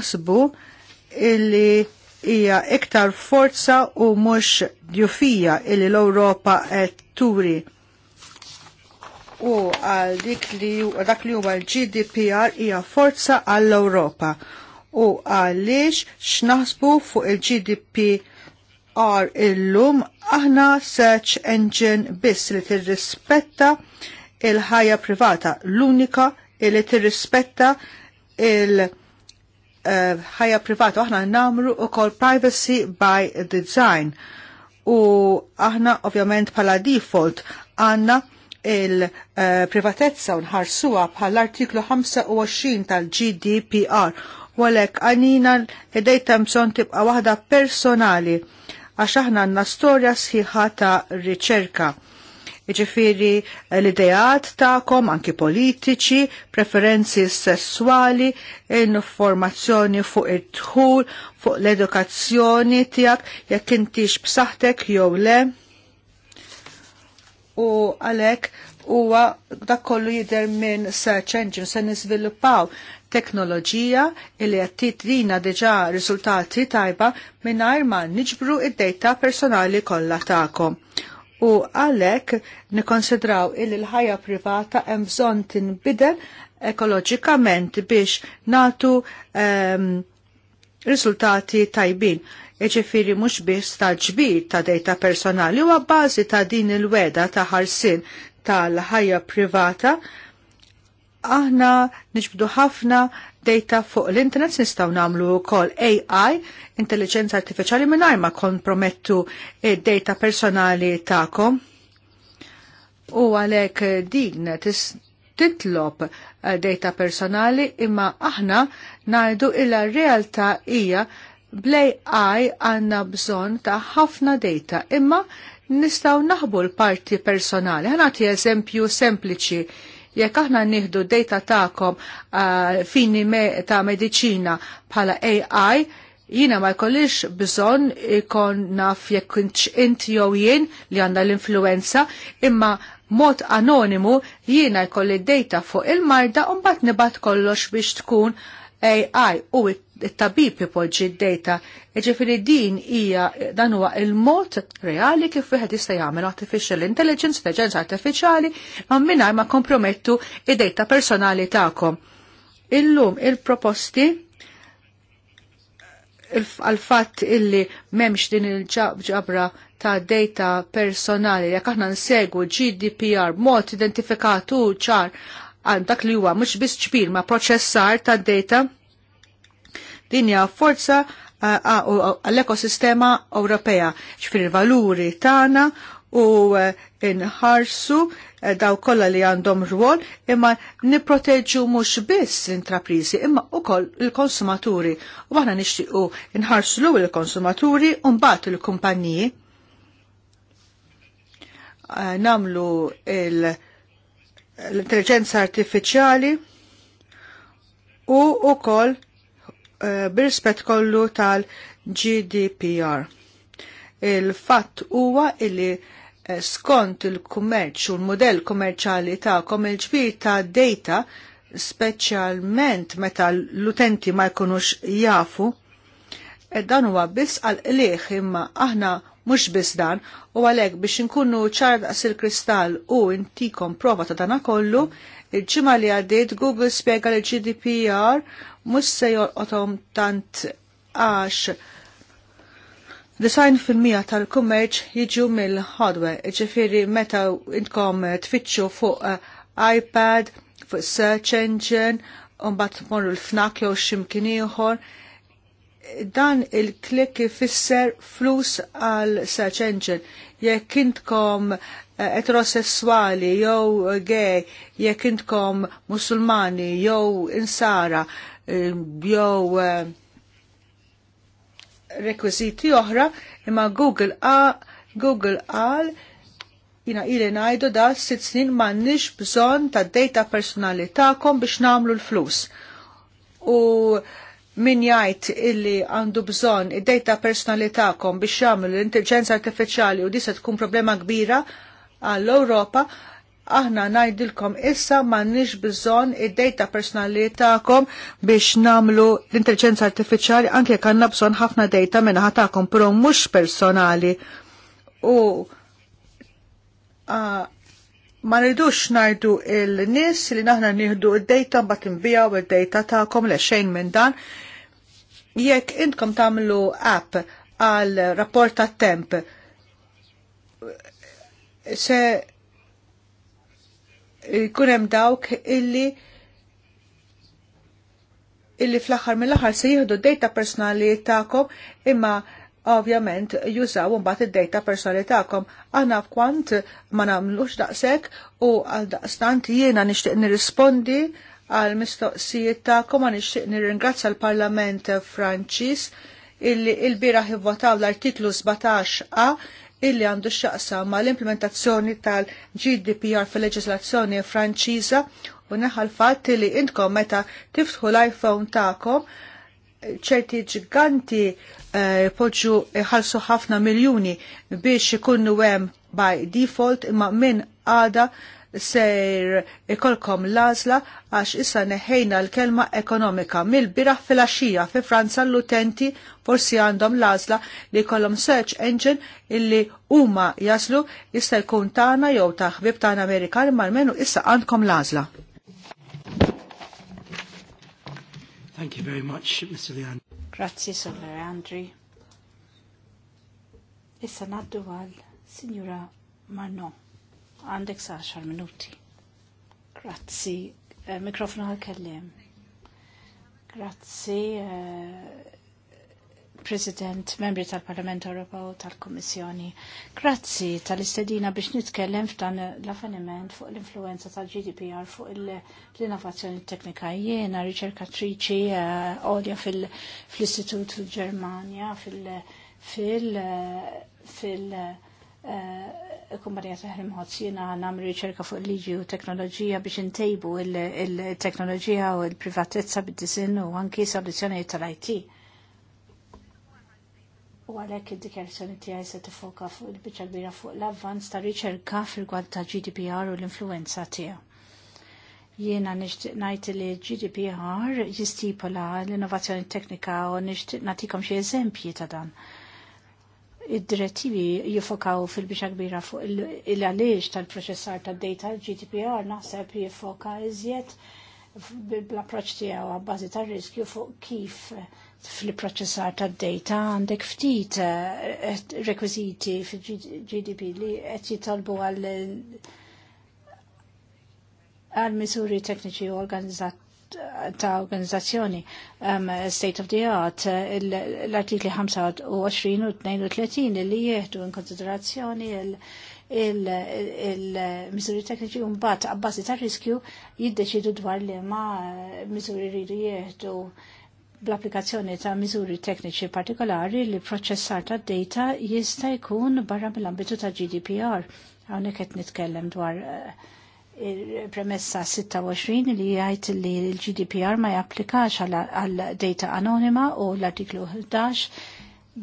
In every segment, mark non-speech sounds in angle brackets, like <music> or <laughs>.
naħsbu illi hija iktar forza u mhux djufija illi l-Ewropa qed turi. U għal dik li dak li huwa l-GDPR hija forza għall-Ewropa. U għaliex x'naħsbu fuq il-GDPR illum aħna search engine biss li tirrispetta il-ħajja privata l-unika illi tirrispetta il-, -tirrispetta il ħajja uh, aħna namru u kol privacy by design. U aħna ovvjament pala default għanna il-privatezza eh, uh, unħarsuwa bħal artiklu 25 tal-GDPR. Walek għanina id-dejta mżon tibqa wahda personali għax aħna għanna storja sħiħa ta' riċerka Iġifiri l-idejat ta'kom, anki politiċi, preferenzi sessuali, informazzjoni fuq id-dħul, fuq l-edukazzjoni tijak, jekk intix b'saħtek jew le. U għalek, huwa dak kollu jider minn search engine se niżviluppaw teknoloġija li qed titrina diġà riżultati tajba mingħajr ma niġbru id-data personali kollha tagħkom u għalhekk nikkonsidraw il l-ħajja privata hemm bżonn tinbidel ekoloġikament biex natu um, ehm, riżultati tajbin iġifiri mux biss tal-ġbir ta' dejta personali u għabbażi ta' din il-weda ta' ħarsin tal-ħajja privata, aħna nġbdu ħafna data fuq l-internet nistaw namlu kol AI, intelligenza artificiali mingħajr ma kompromettu eh, data personali ta'kom. U għalek eh, din titlob eh, data personali imma aħna najdu illa realtà hija bl-AI għanna bżon ta' ħafna data imma nistaw naħbu l-parti personali. Għanati eżempju sempliċi Jekk aħna nieħdu data tagħkom uh, fini me ta' mediċina bħala AI, jina ma jkollix bżon ikon naf jekk int jew jien li għandha l-influenza, imma mod anonimu jiena jkolli d-dejta fuq il-marda u mbagħad nibgħat kollox biex tkun AI u it-tabib jipoġġi d-data. Ġifiri din hija dan huwa il-mod reali kif wieħed jista' jagħmel artificial intelligence, intelligence artificiali, ma mingħajr ma kompromettu id-data personali tagħkom. Illum il-proposti għal-fatt illi memx din il-ġabra ta' data personali jekk aħna nsegu GDPR mod identifikatu ċar għal dak li huwa mhux biss ċbir ma' proċessar ta' data din hija forza għall-ekosistema Ewropea, ċfir valuri tagħna u e, inħarsu e, daw kollha li għandhom rwol imma nipproteġu mhux biss intraprizi imma koll il-konsumaturi u aħna nixtiequ inħarsu l il-konsumaturi u mbagħad il-kumpanniji namlu il-, -konsumaturi, l-intelligenza artifiċjali u ukoll eh, bir-rispett kollu tal-GDPR. Il-fatt huwa illi eh, skont il-kummerċ u l-modell kummerċali kom il-ġbir ta' data speċjalment meta l-utenti ma jkunux jafu, eh, dan huwa biss għal liħ imma aħna mhux biss dan, u għalhekk biex inkunu ċardaqs il-kristall u intikom prova ta' dana kollu, il-ġimgħa li għaddiet Google spjega li GDPR mhux se jorqotom tant għax Design fil-mija tal-kummerċ jiġu mill-hardware, ġifiri meta intkom tfittxu fuq eh, iPad, fuq search engine, unbat morru l-fnak jew ximkien ieħor, dan il-klik ifisser flus għal search engine. Jekk intkom eh, eterosessuali jew gay, jekk intkom musulmani jew insara eh, jew eh, rekwiziti oħra, imma Google a Google għal jina ili najdu da sitt snin mannix bżon ta' data personali ta'kom biex namlu l-flus. U min jgħid illi għandu bżonn id-data personali tagħkom biex jagħmlu l-intelligenza artificiali u di se tkun problema kbira għall-Ewropa, aħna najdilkom issa m'għandniex bżon id-data personali biex namlu l-intelligenza artificiali anke kanna bżon ħafna data minna ħatakom pro mux personali u ma rridux najdu il-nis li naħna nieħdu id-data bat nbijaw id-data tagħkom le xejn minn dan jekk intkom tagħmlu app għal rapport ta' temp se jkunem dawk illi illi fl-axar mill-axar se jihdu data personali ta'kom imma ovvjament jużaw mbagħad id-data personali tagħkom. Aħna f'kwant ma nagħmlux daqshekk u għal daqstant jiena nixtieq nirrispondi għal mistoqsijiet tagħkom, għan ixtiq nirringrazzja l-Parlament Franċis illi il-bira votaw l-artiklu 17a illi għandu xaqsa ma l-implementazzjoni tal-GDPR fil-leġislazzjoni franċiża u neħal fatt li intkom meta tiftħu l-iPhone tagħkom ċerti ġiganti eh, poġġu ħalsu ħafna miljoni biex ikunnu hemm by default imma minn għada ser ikolkom lazla għax issa neħejna l-kelma ekonomika. Mil-biraħ fil-axija fi Franza l-utenti forsi għandhom lazla li kolom search engine illi huma jaslu issa jkun tana jew taħbib tana Amerikan mal-menu issa għandkom lazla. Thank you very much, Mr. Leandri. Grazie, Sir Leandri. Issa naddu għal, Signora Marno. Għandek saħxar minuti. Grazzi. Eh, mikrofonu għal-kellim. Grazzi, eh, President, membri tal-Parlament Ewropew tal kommissjoni Grazzi tal-istedina biex nitkellem f'dan l-avveniment fuq l-influenza tal-GDPR fuq l-innovazzjoni teknika. Jiena riċerkatriċi eh, odja fil-Istitut fil-Ġermanja, fil-, fil, fil, fil kumpanija taħrim ħodz jina namlu riċerka fuq liġi u teknoloġija biex intejbu il-teknoloġija u il-privatezza bid-disin u anki soluzzjonijiet tal-IT. U għalhekk id-dikjarazzjoni tiegħi se tifoka fuq il bicċa kbira fuq l-avvanz ta' riċerka fil-gwad ta' GDPR u l-influenza tiegħu. Jiena nixtieq ngħid li GDPR jistipola l-innovazzjoni teknika u nixtieq nagħtikom xi eżempji ta' dan id-direttivi jifokaw fil-biċa kbira fuq il-għaliex tal-proċessar tad-data GDPR naħseb jifoka iżjed bl-approċ tiegħu għabbażi tar-riskju fuq kif fil-proċessar tad-data għandek ftit eh, rekwiżiti fil-GDP li qed jitolbu għal misuri tekniċi u ta' organizzazzjoni um, state of the art l-artikli 25 u 32 li jieħdu in konsiderazzjoni il-misuri tekniċi un bat għabbasi ta' riskju jiddeċidu dwar li ma' eh, misuri rridu jieħdu bl-applikazzjoni ta' miżuri tekniċi partikolari li proċessar ta' data jista' jkun barra mill-ambitu ta' GDPR. Hawnhekk qed nitkellem dwar uh, il-premessa 26 li jgħid li l-GDPR ma japplikax għal data anonima u l-artiklu 11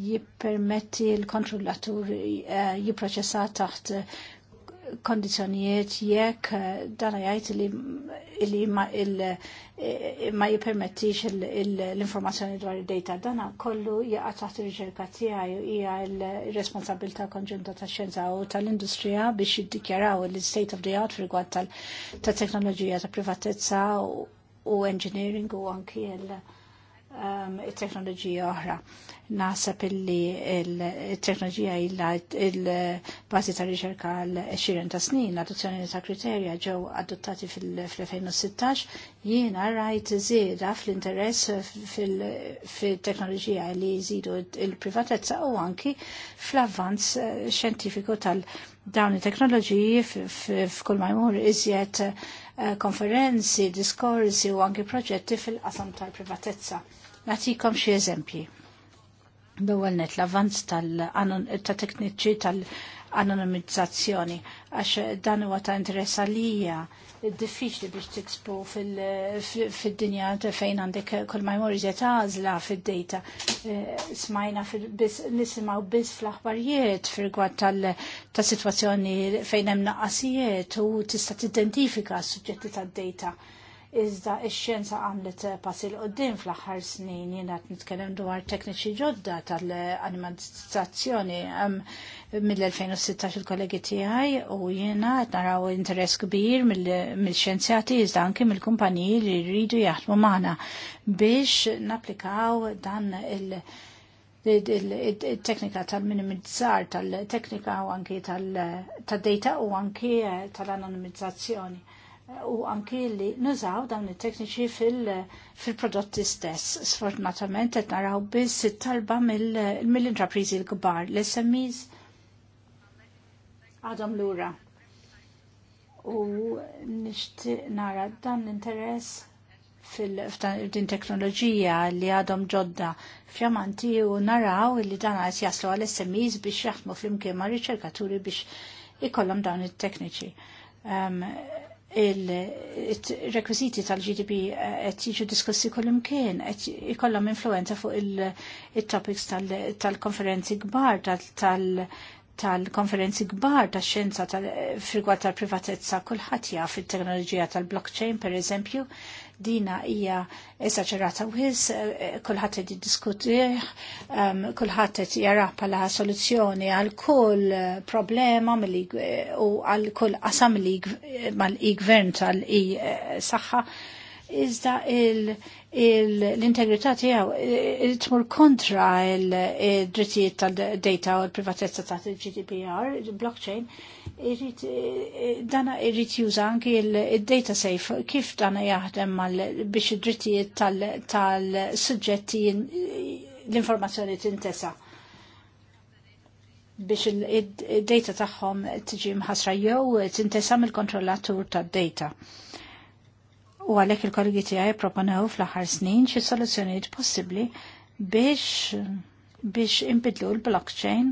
jippermetti l-kontrollatur eh, jipproċessa taħt kondizjonijiet jekk eh, dana jgħid li ma eh, jipermettix l-informazzjoni dwar id-data. Dana kollu jaqa' taħt ir-riċerka tiegħi hija l-responsabilità konġunta tax-xjenza u tal-industrija biex jiddikjaraw l-state of the art rigward tal-teknoloġija ta' privatezza u engineering u anki l- Um, teknoloġija oħra. Nasab illi il-teknoloġija illa il-bazi ta' riċerka l-20 ta' snin, l-adozzjoni ta' kriterja ġew adottati fil-2016, jiena rajt zieda fl-interess fil-teknoloġija li jżidu il-privatezza u anki fl-avvanz eh, xjentifiku tal-dawn il-teknoloġiji f'kull ma jmur iżjed eh, konferenzi, diskorsi u anki proġetti fil-qasam tal-privatezza Natikom xie eżempji. L-ewwel net l avanz tal-tekniċi tal-anonimizzazzjoni għax dan huwa ta' interess għalija diffiċli biex tikspu fil-dinja fejn għandek kol ma jmur iżet għażla fid-dejta. E, smajna nisimgħu biss fl-aħbarijiet fil-rigward tal-sitwazzjoni fejn hemm naqasijiet u tista' tidentifika s-suġġetti tad-dejta Iżda ix-xjenza għamlet eh, passi l-qoddim fl-aħħar snin jiena qed nitkellem dwar tekniċi ġodda tal animatizzazzjoni mill-2016 il-kollegi tiegħi u jiena qed naraw interess kbir mill-xjenzjati iżda anke mill-kumpaniji li jridu jaħdmu magħna biex napplikaw dan il- il-teknika tal-minimizzar, tal-teknika u anki tal-data u anki eh, tal-anonimizzazzjoni u anki li nużaw dawn it-tekniċi fil-prodotti fil stess. Sfortunatament qed naraw biss it-talba mill-intrapriżi l-kbar, l-SMEs għadhom lura. U nixtieq nara dan l-interess fil-din teknoloġija li għadhom ġodda f'jamanti u naraw li dan għas jaslu għal-SMEs biex jaħdmu fl-imkien ma' riċerkaturi biex ikollhom dawn it-tekniċi. Um, il-rekwiziti tal-GDP eh, qed jiġu diskussi kullimkien qed ikollhom influenza fuq il-topics tal-konferenzi kbar tal-konferenzi kbar tax-xjenza tal eh, frigwa tal-privatezza kulħadd jaf il-teknoloġija tal-blockchain pereżempju dina hija esaċerata wis, eh, eh, kulħadd qed jiddiskutih, um, kulħadd qed jara bħala soluzzjoni għal kull eh, problema u għal kull qasam li mal-i gvern tal-i saħħa iżda l-integrità tiegħu eh, eh, tmur kontra l-drittijiet eh, tal-data u l-privatezza ta' GDPR, il blockchain, dana irrit juża anki il-data safe kif dana jaħdem biex id-drittijiet tal-suġġetti l-informazzjoni tintesa' biex il data tagħhom tiġi mħasra jew tintesam mill kontrollatur tad-data u għalhekk il-kollegi tiegħi proponew fl-aħħar snin xi soluzzjonijiet possibbli biex biex impidlu l-blockchain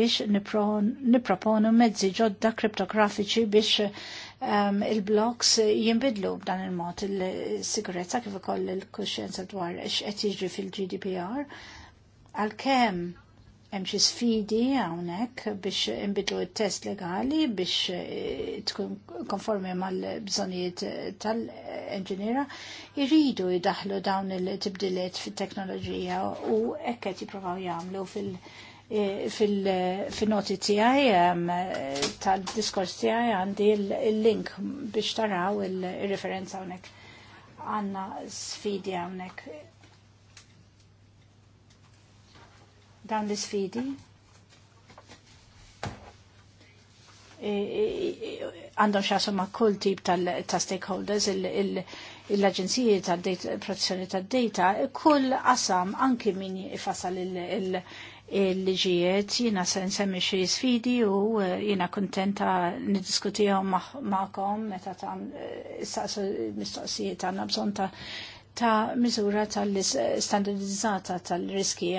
biex niproponu mezzi ġodda kriptografiċi biex um, il-bloks jimbidlu b'dan il-mod il-sigurezza kif ukoll il-kuxjenza dwar x'qed jiġri fil-GDPR għalkemm hemm xi sfidi hawnhekk biex inbidlu t-test legali biex eh, tkun konformi mal-bżonijiet tal-enġiniera jridu jidaħlu dawn il-tibdiliet fit-teknoloġija u hekk qed jippruvaw jagħmlu fil- eh, fil-noti tiegħi ehm, tal-diskors tiegħi għandi il-link biex taraw il-referenza hawnhekk. Għanna sfidi hawnhekk dan l-sfidi għandhom xasum ma' kull tip ta' stakeholders, l-Aġenziji ta' protezzjoni ta' data, kull qasam anki min ifasal il-liġijiet, jina se nsemmi xie sfidi u eh, jina kontenta nidiskutijom ma'kom meta ta' istaqsu eh, mistoqsijiet għanna bżon ta' ta' miżura tal-standardizzata tal-riski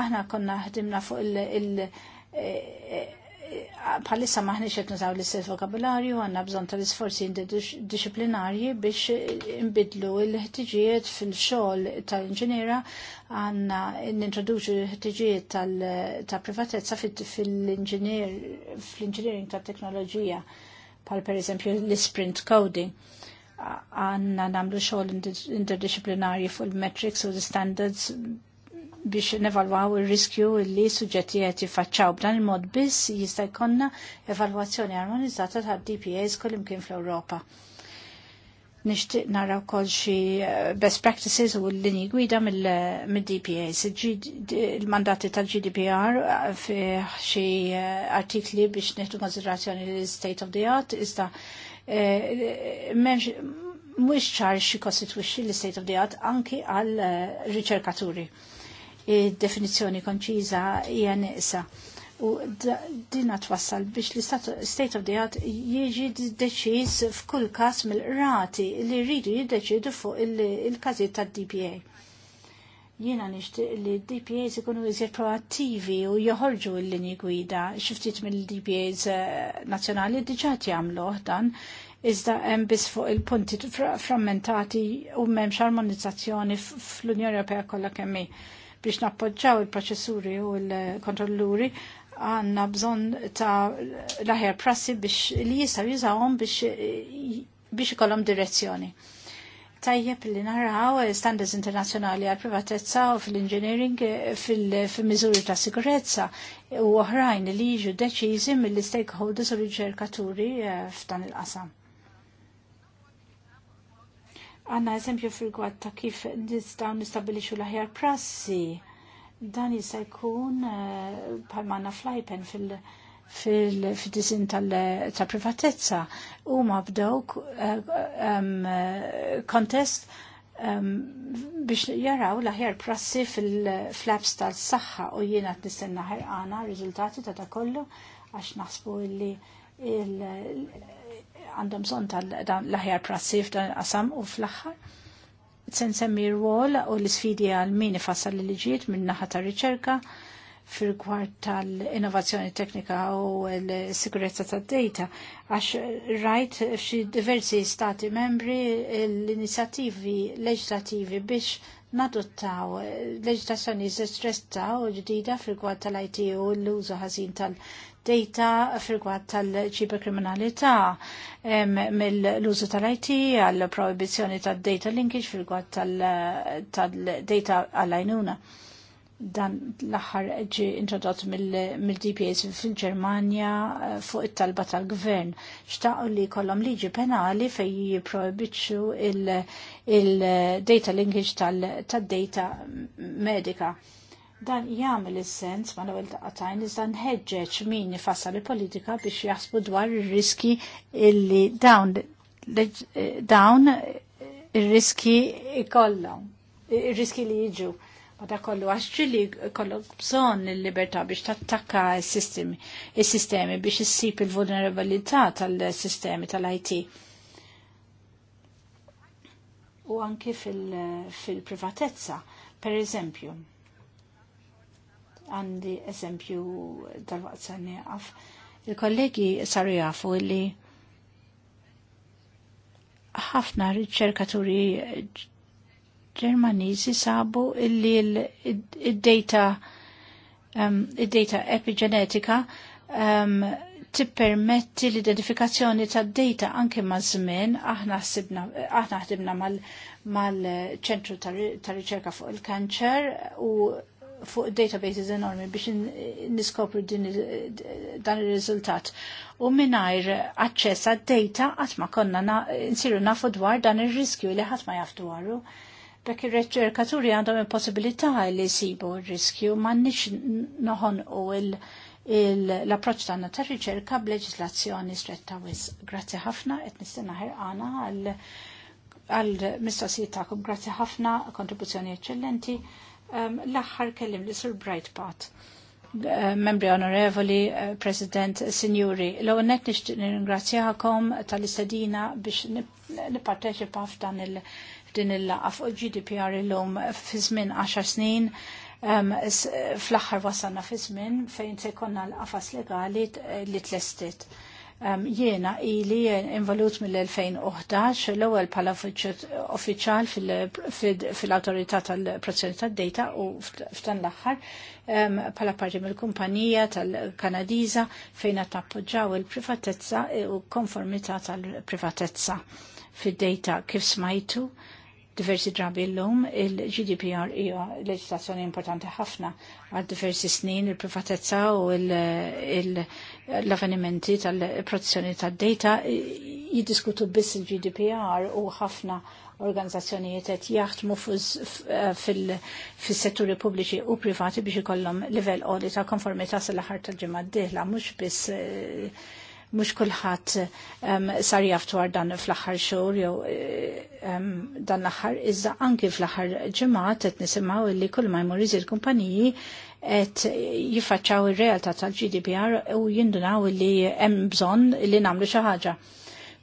aħna konna ħdimna fuq il- eh, bħalissa maħni xet nużaw l-istess vokabularju, għanna bżon tal-isforzi disciplinarji biex imbidlu l-ħtiġijiet fil-xol tal-inġiniera, għanna nintroduċu l-ħtiġijiet tal-privatezza fil-inġiniering tal-teknoloġija, pal per eżempju l-sprint coding għanna namlu xol interdisciplinarji fuq il-metrics u l-standards biex nevalwaw il-riskju li suġġetti qed jiffaċċaw b'dan il-mod biss jista' jkollna evalwazzjoni armonizzata tad-DPAs kullimkien fl-Ewropa nishtiq naraw kol xi eh, best practices u l-linji gwida mill-DPAs. Eh, il-mandati tal-GDPR eh, fi xi artikli biex neħdu konsiderazzjoni l-state of the art, iżda mux ċar xi kostitwixxi l-state of the art anki għal riċerkaturi. Uh, id-definizzjoni konċiża hija nieqsa. U dina twassal biex li state of the art jieġi deċiż f'kull każ mill-rati li rridu jiddeċidu fuq il-każijiet il każijiet tad dpa Jiena nixtieq li d-DPAs ikunu iżjed proattivi u joħorġu l-linji gwida xiftit mill-DPAs eh, nazzjonali diġà jagħmluh dan iżda hemm biss fuq il-punti frammentati u m'hemmx armonizzazzjoni fl-Unjoni Ewropea kollha kemm biex nappoġġaw il-proċessuri u l-kontrolluri għanna bżon ta' laħjar prassi biex li jistaw jużawhom biex biex ikollhom direzzjoni. Tajjeb li naraw standards internazzjonali għal privatezza u fil-engineering fil-miżuri ta' sikurezza u oħrajn li jiġu deċiżi mill-stakeholders u l l-ġerkaturi eh, f'dan il-qasam. Għanna eżempju fil-gwad ta' kif nistaw nistabilixu l prassi. Dan jista' jkun palmanna eh, flajpen fil- fil-dizin tal-privatezza. U ma bdew eh, kontest eh, biex jaraw l prassi fil-flaps tal-saxħa u jiena t-nistenna r rizultati ta' ta' kollu għax naħsbu illi għandhom son tal-laħjar prassi f'dan qasam u fl-axħar. Sen semmi rwol u l-sfidi għal min ifassal li liġiet minn naħa ta' riċerka fil-gwar tal-innovazzjoni teknika u l-sigurezza tad data għax rajt f'xi diversi stati membri l-inizjattivi leġislativi biex nadottaw leġlazzjoni stress ġdida fil-gwar tal-IT u l-użu ħażin tal- data fil tal tal-ċiberkriminalità mill-użu tal-IT għall-prohibizjoni tal-data linkage fil tal-data għall ajnuna dan l-axar ġi introdott mill-DPS fil ġermania eh, fuq it-talba tal-gvern. Xtaqu li kollom liġi penali fej jiprobiċu il-data linkage tal-data medika. Dan jagħmel is-sens ma l-ewwel daqatajn iżda nħeġġeġ min ifassal il-politika biex jaħsbu dwar ir-riski illi dawn dawn ir-riski ikollhom, ir-riski li jiġu. Mada kollu għax li kollu bżon il-libertà biex tattakka il-sistemi, il-sistemi biex issib il-vulnerabilità tal-sistemi tal-IT. U anki fil-privatezza, per eżempju, għandi eżempju dal-waqt sani għaf. Il-kollegi saru jafu li ħafna riċerkaturi ġermaniżi sabu illi il data il um, id-data epigenetika um, tippermetti l-identifikazzjoni ta' data anke ma' żmien aħna ħdibna mal-ċentru tar ta' riċerka fuq il-kanċer u fuq databases enormi biex niskopru dan il-rizultat. U minnajr aċċess għad-data għatma konna nsiru nafu dwar dan il-riskju li ħatma jaf dwaru. Bekk il-reċerkaturi għandhom il-possibilità li jisibu il-riskju ma nix noħon u l-approċ tagħna ta' riċerka b'leġislazzjoni stretta wis. Grazzi ħafna qed nistenna ħerqana għal mistoqsijiet tagħkom. Grazzi ħafna, kontribuzzjoni eċċellenti. Um, l-aħħar kellim li sur Brightpot. Uh, membri onorevoli, uh, President, uh, Signori, l-għonet nishtiq nirringrazzjakom tal-istadina biex nipparteċipa f'dan il-din il laqaf fuq GDPR il-lum fi żmien 10 snin um, fl-axħar wasanna fi żmien fejn se jkollna l-qafas legali li tlestit. Um, jiena ili involut mill-2011 l-ewwel bħala uffiċjal fil-Awtorità tal prozzjoni tad-Data u f'dan l-aħħar um, bħala parti mill-kumpanija tal-Kanadiża fejn qed nappoġġaw il-privatezza u konformità tal-privatezza fid-data kif smajtu diversi drabi l-lum, il-GDPR hija leġislazzjoni importanti ħafna għal diversi snin, il-privatezza u l-avvenimenti tal-protezzjoni tad-data jiddiskutu biss il-GDPR u ħafna organizzazzjonijiet qed jaħdmu fis-setturi pubbliċi u privati biex ikollhom livell qoli ta' konformità sal-aħħar tal-ġimgħa d-dieħla mhux biss eh, mhux kulħadd um, sar jaf dan fl-aħħar xhur jew um, dan l-aħħar iżda anki fl-aħħar ġemat, qed nisimgħu li kull ma jmur iżir kumpaniji qed jiffaċċaw ir-realtà tal-GDPR u jindunaw li hemm bżonn li nagħmlu xi ħaġa.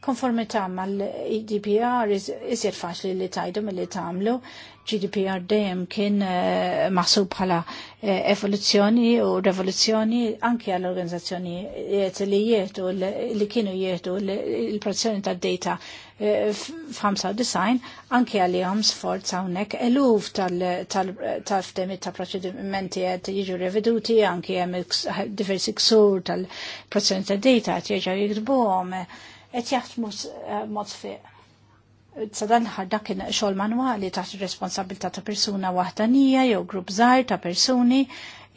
Konformità mal-GDPR iżjed faċli li tajdu mill-li tagħmlu GDPR dejjem kien uh, maħsub bħala uh, evoluzzjoni u revoluzzjoni anke għall organizzazzjonijiet eh, li jieħdu li kienu jieħdu l-protezzjoni tad-data f'95 anke għalihom sforz hawnhekk eluf tal ftemi ta' proċedimenti qed jiġu reveduti anke hemm diversi ksur tal-protezzjoni tad-data qed jerġgħu jiktbuhom qed jaħdmu mod fiq sadan ħar dak kien xogħol manwali taħt ir-responsabilità ta' persuna waħdanija jew grupp żgħar ta' persuni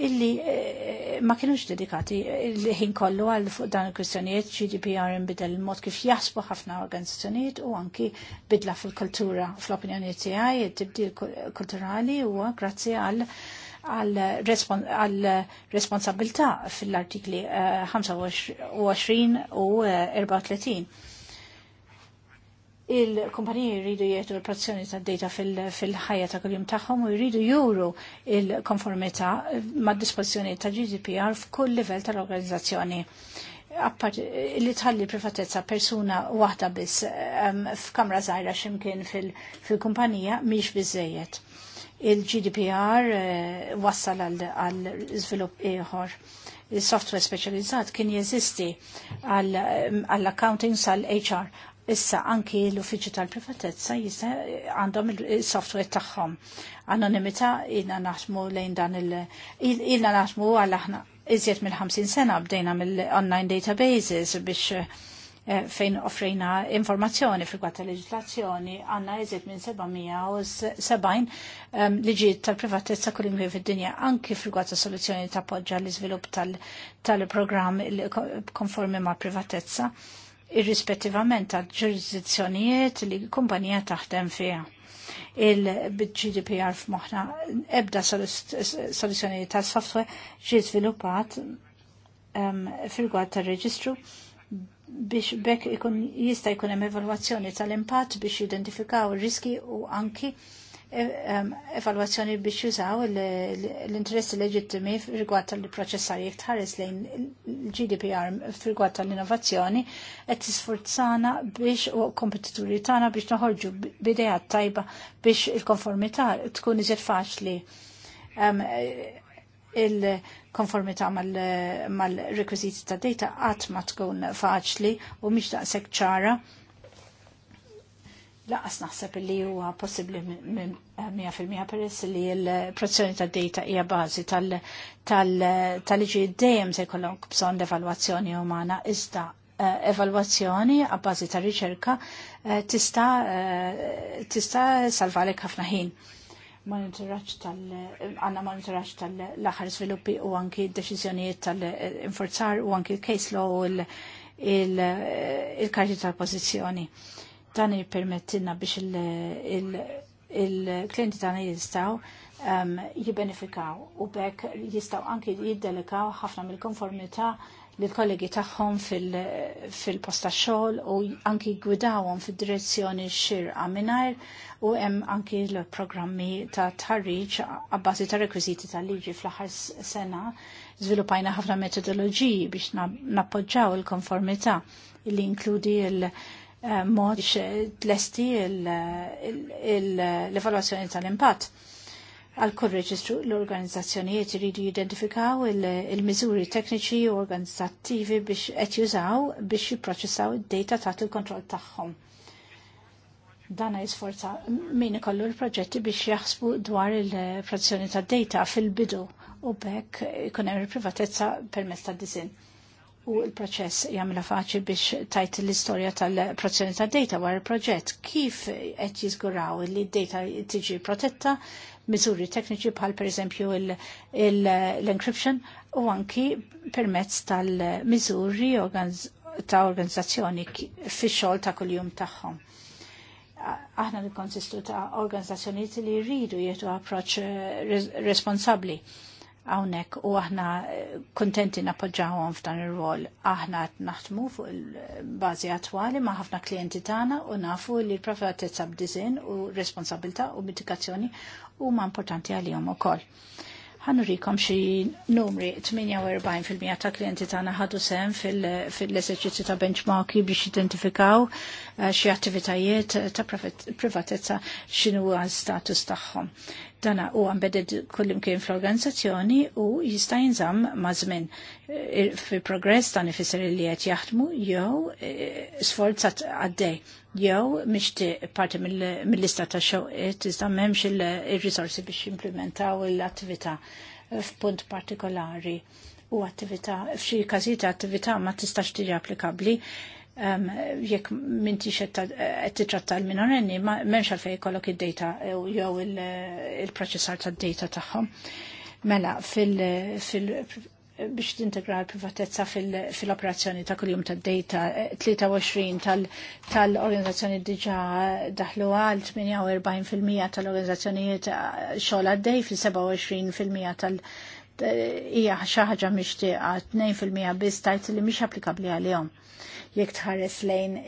illi eh, ma kienux dedikati li ħin kollu għal fuq dan il-kwistjonijiet GDPR imbidel il-mod kif jasbu ħafna organizzazzjonijiet u anki bidla fil-kultura fl-opinjoni tiegħi tibdil kulturali huwa grazzi għal għal responsabilità fil-artikli 25 eh, u 34 il-kumpaniji jridu jieħdu l prozzjoni ta' data fil-ħajja ta' kuljum tagħhom u jridu juru il-konformità eh, mad dispożizzjoni ta' GDPR f'kull livell tal-organizzazzjoni. li tħalli privatezza persuna waħda biss eh, f'kamra żgħira x'imkien fil-kumpanija mhix biżejjed. Il-GDPR eh, wassal għal żvilupp ieħor il-software specializzat kien jeżisti għall-accounting sal-HR Issa anki l uffiċi tal-privatezza jista għandhom il-software tagħhom. Anonimita ilna naħdmu lejn dan il- jina naħsmu għal aħna iżjed mill-50 sena bdejna mill-online databases biex eh, fejn offrejna informazzjoni fil ta' leġislazzjoni għanna iżjed minn 770 um, ehm, liġijiet tal-privatezza kull fid-dinja anki fil ta' soluzzjoni ta' poġġa l-iżvilupp tal-programm konformi ma' privatezza irrispettivament tal ġurisdizzjonijiet li kumpanija taħdem fiha il-GDPR f'moħna ebda soluzzjoni ta' software ġi sviluppat um, fil-gwad ta' reġistru biex bekk jista' jkun hemm evalwazzjoni tal-impatt biex jidentifikaw ir-riski u anki E, evalwazzjoni biex jużaw l-interessi leġittimi rigward tal-proċessar jek tħares lejn l-GDPR rigward tal-innovazzjoni qed tisfurzana biex u kompetituri tagħna biex noħorġu bidejat tajba biex il-konformità tkun iżjed faċli il-konformità mal-rekwiziti ta' data qatt ma tkun faċli u miex daqshekk ċara laqas naħseb li huwa possibbli 100% peress li l-protezzjoni tad data hija bażi tal-liġi dejjem se jkollhom bżonn evalwazzjoni umana iżda eh, evalwazzjoni a bażi ta' riċerka eh, tista' eh, tista' salvalek ħafna ħin monitoraġġ tal għandna monitoraġġ tal-aħħar sviluppi u anki d-deċiżjonijiet tal-inforzar u anki l-case law il-karti tal-pożizzjoni. Dan jippermettilna biex il-klienti tagħna jistgħu um, jibbenefikaw u bekk jistgħu anki jiddelikaw ħafna mill-konformità l kollegi tagħhom fil-posta xogħol u anki gwidawhom fid-direzzjoni xir mingħajr u hemm anki l-programmi ta' tħarriġ abbażi ta' rekwiżiti tal-liġi fl-aħħar sena zvilupajna ħafna metodoloġiji biex nappoġġaw il-konformità li inkludi l Eh, mod tlesti l-evaluazzjoni tal-impatt. Għal kull reġistru l-organizzazzjonijiet iridu jidentifikaw il-miżuri tekniċi u organizzattivi biex qed jużaw biex jipproċessaw id-data taħt il-kontroll tagħhom. Dana jisforza min ikollu l-proġetti biex jaħsbu dwar il produzzjoni tad-data fil-bidu u bekk ikun hemm il-privatezza permezz tad-disin u l-proċess jagħmilha faċli biex tajt l-istorja tal-protezzjoni tad data wara il-proġett. Kif qed jiżguraw li d-data tiġi protetta miżuri tekniċi bħal pereżempju l-encryption u anki permezz tal-miżuri ta' organizzazzjoni fix-xogħol ta' kuljum tagħhom aħna nikkonsistu ta' organizzazzjonijiet li jridu jieħdu approċċ responsabbli għawnek u aħna eh, kontenti napoġġawhom f'dan ir-rol. Aħna qed naħdmu fuq il-bażi attwali ma' ħafna klijenti tagħna u nafu li l-privatezza b'diżin u responsabilità u mitigazzjoni huma importanti għalihom ukoll ħanurikom xi numri 48% ta' klienti tagħna ħadu sem fil-eżerċizzju ta' benchmarki biex identifikaw eh, xi attivitajiet ta' privatezza x'inhu status tagħhom. Dana u embedded kullimkien fl-organizzazzjoni u jista' jinżamm ma' żmien eh, fil-progress dan ifisser li qed jaħdmu jew eh, sforz għaddej jew mixtieq parti mill-lista ta' xewqiet iżda m'hemmx il-risorsi biex jimplementaw l-attività f'punt partikolari u attività f'xi każijiet attività ma tistax tiġi applikabbli jekk m'intix qed titratta l-minorenni m'hemmx għalfejn jkollok id-data jew il-proċessar tad-data tagħhom. Mela, fil fil biex tintegra l-privatezza fil-operazzjoni ta' kuljum ta' data 23 eh, tal-organizzazzjoni diġa daħlu għal 48% tal-organizzazzjonijiet eh, xogħol għaddej fil-27% tal- hija xi ħaġa mixtieqa 2% biss tajt li mhix applikabbli għalihom. Jekk tħares lejn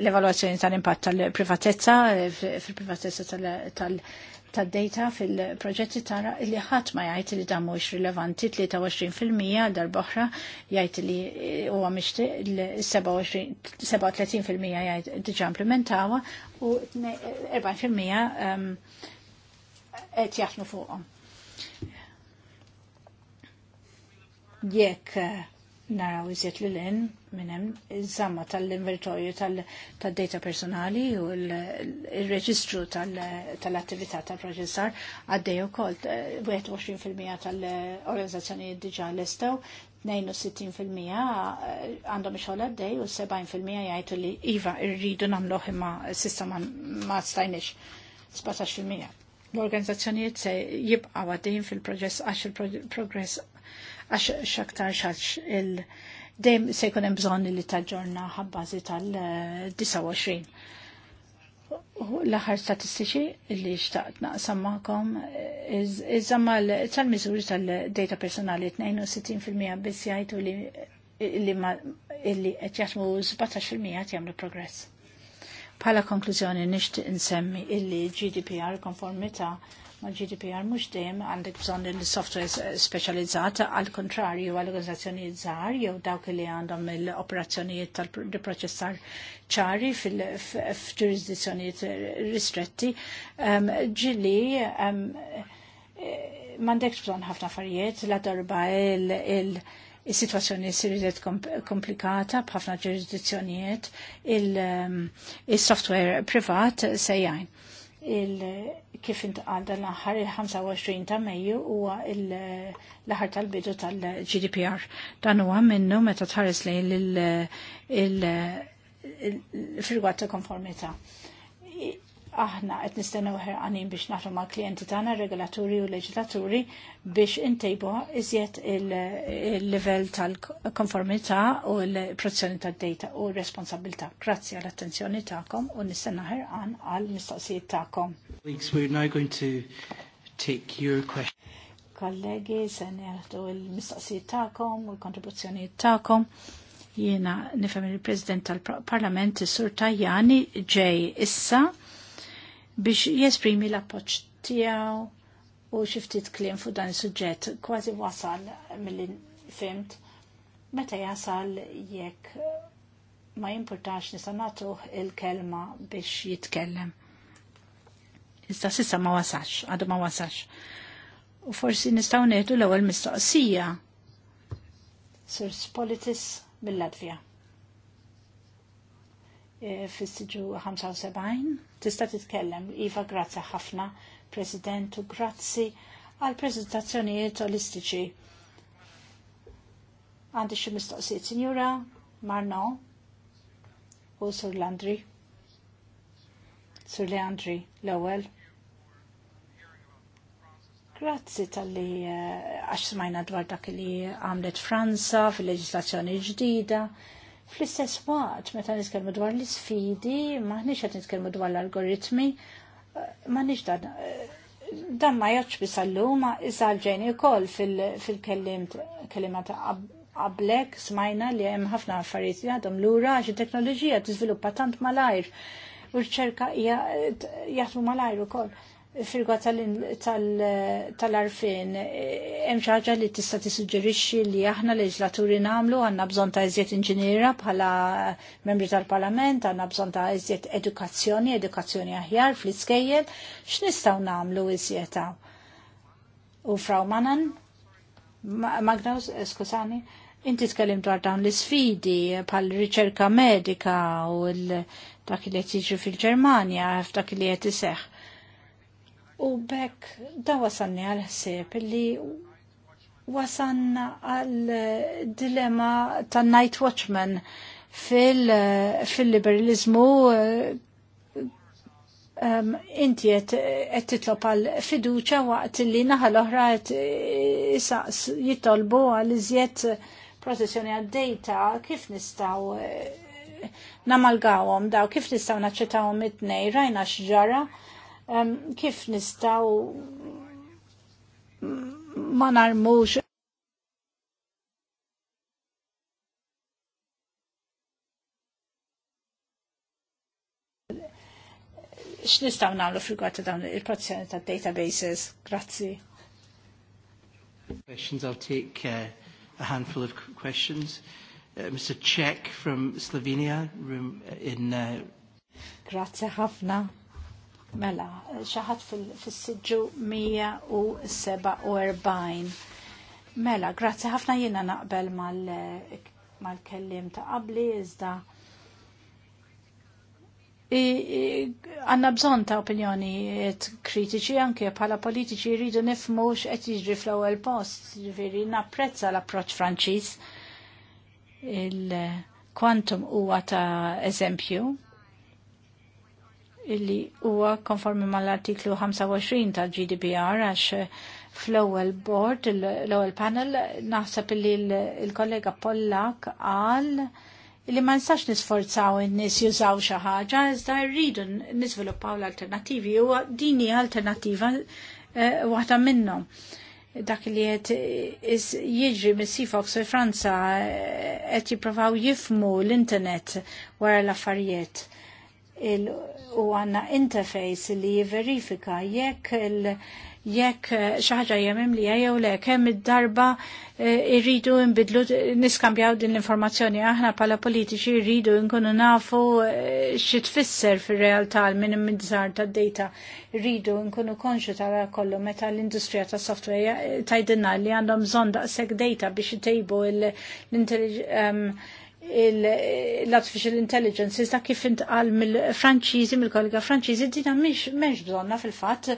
l-evalwazzjoni tal-impatt tal-privatezza eh, fil-privatezza tal-, -tal, -tal ta' data fil-proġetti tara li ħadd ma jgħid li dan mhux rilevanti 23% boħra jgħid li eh, huwa mixtieq il-37% jgħid diġà implementawa u 40% eh, ehm, qed jaħnu fuqhom. Jekk eh, naraw iżjed lilin minnem iż-żamma tal-inventorju tal-data personali u l-reġistru tal-attività tal proġessar għaddej ukoll 21% eh, tal-organizzazzjoni diġà l istaw 62% għandhom xogħol għaddej u 70% jgħidu li iva rridu nagħmluh imma s'issa ma stajnix 17%. L-organizzazzjonijiet se jibqa' għaddejn fil-proġess għax il-progress għax xaktar xaċ il- dejjem se jkun hemm bżonn li taġġorna ħabbażi tal-29. L-aħħar statistiċi li xtaqt naqsam magħkom iżamma tal-miżuri tal-data personali 62% biss jgħidu li li ma illi qed jaħdmu 17% qed jagħmlu progress. Bħala konklużjoni nixtieq insemmi illi GDPR konformità ma' GDPR mhux dejjem għandek bżonn il-software speċjalizzat għal kontrarju għal organizzazzjonijiet żgħar jew dawk li għandhom l-operazzjonijiet tal-proċessar ċari f'ġurisdizzjonijiet ristretti. Ehm, ġili ehm, eh, m'għandekx bżonn ħafna affarijiet la darba il- il-situazzjoni siriet komplikata b'ħafna ġurisdizzjonijiet, ehm, il-software privat sejjajn kif intqal dan l-aħħar il-25 ta' Mejju huwa l-aħħar tal-bidu tal-GDPR. Dan huwa minnu meta tħares lejn il-firgwat ta' konformità aħna qed nistennew ħerqanin biex nafu mal klijenti tagħna regolaturi u leġislaturi biex intejbu iżjed il-livell tal-konformità u l-protezzjoni tad-data u r-responsabilità. Grazzi għall attenzjoni tagħkom u nistenna ħerqan għal mistoqsijiet tagħkom. Kollegi, se neħdu il-mistoqsijiet tagħkom u l-kontribuzzjonijiet tagħkom jiena nifhem il-President tal-Parlament, Sur Tajani, ġej issa biex jesprimi l-appoġġ tiegħu u xiftit kliem fuq dan is-suġġett kważi wasal milli fimt meta jasal jekk ma jimportax nisanatu il-kelma biex jitkellem. Issa sissa ma wasax, għadu ma wasax. U forsi nistaw neħdu l-ewwel mistoqsija. Sir Spolitis mill-Latvija. Eh, fissiġu 75. Tista' titkellem, Iva, grazzi ħafna, President, u grazzi għal prezentazzjonijiet olistiċi. Għandi xi mistoqsijiet, Signora Marno u Sur Landri. Sur Leandri, l ewel Grazzi tal-li eh, għax smajna dwar dak li għamlet Franza fil-leġislazzjoni ġdida Fl-istess waqt, meta nitkellmu dwar l-isfidi, maħniex qed nitkellmu dwar l-algoritmi, maħniex dan dan ma jaċ bisallum, issa ġejni ukoll fil-kellima ta' qablek smajna li hemm ħafna affarijiet li għadhom lura xi teknoloġija tiżviluppa tant malajr u rċerka ċerka jaħdmu malajr ukoll firgwa tal-arfin, e, hemm xi ħaġa li tista' tissuġġerixxi li aħna leġlaturi nagħmlu għandna bżonn ta' iżjed inġiniera bħala membri tal-Parlament, għandna bżonn ta' iżjed edukazzjoni, edukazzjoni aħjar fl-iskejjel, x'nistgħu nagħmlu iżjed U Frau Manan, Magnus, skużani, inti tkellim dwar dawn l-isfidi bħal riċerka medika u dak li qed jiġri fil-Ġermanja, f'dak li qed iseħħ U bekk da wasanni għal ħsieb li wasanna għal dilemma ta' night watchman fil-liberalizmu um, inti um, qed titlob għal fiduċa waqt li naħa l-oħra eh, qed jitolbu għal iżjed protezzjoni għad-dejta kif nistgħu eh, namalgawhom daw kif nistgħu naċċettawhom it tnejn rajna x'ġara kif nistaw ma narmux x'nistgħu nagħmlu f'rigward ta' dawn il-protezzjoni ta' databases. Grazzi. Questions, I'll take uh, a handful of questions. Uh, Mr. Czech from Slovenia, room uh, in... Uh... Grazie Hafna. Mela, xaħat fil-sidġu 147. Mela, grazzi ħafna jiena naqbel mal-kellim ta' qabli, iżda għanna bżon ta' opinjoni kritiċi anke bħala politiċi jridu nifmu x'qed jiġri fl-ewwel post, jiġifieri napprezza l-approċċ Franċiż il-kwantum huwa ta' eżempju illi huwa konformi mal-artiklu 25 tal-GDPR għax eh, fl-ewwel board, l-ewwel panel, naħseb illi l-kollega Pollak qal illi ma nistax nisforzaw in-nies jużaw xi ħaġa, iżda rridu niżviluppaw l-alternattivi u dini alternattiva eh, waħda minnhom dak li qed jieġri mis-sifox fi Franza eh, qed jiprofaw jifmu l-internet wara l-affarijiet u għanna interface li jiverifika jekk il- jekk eh, xaħġa jemim li jew le kemm id-darba eh, irridu nbidlu niskambjaw din l-informazzjoni aħna pala politiċi irridu nkunu nafu eh, xi tfisser fir-realtà minn immiżar tad-data irridu nkunu konxu tara kollu meta l-industrija tas software tajdinna li għandhom bżonn daqshekk data biex tejbu l-intelligence ehm, l-artificial intelligence, iżda kif intqal mill-Franċiżi, mill-kollega Franċiżi, dina mhix bżonna fil-fatt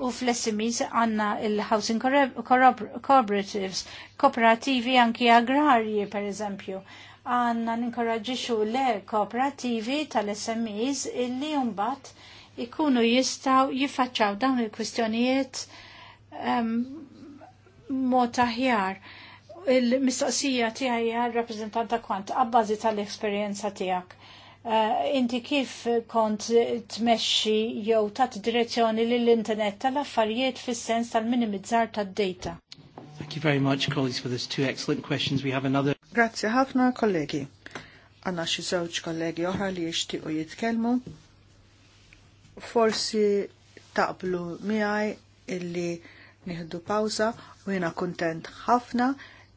u fl-SMEs għanna il-housing cooperatives, kooperativi anki agrarji per eżempju. Għanna ninkoraġiċu le kooperativi tal-SMEs illi jumbat ikunu jistaw jifacċaw dawn il-kwistjonijiet um, mod aħjar il-mistoqsija tiegħi għal-rappreżentanta kwant għabbażi tal-esperjenza tiegħek. Eh, inti kif kont tmexxi jew tat direzzjoni lill-internet tal-affarijiet fis-sens tal-minimizzar tad-data? Thank you very much, colleagues, for those two excellent questions. We have another. Grazie ħafna, kollegi. Għanna xi żewġ kollegi oħra li jixtiequ jitkellmu. Forsi taqblu miegħi illi nieħdu pawża u jiena kuntent ħafna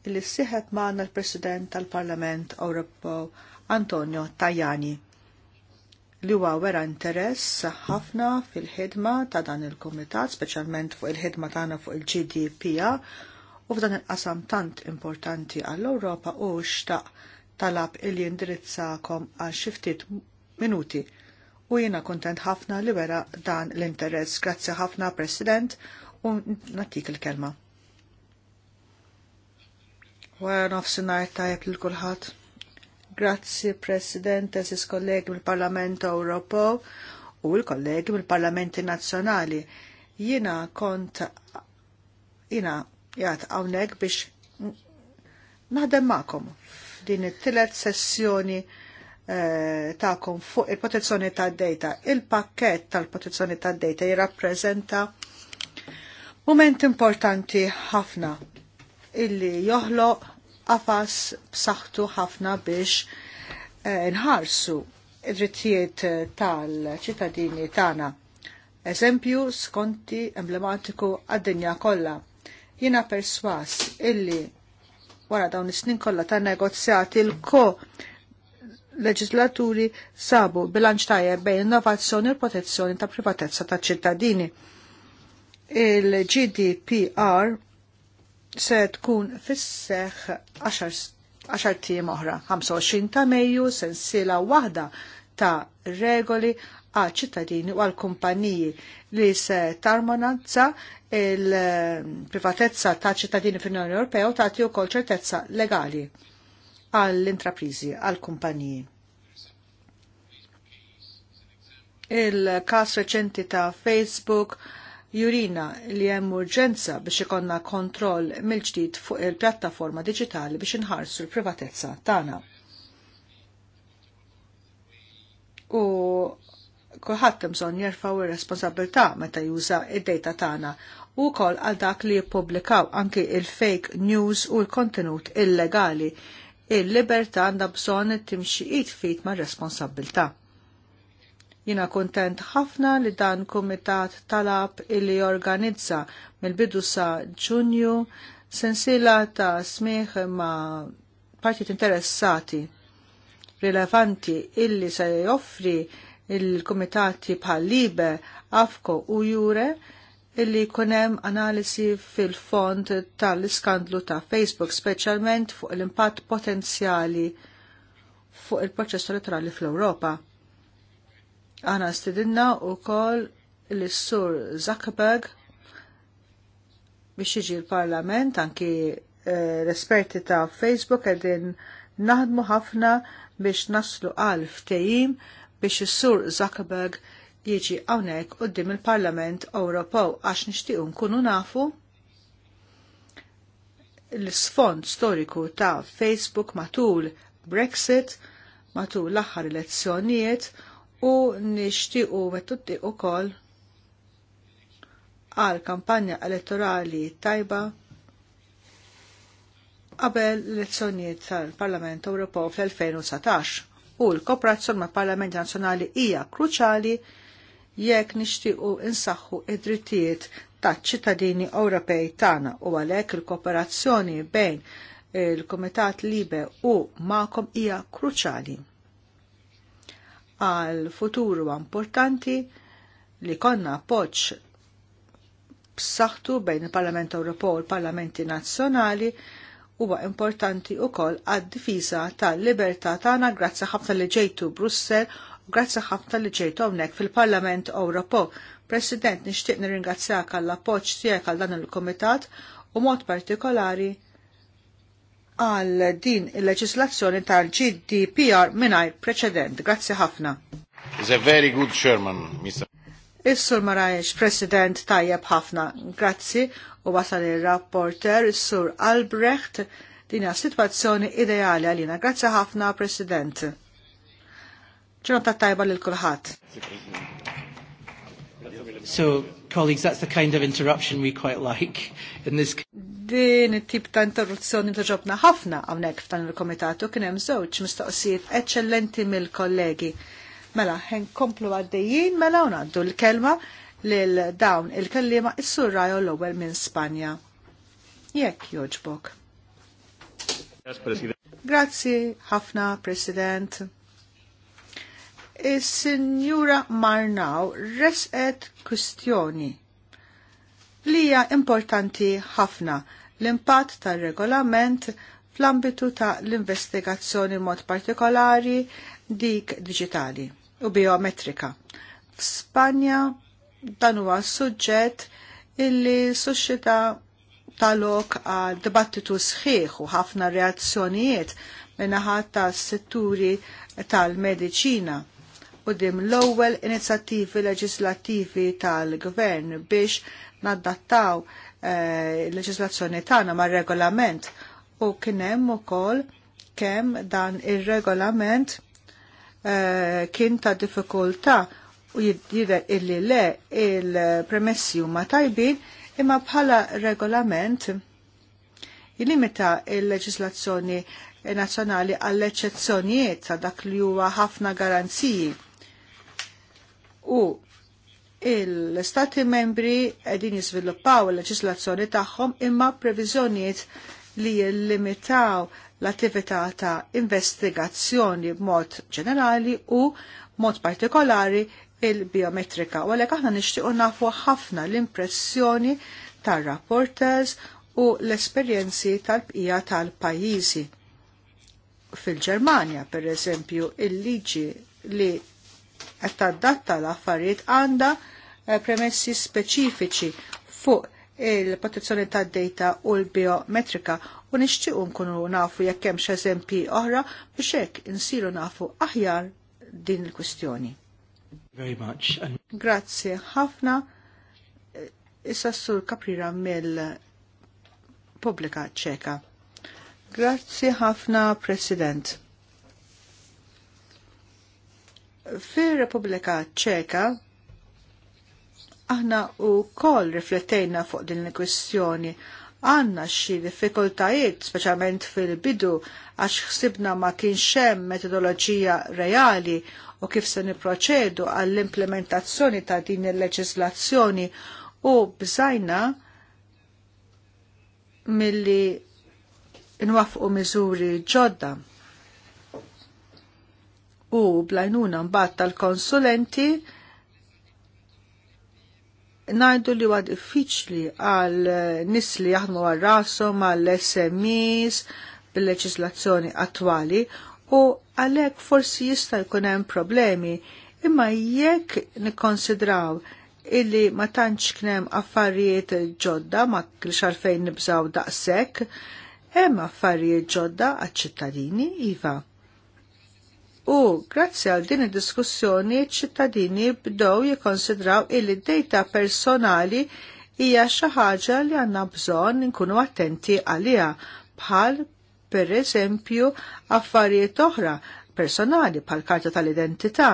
li siħet maħna l-President tal-Parlament Ewropew Antonio Tajani li huwa wera interess ħafna fil-ħidma ta' dan il-Komitat, speċjalment fuq il-ħidma tagħna fuq il gdpa u f'dan il-qasam tant importanti għall-Ewropa u xtaq talab illi indirizzakom għal xi ftit minuti. U jiena kontent ħafna li wera dan l-interess. Grazzi ħafna, President, u natik il-kelma. Wara nofsinhar tajjeb lil kulħadd. Grazzi President, eżis kollegi mill-Parlament Ewropew u l-kollegi mill-Parlamenti Nazzjonali. Jiena kont jina jgħat hawnhekk biex naħdem magħkom f'din it-tielet sessjoni eh, ta'kom fuq il-protezzjoni tad data. Il-pakket tal-protezzjoni tad data jirrappreżenta moment importanti ħafna illi joħloq qafas b'saħħtu ħafna biex eh, nħarsu id-drittijiet eh, tal-ċittadini tagħna. Eżempju skonti emblematiku għad-dinja kollha. Jiena perswas illi wara dawn is-snin kollha ta' negozjati l-ko leġislaturi sabu bilanċ tajjeb bejn innovazzjoni u protezzjoni ta' privatezza ta' ċittadini. Il-GDPR se tkun fisseħ 10 tim oħra, 25 ta' Mejju sensila waħda ta' regoli għal ċittadini u għal kumpaniji li se tarmonanza il-privatezza ta' ċittadini fin unjoni Ewropea u tagħti wkoll ċertezza legali għall-intraprizi, għall-kumpaniji. Il-kas reċenti ta' Facebook jurina li hemm urġenza biex ikonna kontroll mill-ġdid fuq il-pjattaforma diġitali biex inħarsu l-privatezza tagħna. U kulħadd hemm bżonn jerfaw ir-responsabilità meta juża id-dejta tagħna u kol għal dak li jippubblikaw anki il-fake news u l-kontenut illegali. Il-libertà għandha bżonn timxi it fit ma' responsabilta. Jina kontent ħafna li dan kumitat talab illi jorganizza mill-bidu sa ġunju sensila ta' smieħ ma' partit interessati rilevanti illi se joffri il-komitati bħal Libe, Afko u Jure illi kunem analisi fil-fond tal-iskandlu ta' Facebook, specialment fuq l-impatt potenzjali fuq il-proċess elettorali fl-Europa. Aħna stidinna u kol l-sur Zuckerberg biex jiġi l-parlament, anki eh, l-esperti ta' Facebook għedin naħdmu ħafna biex naslu għal ftejim biex is-sur Zuckerberg jiġi hawnhekk qudiem il-Parlament Ewropew għax nixtiequ nkunu nafu l-sfond storiku ta' Facebook matul Brexit, matul l-aħħar elezzjonijiet u nixtiequ u ukoll għal kampanja elettorali tajba qabel l-elezzjonijiet tal-Parlament Ewropew fl-2019 u l-kooperazzjoni mal parlament Nazzjonali hija kruċali jekk nixtiequ insaħħu id-drittijiet taċ-ċittadini Ewropej tagħna u għalhekk il-kooperazzjoni bejn il-Kumitat Libe u Makom hija kruċali għal futuru importanti li konna poċ b'saħħtu bejn il-Parlament Ewropew u l-Parlamenti Nazzjonali huwa importanti wkoll għad-difiża tal-libertà tagħna grazzi ħafna li ġejtu Brussell u grazzi ħafna li ġejtu hawnhekk fil-Parlament Ewropew. President, nixtieq nirringrazzjak għall appoġġ tiegħek għal dan il-Kumitat u mod partikolari għal din il-leġislazzjoni tal-GDPR mingħajr preċedent. Grazzi ħafna. Is a very good Mr. Is-Sur Marajx, President tajjeb ħafna, grazzi u wasal il-rapporter Is-Sur Albrecht din hija situazzjoni ideali għalina. Grazzi ħafna, President. Ġurnata tajba lil kulħadd. So, Colleagues, that's the kind of interruption we quite like in this Din it-tip ta' interruzzjoni ta' ġobna ħafna hawnhekk f'dan il-komitatu kien hemm żewġ mistoqsijiet eċċellenti mill-kollegi. Mela, ħen komplu għaddejjin, mela u ngħaddu l-kelma lil dawn il-kellima is-sur Rajo l-ewwel minn Spanja. Jekk joġbok. Grazzi ħafna, President. Is-Sinjura Marnaw resqet kustjoni li hija importanti ħafna l-impatt tar-regolament fl-ambitu ta' l-investigazzjoni mod partikolari dik digitali u biometrika. F'Spanja dan huwa suġġett illi suxxita talok għal dibattitu sħiħ u ħafna reazzjonijiet minnaħat ta' setturi tal-medicina quddiem l-ewwel inizjattivi leġislattivi tal-Gvern biex nadattaw eh, il-leġislazzjoni tagħna mar-regolament u kien hemm ukoll kemm dan ir-regolament eh, kien ta' diffikultà u jidher illi le il-premessi huma tajbin imma bħala regolament jilimita il-leġislazzjoni nazzjonali għall eċċezzjonijiet ta' dak li huwa ħafna garanziji u l-Stati membri qegħdin jiżviluppaw il-leġislazzjoni tagħhom imma previżjonijiet li jillimitaw l-attività ta' investigazzjoni b'mod ġenerali u mod partikolari il-biometrika. U għalek aħna nixtiequ nafu ħafna l-impressjoni tar rapporters u l-esperjenzi tal-bqija tal-pajjiżi. Fil-Ġermanja, per eżempju, il-liġi li qed tadatta l-affarijiet għandha eh, premessi speċifiċi fuq il-protezzjoni tad data u l-biometrika u nixtiequ nkunu nafu jekk hemm eżempji oħra biex hekk insiru nafu aħjar din il-kwistjoni. Very much. And... Grazie ħafna. Issa sur kaprira mill pubblika ċeka. Grazie ħafna, President. Fir-Repubblika Ċeka aħna u koll riflettejna fuq din il-kwistjoni għanna xi diffikultajiet, speċjalment fil-bidu, għax ħsibna ma kienx hemm metodoloġija reali u kif se niproċedu għall-implementazzjoni ta' din il-leġislazzjoni u bżajna milli nwafqu miżuri ġodda u blajnuna mbagħad tal-konsulenti najdu li huwa diffiċli għal nis li jaħdmu għal rasom, għal SMEs, bil-leġislazzjoni attwali u għalhekk forsi jista' jkun hemm problemi imma jekk nikkonsidraw illi ma tantx knem affarijiet ġodda ma kienx għalfejn nibżaw daqshekk, hemm affarijiet ġodda għaċ-ċittadini iva. U grazzi għal din id-diskussjoni ċittadini bdew jikkonsidraw illi data personali hija xi ħaġa li għandna bżonn nkunu attenti għaliha bħal per eżempju affarijiet oħra personali bħal karta tal-identità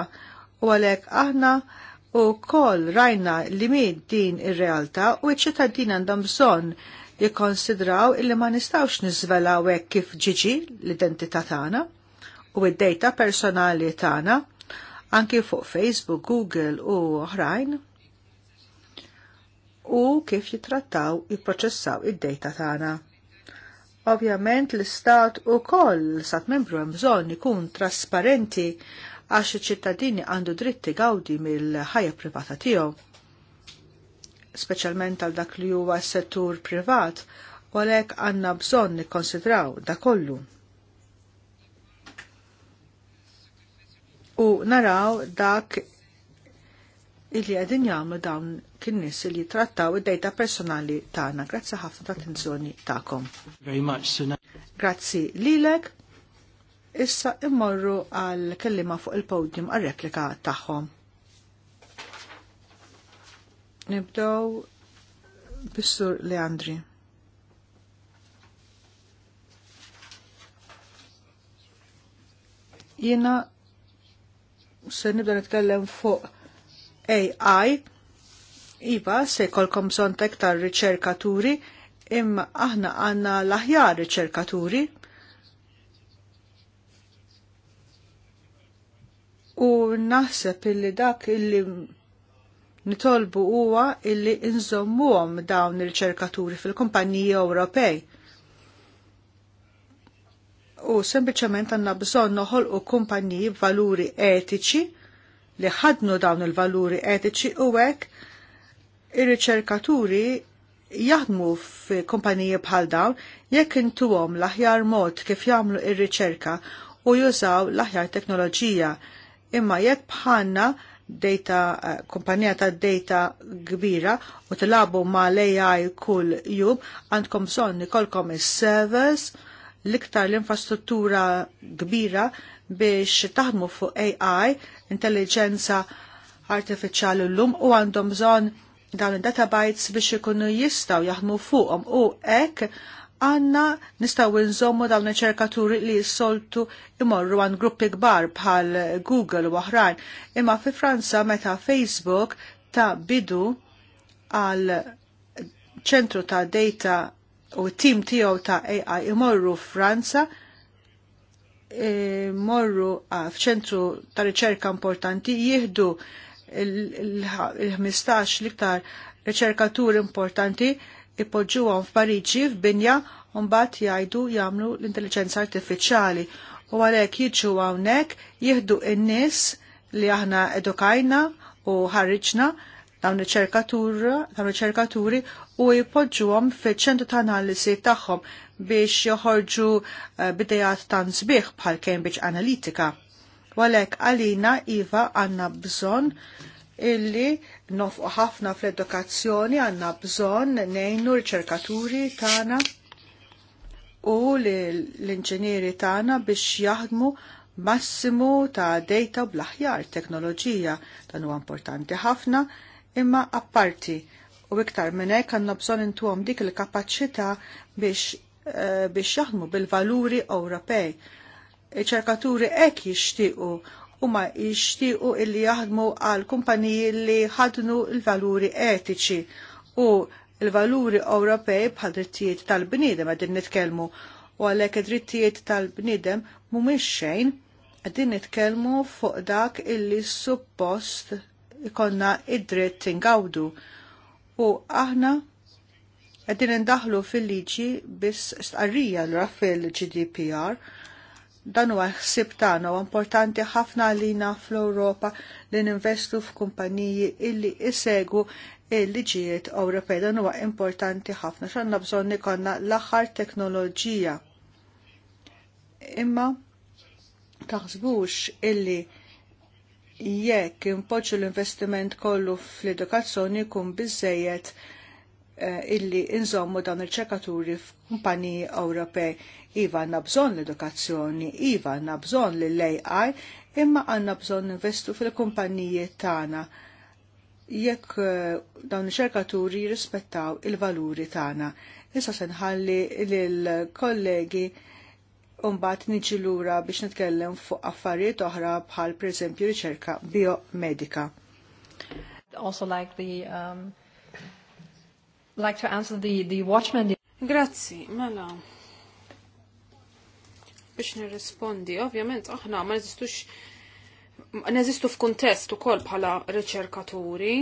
u għalhekk aħna u koll rajna li mid din ir-realtà u ċ-ċittadin għandhom bżonn jikkonsidraw illi ma nistgħux niżvelaw hekk kif ġiġi l-identità tagħna u id-data personali tagħna anki fuq Facebook, Google u oħrajn u kif jitrattaw jipproċessaw id-data tagħna. Ovvjament l-istat u koll sat membru hemm bżonn ikun trasparenti għax iċ-ċittadini għandu dritti gawdi mill-ħajja privata tiegħu. Speċjalment għal dak li huwa settur privat, u għalhekk għandna bżonn nikkonsidraw da kollu. u naraw dak illi għedin jgħamlu dawn kien-nies li trattaw id-dejta personali tagħna. Grazzi ħafna ta' attenzjoni tagħkom. Very much, Grazzi lilek. Issa immorru għal kellima fuq il-podium għal replika tagħhom. Nibdow Bissur Leandri. Jena se nibda nitkellem fuq AI, iva se jkollkom bżonn tektar riċerkaturi, imma aħna għandna l-aħjar riċerkaturi, u naħseb illi dak illi nitolbu huwa illi inżommuhom dawn il-ċerkaturi fil-kumpaniji Ewropej u sempliċement għanna bżon noħol u kumpanji valuri etiċi li ħadnu dawn il-valuri etiċi u għek ir-riċerkaturi jaħdmu f'kumpaniji bħal dawn jekk intuhom l-aħjar mod kif jagħmlu il riċerka u jużaw l-aħjar teknoloġija imma jekk bħalna data eh, kumpanija ta' data kbira u tilabu ma' l-AI kull jum għandkom bżonn nikolkom is-servers l-iktar l-infrastruttura kbira biex taħdmu fuq AI, intelligenza artificiali l-lum u għandhom bżon dawn il-databytes biex ikunu jistaw jaħdmu fuqhom u ek għanna nistaw nżommu dawn il-ċerkaturi li soltu imorru għan gruppi kbar bħal Google u oħrajn. Imma fi Franza meta Facebook ta' bidu għal ċentru ta' data u t-tim tiegħu ta' AI imorru Franza e, morru f'ċentru ta' riċerka importanti jieħdu il-15 liktar riċerkatur importanti ipoġġuhom f'Pariġi f'Binja u mbagħad jgħidu jagħmlu l-intelligenza artifiċjali u għalhekk jiġu hawnhekk jieħdu n-nies li aħna edukajna u ħarriċna, dawn riċerkaturi u jpoġġuhom fiċ-ċentru ta' analisi tagħhom biex joħorġu eh, bidejat ta' sbieħ bħal Cambridge Analytica. Walek għalina Iva għanna bżonn illi nofqu ħafna fl-edukazzjoni għanna bżonn nejnu riċerkaturi tagħna u l-inġinieri tagħna biex jaħdmu massimu ta' data u bl-aħjar teknoloġija dan huwa importanti ħafna imma apparti u iktar minn hekk għandna bżonn intuhom dik il-kapaċità biex eh, biex jaħdmu bil-valuri Ewropej. Iċerkaturi ċerkaturi hekk jixtiequ u ma jixtiequ illi jaħdmu għal kumpaniji li ħadnu l-valuri etiċi u l-valuri Ewropej bħal drittijiet tal-bniedem għadin nitkellmu u għalhekk id-drittijiet tal-bniedem mhumiex xejn qegħdin nitkellmu fuq dak illi suppost ikonna id-dritt ingawdu. U aħna qegħdin indaħlu fil-liġi biss stqarrija l fil-GDPR dan huwa ħsib tagħna u importanti ħafna għalina fl-Ewropa li ninvestu f'kumpaniji illi isegu il-liġijiet Ewropej. Dan huwa importanti ħafna x'għandna bżonn ikollna l-aħħar teknoloġija. Imma taħsbux illi jekk impoġġu l-investiment kollu fl-edukazzjoni jkun biżżejjed eh, illi inżommu dan il-ċekaturi f'kumpaniji Ewropej. Iva għanna bżon l-edukazzjoni, iva għanna bżon l-AI, imma għanna bżon investu fil-kumpaniji tagħna jekk eh, dawn il-ċerkaturi jirrispettaw il-valuri tagħna. Issa se nħalli lill kollegi Umbat niġi lura biex nitkellem fuq affarijiet oħra bħal pereżempju riċerka biomedika. Also like the um, like to answer the the watchman. Grazzi, mela biex nirrispondi. Ovvjament, aħna ma neżistux neżistu f'kuntest ukoll bħala riċerkaturi,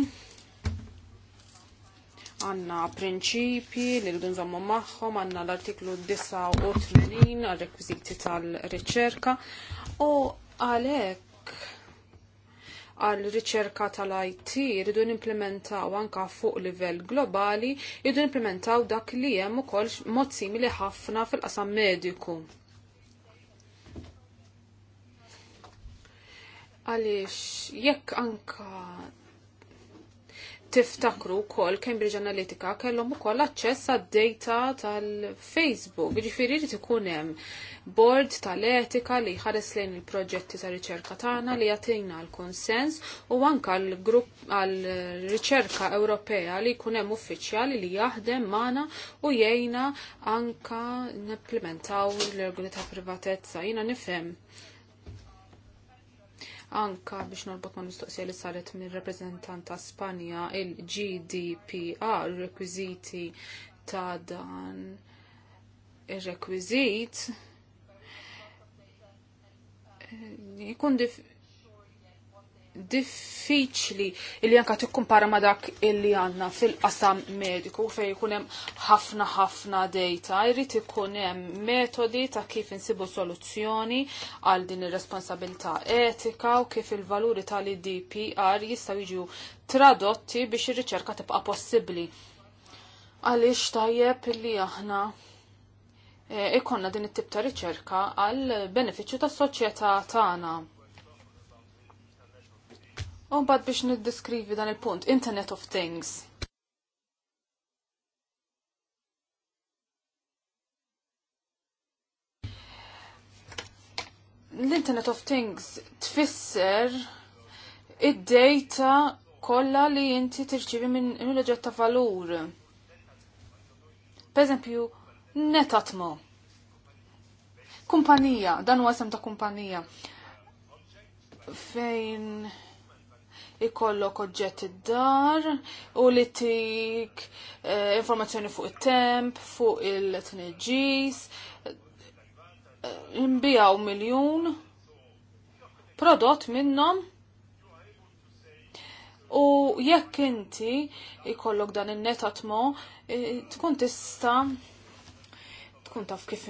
għanna prinċipi li l-dun magħhom maħħom, għanna l-artiklu 89 għal-rekwiziti tal-riċerka u għalek għal-riċerka tal-IT rridu implementaw anka fuq livell globali, rridu implementaw dak li hemm ukoll mod simili ħafna fil-qasam mediku. Għaliex jekk anka tiftakru wkoll Cambridge Analytica kellhom ukoll aċċess għad-data tal-Facebook. Jiġifieri li ikun hemm board tal-etika li ħares lejn il-proġetti ta' riċerka tagħna li jagħtina l-konsens u anke għall-grupp għall-riċerka Ewropea li jkun hemm uffiċjali li jaħdem magħna u jgħinna anka nipplementaw l-organi ta' privatezza. Jiena nifhem Anka biex norbot ma' mistoqsija li saret minn rappresentant ta' Spanja il-GDPR, rekwiziti ta' dan ir-rekwizit eh, jikun dif diffiċli li anka tikkumpara ma dak illi għanna fil-qasam mediku fej ikun hemm ħafna ħafna data, jrid ikun hemm metodi ta' kif insibu soluzzjoni għal din ir-responsabilità etika u kif il-valuri tal-DPR jistgħu jiġu tradotti biex ir-riċerka tibqa' possibbli. Għaliex tajjeb illi aħna eh, ikonna din it-tip ta' riċerka għal benefiċċju tas-soċjetà tagħna. Ta Umbad biex niddiskrivi dan il-punt, Internet of Things. L-Internet of Things tfisser id-data kollha li inti tirċivi minn min l-oġġett ta' valur. Per eżempju, netatmo. Kumpanija, dan huwa ta' kumpanija. Fejn ikollok oġġett id-dar u li tik eh, informazzjoni fuq it-temp, fuq il-tneġis, eh, imbijaw miljun prodott minnom u jekk inti ikollok dan il-netatmo eh, tkun tista tkun taf kif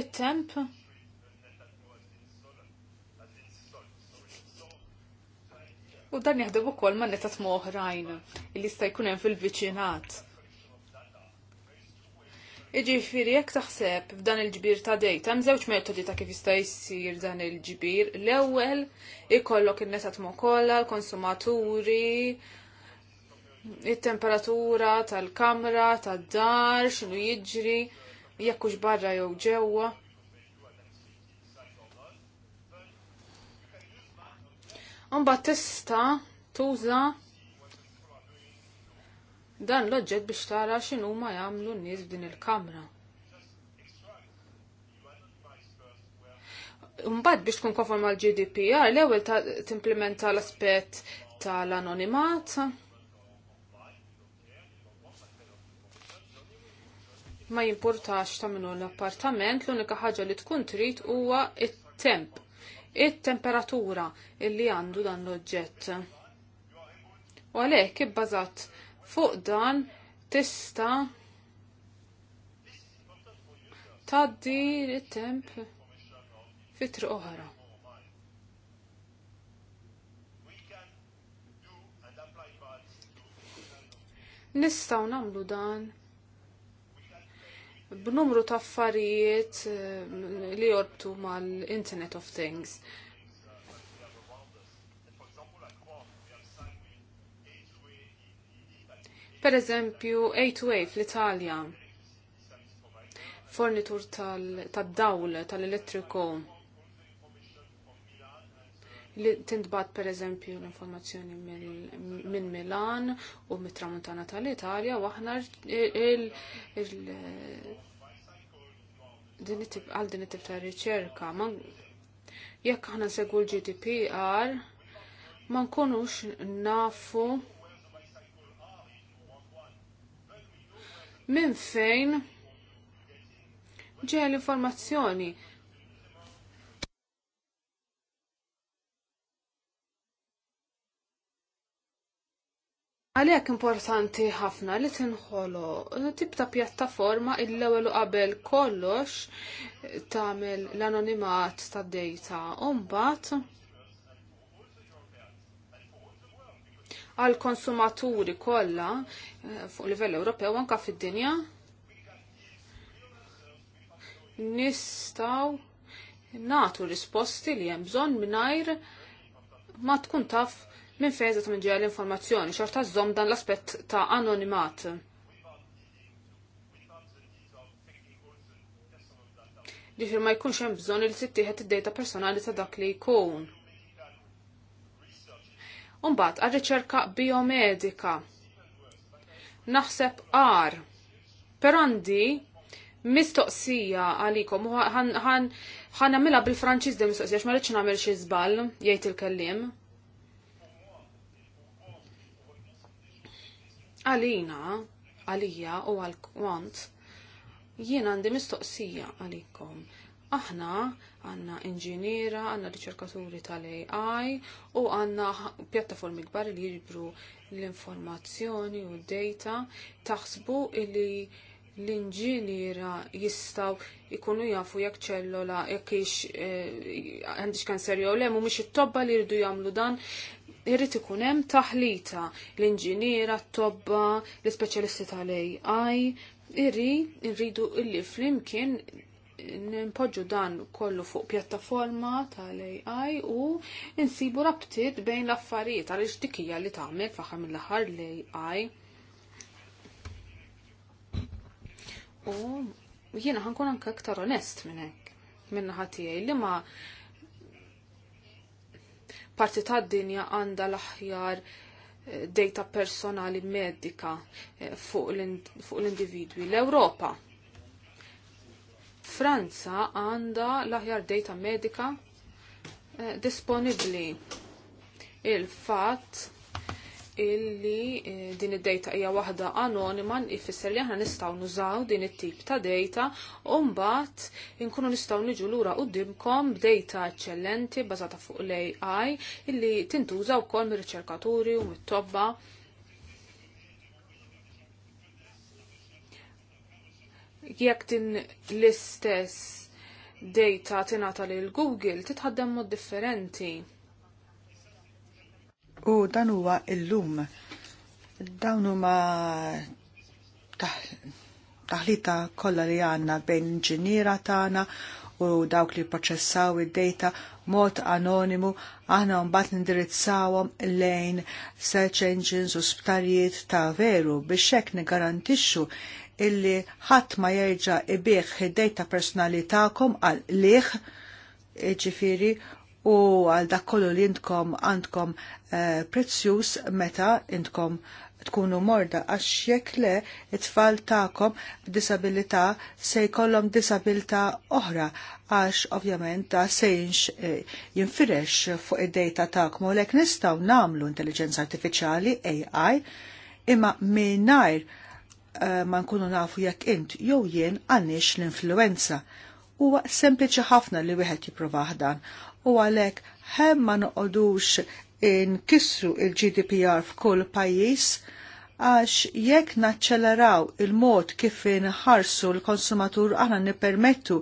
it-temp U dan jaħdem ukoll ma' netat oħrajn li jista' jkun hemm fil-viċinat. Iġifieri jekk taħseb f'dan il-ġbir ta' dejta hemm żewġ metodi ta' kif jista' jsir dan il-ġbir. L-ewwel ikollok in-netat kollha, l-konsumaturi, it-temperatura tal-kamra, tad-dar, x'inhu jiġri, jekk hux barra jew ġewwa. Mbagħad tista tuża dan l-oġġett biex tara x'inhuma jagħmlu n-nies din il-kamra. Mbagħad biex tkun konforma l GDPR l-ewwel timplementa l-aspett tal-anonimat. Ma jimpurtax ta' minnu l-appartament, l-unika ħaġa li tkun trid huwa it-temp it-temperatura illi għandu dan l-oġġett. U għalhekk ibbażat fuq dan tista' taddi it-temp fitri oħra. Nistaw namlu dan b'numru ta' affarijiet eh, li jorbtu mal-Internet of Things. Per eżempju, A2A fl-Italja, fornitur tal-dawl, tal-elettriku, tal li tintbat per eżempju l-informazzjoni minn Milan u mit-tramuntana tal-Italja u aħna għal din it-tip ta' riċerka. Jekk aħna segwu l-GDPR, ma nkunux nafu minn fejn ġeja l-informazzjoni Għalhekk importanti ħafna li tinħolo tip ta' pjattaforma il-ewwel qabel kollox tagħmel l-anonimat tad-dejta u mbagħad għal konsumaturi kollha eh, fuq livell Ewropew anke fid-dinja nistgħu nagħtu risposti li hemm bżonn mingħajr ma tkun taf minn fejn qed minġija l-informazzjoni xorta żomm dan l-aspett ta' anonimat. Ġifir ma jkunx hemm bżonn li tittieħed id-data personali ta' dak li jkun. Umbagħad għar riċerka biomedika. Naħseb għar. għandi mistoqsija għalikom, ħan milha bil-Franċiż de mistoqsija, xmarriċ namel xi żball, jgħajt il-kellim. Għalina, għalija u għal-kwant, jien għandi mistoqsija għalikom. Aħna għanna inġiniera, għanna riċerkaturi tal-AI u għanna pjattaformi kbar li jibru l-informazzjoni u d-data taħsbu illi l-inġiniera jistaw ikunu jafu jekk ċellola jekk ix eh, għandix kanser jew le mhumiex it-tobba li jridu jagħmlu dan irrid ikun hemm taħlita l-inġiniera, t-tobba, l-ispeċjalisti tal-AI, irri irridu illi flimkien nimpoġġu dan kollu fuq pjattaforma tal-AI u insibu rabtiet bejn l-affarijiet għaliex dikija li tagħmel faħar mill-aħħar l-AI. U jiena ħankun anke aktar onest minn hekk minn tiegħi li ma parti tad-dinja għandha l-aħjar eh, data personali medika eh, fuq l-individwi. L-Europa. Franza għanda l-aħjar data medika eh, disponibli. Il-fat illi eh, din id-data hija waħda anonima ifisser li aħna nistgħu nużaw din it-tip ta' data u mbagħad inkunu nistgħu niġu lura qudiemkom b'data eċċellenti bażata fuq l-AI illi tintuża wkoll mir-riċerkaturi u mit-tobba. Jekk din l-istess data tingħata lil Google titħaddem mod differenti. U dan huwa illum. Dawn huma taħlita kollha li għandna bejn inġiniera tagħna u dawk li proċessaw id-data mod anonimu aħna mbagħad nindirizzawhom lejn search engines u sptarijiet ta' veru biex hekk niggarantixxu illi ħadd ma jerġa' ibih id-data personali tagħkom għal liħ ġifiri u għal dak kollu li intkom għandkom eh, prezzjuż meta intkom tkunu morda għax jekk le it-tfal ta'kom b'disabilità se jkollhom disabilità oħra għax ovvjament ta' sejnx eh, jinfirex fuq id-dejta ta'kom u lek nistgħu nagħmlu intelligenza artifiċjali AI imma mingħajr eh, ma nkunu nafu jekk int jew jien għandix l-influenza huwa sempliċi ħafna li wieħed jipprovaħ dan u għalek hemm ma noqodux inkissru il-GDPR f'kull pajjiż għax jekk naċċeleraw il-mod kif inħarsu l-konsumatur aħna nippermettu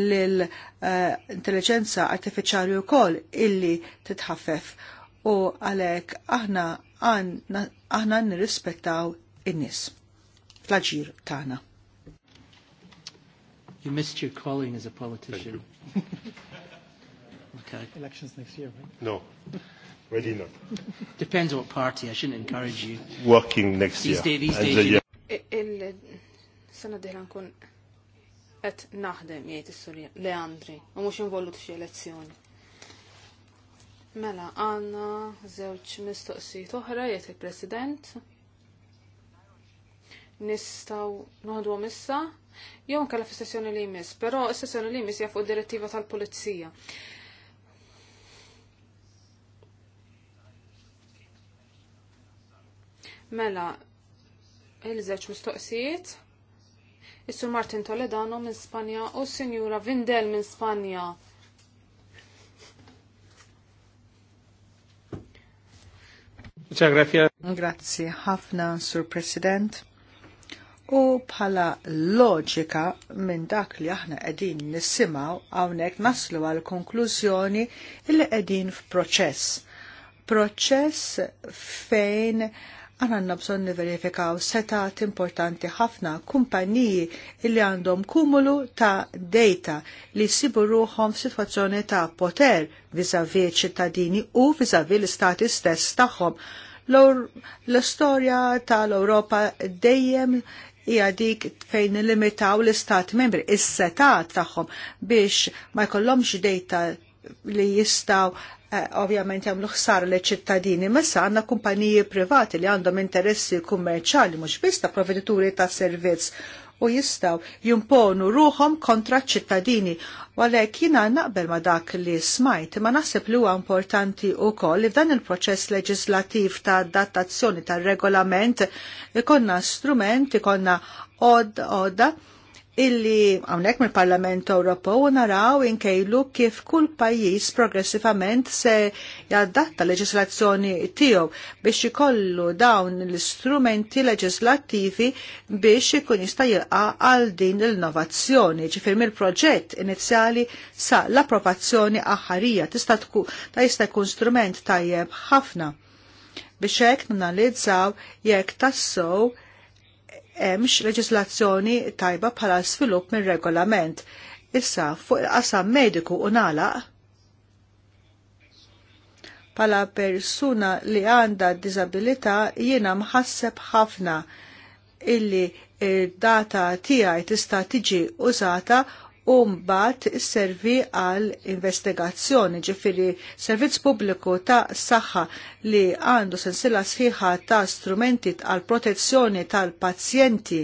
l-intelligenza eh, artifiċjali wkoll illi titħaffef u għalhekk aħna aħna nirrispettaw in-nies fl-aġir tagħna. You missed your calling as a politician encourage. Elections next year, right? No. Ready not. <laughs> Depends what party. I shouldn't encourage you. Working next these year. Day, these days, these days. Il-sena diħla nkun qed naħdem jgħid is-Surja Leandri u mux involut f'xi elezzjoni. Mela għanna zewċ mistoqsi toħra jgħid il-President. Nistaw noħduhom issa jew kalla fis-sessjoni li jmiss, pero s-sessjoni li jmiss hija fuq direttiva tal polizija Mela, il żeċ mistoqsijiet. Is-Sur Martin Toledano minn Spanja u Sinjura Vindel minn Spanja. Grazie ħafna, Sur President. U bħala loġika minn dak li aħna qegħdin nisimgħu hawnhekk naslu għal konklużjoni li qegħdin f'proċess. Proċess fejn għana għanna bżon niverifikaw setat importanti ħafna kumpaniji illi għandhom kumulu ta' data li sibu ruħom situazzjoni ta' poter vizavi ċittadini u vizavi l-istati stess tagħhom. L-istorja tal-Europa dejjem hija dik fejn limitaw l-istat membri is-setat tagħhom biex ma jkollhomx data li jistaw Eh, ovvjament jagħmlu ħsar li ċittadini, ma sa għandna kumpaniji privati li għandhom interessi kummerċali mhux biss ta' provvedituri ta' servizz u jistaw jimponu ruhom kontra ċittadini. Għalek jina naqbel ma dak li smajt, ma naħseb li huwa importanti u koll li f'dan il-proċess leġislativ ta' datazzjoni ta' regolament ikonna strument, ikonna odda, od, illi għawnek mill parlament Ewropew naraw inkejlu kif kull pajjiż progressivament se jaddatta leġislazzjoni tiegħu biex ikollu dawn l-istrumenti leġislattivi biex ikun jista' jilqa għal din l-innovazzjoni. Ġifier mill-proġett inizjali sa l-approvazzjoni aħħarija tista' tkun ta' jista' jkun strument tajjeb ħafna biex hekk nanalizzaw jekk tassow hemmx leġislazzjoni tajba bħala svilupp minn regolament. Issa fuq il-qasam mediku u nalaq pala persuna li għanda disabilita jiena mħasseb ħafna illi eh, data tiegħi tista' tiġi użata u mbagħad isservi għal investigazzjoni, ġifiri servizz pubbliku ta' saħħa li għandu sensila sħiħa ta' strumenti għal protezzjoni tal-pazjenti,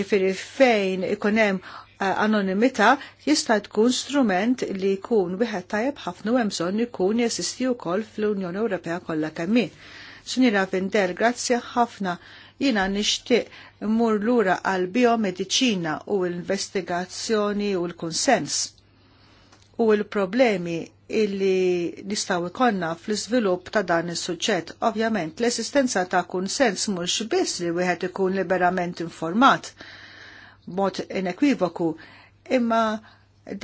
ġifiri fejn ikun hemm eh, anonimità jista' tkun strument li jkun wieħed tajjeb ħafna u hemm bżonn ikun jesisti wkoll fl-Unjoni Ewropea kollha kemm hi. Sinjira Vindel, grazzi ħafna. Jina nixtieq mmur lura għal biomedicina u l-investigazzjoni u l-konsens u l-problemi illi nistaw ikonna fl-iżvilupp ta' dan is-suġġett. Ovjament, l-esistenza ta' kunsens mhux biss li wieħed ikun liberament informat b'mod inekwivoku, imma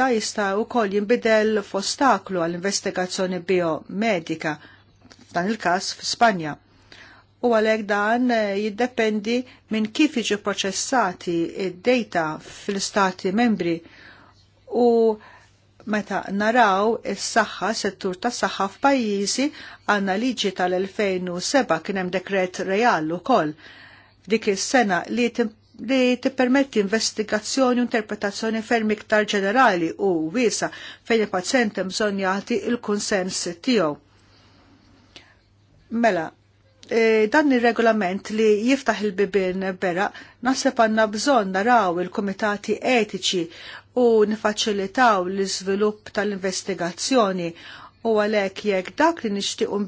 da jista' koll jinbidel f'ostaklu għall-investigazzjoni biomedika, f'dan il-każ f'Spanja u għalhekk dan eh, jiddependi minn kif iġi proċessati id-data fil-stati membri u meta naraw is-saħħa settur tas saħħa f'pajjiżi għandna liġi tal-2007 kien hemm dekret real ukoll dik is-sena li li tippermetti investigazzjoni u interpretazzjoni ferm iktar ġenerali u wiesa fejn il-pazjent hemm bżonn jagħti l-kunsens tiegħu. Mela, E, dan il-regolament li jiftaħ il-bibin bera, naħseb għanna bżon naraw il-komitati etiċi u nifacilitaw l-izvilupp tal-investigazzjoni u għalek jekk dak li nixtieq u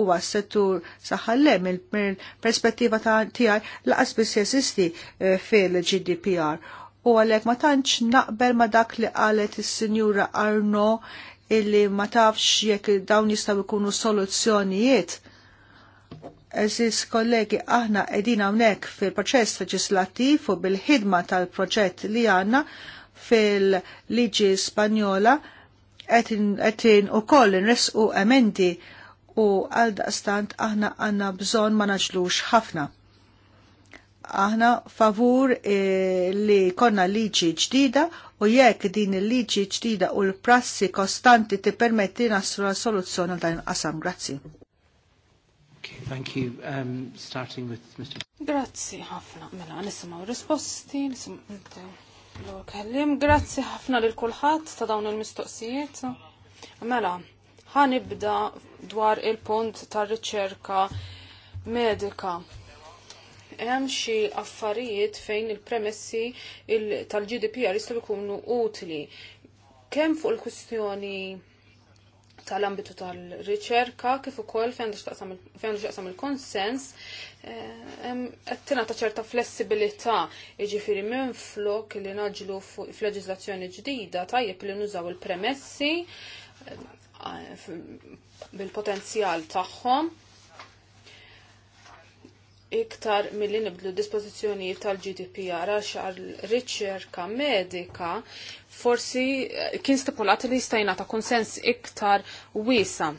huwa settur saħallem il-perspettiva tiegħi laqas biss jeżisti e, fil-GDPR. U għalek ma tantx naqbel ma dak li qalet is-Sinjura Arno illi ma tafx jekk dawn jistgħu jkunu soluzzjonijiet Eżis kollegi, aħna edina hawnhekk fil-proċess leġislattiv u bil-ħidma tal-proġett li għandna fil-liġi Spanjola qed ukoll inresqu emendi u għal daqstant aħna għandna bżonn ma naġlux ħafna. Aħna favur eh, li konna liġi ġdida u jekk din il-liġi ġdida u l-prassi kostanti la soluzzjoni għal dan qasam. Grazzi. Thank you. Um, starting with Mr. Grazzi ħafna. Mela, nisimaw risposti, nisimaw kellim. Grazzi ħafna lil kulħadd ta' dawn il-mistoqsijiet. Mela, ħanibda dwar il-punt tar-riċerka medika hemm xi affarijiet fejn il-premessi il tal-GDPR jistgħu jkunu utli. Kemm fuq il-kwistjoni tal-ambitu tal-riċerka kif ukoll fejn jaqsam il-konsens eh, għattina ta' ċerta flessibilità iġifiri minn flok li naġlu fl leġizlazzjoni ġdida tajjeb li nużaw il-premessi eh, bil-potenzjal tagħhom iktar mill nibdlu dispozizjoni tal-GDPR għax għal-riċerka medika forsi eh, kien stipulat li jistajna ta' konsens iktar wisa.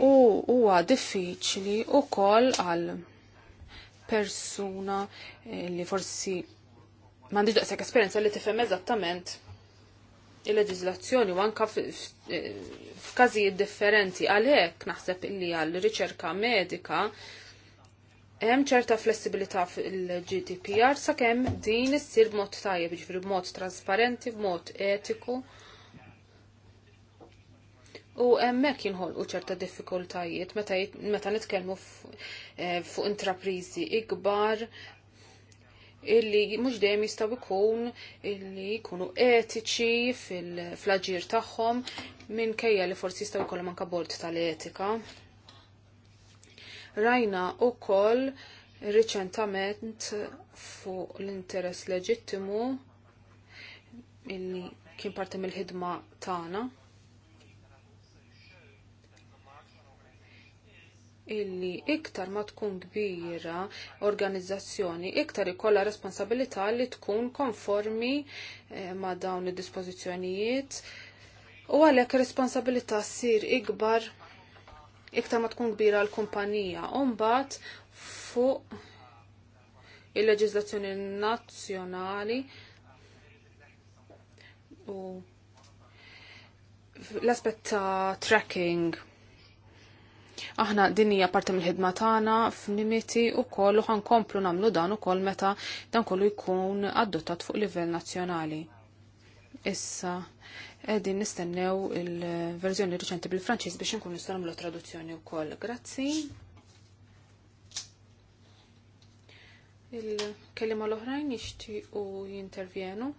U huwa diffiċli u koll għal persuna eh, li forsi mandiġ daqsek esperienza li tifhem eżattament il-leġizlazzjoni u anka eh, f'każijiet differenti għalhekk naħseb li għal riċerka medika hemm ċerta flessibilità fil-GDPR sakemm din issir b'mod tajjeb, jiġifieri b'mod trasparenti, b'mod etiku. U hemmhekk jinħolqu ċerta diffikultajiet meta, meta nitkellmu eh, fuq intrapriżi ikbar illi mhux dejjem jistgħu jkun illi jkunu etiċi fil-flaġir tagħhom minkejja li forsi jistgħu jkollhom anke bord tal-etika. Rajna u koll riċentament fuq l-interess leġittimu illi kien parti mill-ħidma tagħna. illi iktar ma tkun kbira organizzazzjoni, iktar ikolla responsabilità li tkun konformi eh, ma dawn id-dispożizzjonijiet u għalhekk responsabilità ssir ikbar iktar ma tkun kbira l-kumpanija. Umbat fuq il-leġizlazzjoni nazzjonali u l aspet ta' tracking. Aħna din hija parti mill-ħidma tagħna f'nimiti wkoll u komplu nagħmlu dan ukoll meta dan kollu jkun adottat fuq livell nazzjonali. Issa Edin nistennew il-verżjoni riċenti bil-Franċiż biex nkun nistennew l traduzzjoni wkoll. Grazzi. Il-kelima l-oħrajn jixtiequ jintervjenu.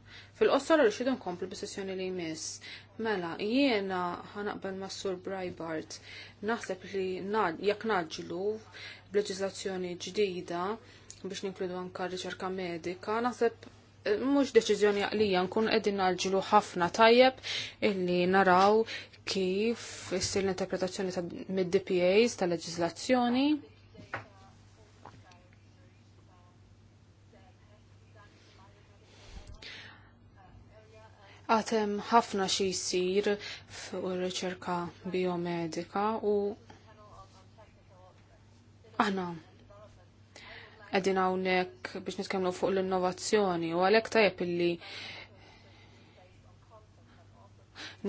Fil-qossor li xidu nkomplu bis-sessjoni li jmiss. Mela, jiena ħanaqbel ma' Sur Naħseb li jekk naġlu b'leġiżlazzjoni ġdida biex ninkludu anka riċerka medika, naħseb mhux deċiżjoni għalija nkun qegħdin għalġilu ħafna tajjeb illi naraw kif issir l-interpretazzjoni ta' mid-DPAs ta' leġizlazzjoni. Għatem ħafna xi jsir fuq ir-riċerka biomedika u aħna ah, Qegħdin hawnhekk biex nitkellmu fuq l-innovazzjoni u għalhekk tajjeb illi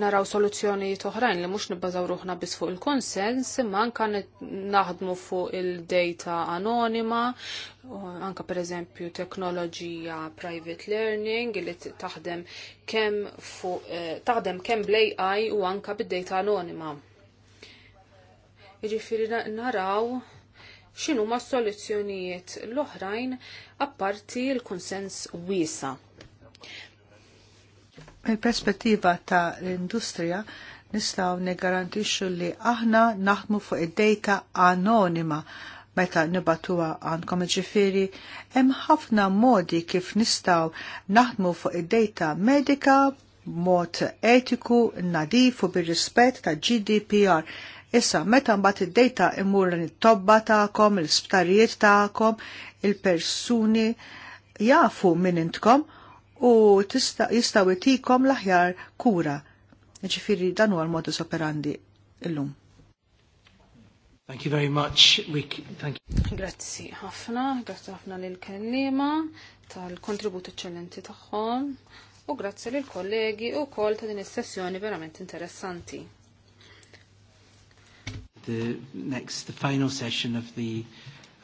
naraw soluzzjonijiet oħrajn li mhux nibbażaw ruħna biss fuq il-konsens, ma anka naħdmu fuq il-data anonima, anka pereżempju teknoloġija private learning li taħdem kemm fuq eh, taħdem kemm bl-AI u anka bid-data anonima. Jiġifieri naraw xinu ma soluzzjonijiet l-oħrajn apparti l-kunsens wiesa. Il-perspettiva ta' l-industrija nistaw garantixu li aħna naħdmu fuq id-data anonima meta nibatuha għandkom ġifiri, hemm ħafna modi kif nistaw naħdmu fuq id-data medika mod etiku, nadif u bir-rispett ta' GDPR Issa, meta mbagħad id-dejta immur it-tobba tagħkom, l-isptarijiet, tagħkom, il-persuni jafu minn intkom u jistgħu jtikom l-aħjar kura. Ġifieri dan huwa l-modus operandi illum. Thank you very much. We, thank you. Grazzi ħafna, grazzi ħafna lil kellima tal-kontribut eċċellenti tagħhom u grazzi lil kollegi u kol ta' din is-sessjoni verament interessanti the next, the final session of the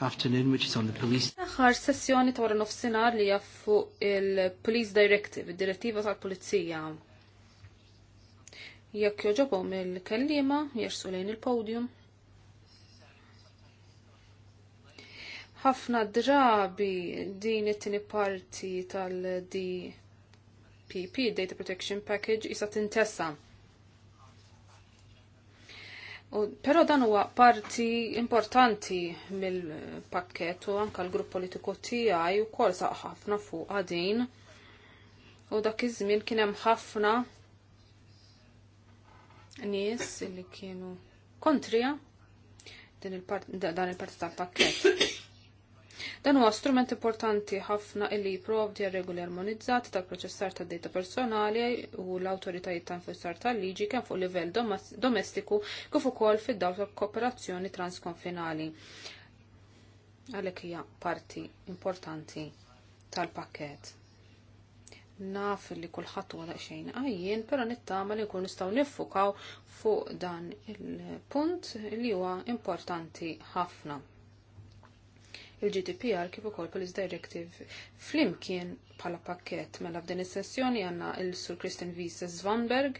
afternoon, which is on the police. Aħħar sessjoni ta' wara nofsinhar li hija fuq il-Police Directive, id-direttiva tal-Pulizija. Jekk joġobhom il-kellima jersu lejn il-podium. Ħafna drabi din it-tieni parti tal-DPP, Data Protection Package, isa tintessa' Pero dan huwa parti importanti mill-pakket u anka l-grupp politiku tiegħi wkoll saq ħafna fuq għadin. U dak iż-żmien kien hemm ħafna nies li kienu kontrija dan il-parti tal-pakket. Dan huwa strument importanti ħafna illi jipprovdi regoli armonizzati tal-proċessar ta' data personali u l-awtoritajiet ta' infissar tal-liġi kemm fuq livell domestiku kif ukoll fid-dawl ta' kooperazzjoni transkonfinali. Għalhekk hija parti importanti tal-pakket naf li kulħadd huwa daqsxejn għajjien, però nittama li nkun nistgħu niffukaw fuq dan il-punt li huwa importanti ħafna il-GDPR kif ukoll Police Directive. Flimkien bħala pakket mela f'din is-sessjoni għandna l sur Christian Wiese Zvanberg,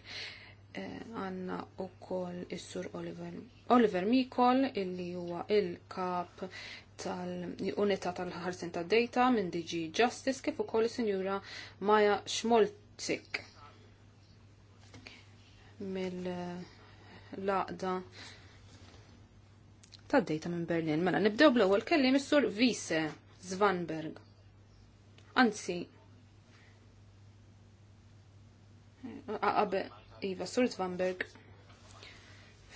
eh, għandna ukoll is-Sur Oliver Oliver Mikol illi huwa il-kap tal-unità tal-ħarsin tad-data minn DG Justice kif ukoll is-Sinjura Maja Schmolzik mill-laqda ta' data minn Berlin. Mela nibdew bl-ewwel kelli missur Vise Zvanberg. Anzi, Aqabe, Iva, Sur Zvanberg,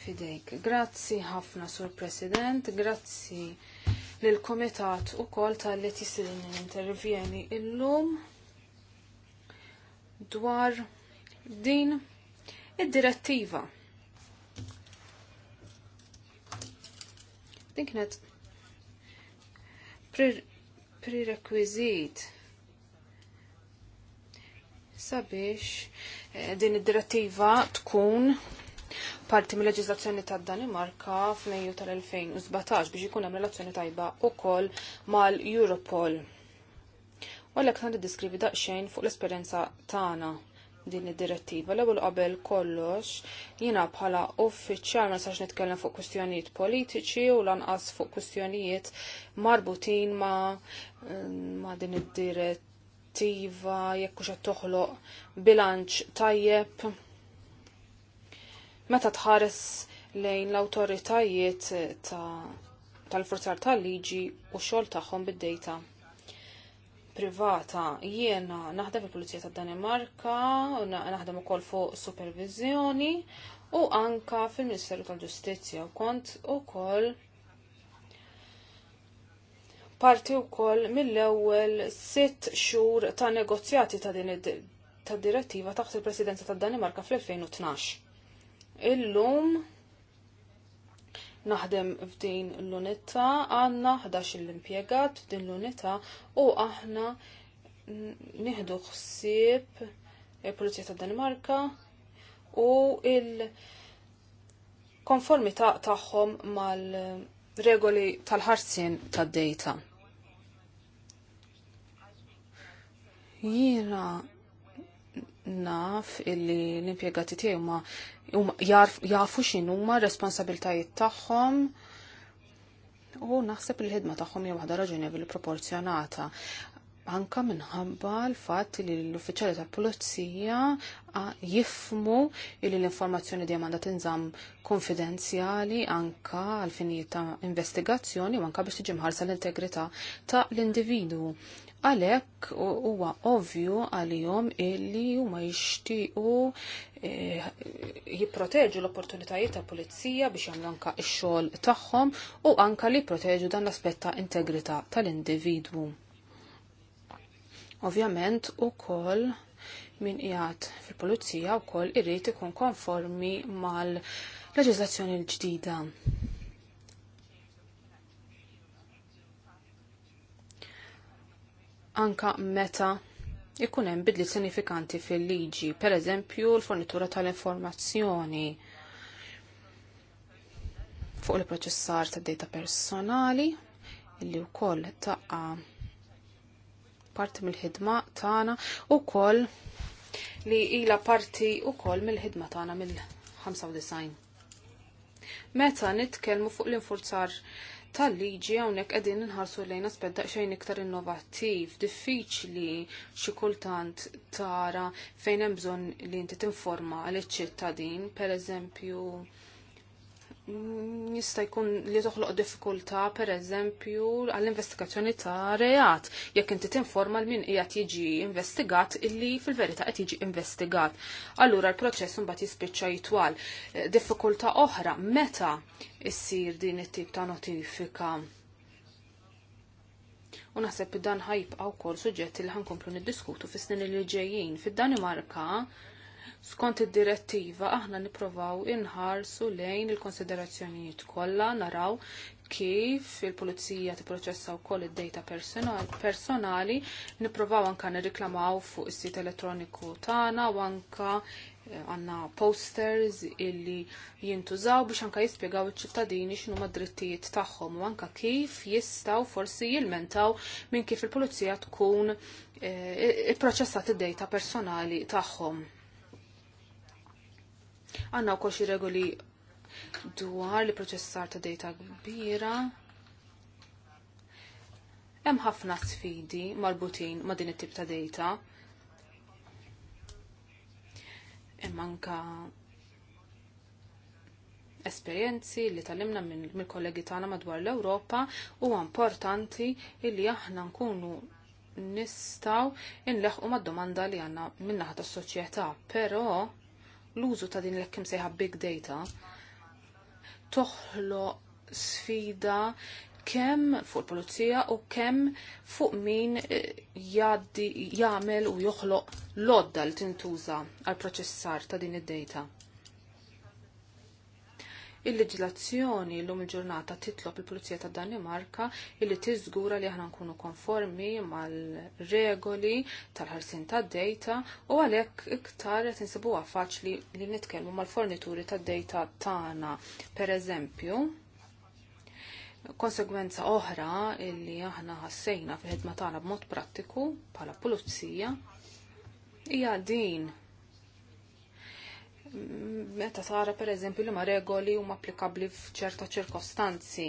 fidejk. Grazzi ħafna, Sur President, grazzi l-Komitat u kol tal-li tisilini intervjeni illum dwar din id-direttiva. Din kienet prerequisit sabiex eh, din id-direttiva tkun parti mill leġiżlazzjoni ta' Danimarka f'Mejju tal-2017 biex ikun hemm relazzjoni tajba ukoll mal-Europol. U għalhekk diskrivi daqsxejn fuq l-esperjenza tagħna din id-direttiva. L-ewwel qabel kollox jiena bħala uffiċjal ma sax nitkellem fuq kwistjonijiet politiċi u lanqas fuq kwistjonijiet marbutin ma, um, ma din id-direttiva jekk hux qed toħloq bilanċ tajjeb. Meta tħares lejn l-awtoritajiet ta, tal-forzar tal-liġi u xogħol tagħhom bid-dejta privata jiena naħdem fil-Pulizija tad Danimarka, naħdem ukoll fuq supervizjoni u anka fil-Ministeru tal-Ġustizzja u kont ukoll parti wkoll mill-ewwel sitt xhur ta' negozjati ta' din ta' direttiva taħt il-Presidenza tad Danimarka fl-2012. Illum naħdem f'din l-unità, għandna 11 l-impjegat f'din l-unità u aħna nieħdu ħsieb il-Pulizija tad Danimarka u il-konformità tagħhom mal-regoli tal-ħarsien tad-dejta. Jiena naf illi l-impjegati tiegħi huma jafu x'inhuma responsabiltajiet tagħhom u naħseb il-ħidma tagħhom hija waħda raġunevoli proporzjonata anka minħabba l-fatt li l-uffiċjali ta' pulizija jifmu li l-informazzjoni dejjem għandha tinżamm konfidenzjali anka għal finijiet ta' investigazzjoni u anka biex tiġi mħarsa l-integrità ta' l-individwu. Għalhekk huwa ovvju għalihom illi huma jixtiequ eh, jipproteġu l-opportunitajiet ta' pulizija biex jagħmlu anka x-xogħol tagħhom u anka li jipproteġu dan l-aspett ta' integrità tal-individwu. Ovvjament ukoll min jgħat fil-pulizija wkoll irrit ikun konformi mal leġizlazzjoni l-ġdida. Anka meta ikun hemm bidli sinifikanti fil-liġi, pereżempju l-fornitura tal-informazzjoni fuq il-proċessar ta' data personali illi wkoll taqa' parti mill-ħidma tagħna wkoll li ila parti wkoll mill-ħidma tagħna mill-95. Meta nitkellmu fuq l-infurzar tal-liġi hawnhekk qegħdin inħarsu lejn aspett daqsxejn iktar innovattiv, diffiċli xi kultant tara fejn hemm bżonn li inti tinforma għal iċ-ċittadin, pereżempju Mm, jista' jkun li toħloq diffikultà pereżempju għall-investigazzjoni ta' reat jekk inti tinforma l min qiegħed jiġi investigat illi fil-verità qed jiġi investigat. Allura l-proċess imbagħad jispiċċa jitwal. Eh, diffikultà oħra meta issir din it-tip ta' notifika. U naħseb dan ħajbqa' wkoll suġġetti li ħankomplu niddiskutu fis-snin li ġejjin. Fid-Danimarka Skont id-direttiva aħna nipprovaw inħarsu lejn il-konsiderazzjonijiet kollha naraw kif il-pulizija tipproċessaw ukoll id-data personali, nipprovaw anka nirriklamaw fuq is-sit elettroniku tagħna u anka eh, għanna posters illi jintużaw biex anka jispjegaw iċ-ċittadini x'nu ma drittijiet tagħhom u anka kif jistaw forsi jilmentaw minn kif il-pulizija tkun e, eh, il-proċessat id-data personali tagħhom. Għanna u xi regoli dwar li proċessar ta' data kbira. Hemm ħafna sfidi marbutin ma' din it-tip ta' data. Hemm anka esperjenzi li talimna mill-kollegi tagħna madwar l-Ewropa huwa importanti li aħna nkunu nistaw inleħqu mad-domanda li għanna minnaħta tas soċjetà però l-użu ta' din l-ekkim sejħa big data toħlo sfida kemm fuq il-pulizija u kemm fuq min eh, jgħamil u joħloq lodda li tintuża għal proċessar ta' din id-data. Il-leġilazzjoni llum il-ġurnata titlob il-Pulizija ta' Danimarka illi tiżgura li aħna nkunu konformi mal-regoli tal-ħarsin ta' data u għalhekk iktar qed insibuha faċli li nitkellmu mal-fornituri ta' data tagħna. Pereżempju, konsegwenza oħra illi aħna ħassejna fil-ħidma tagħna b'mod prattiku bħala pulizija hija din meta sara per eżempju li ma regoli huma applikabbli f'ċerta ċirkostanzi.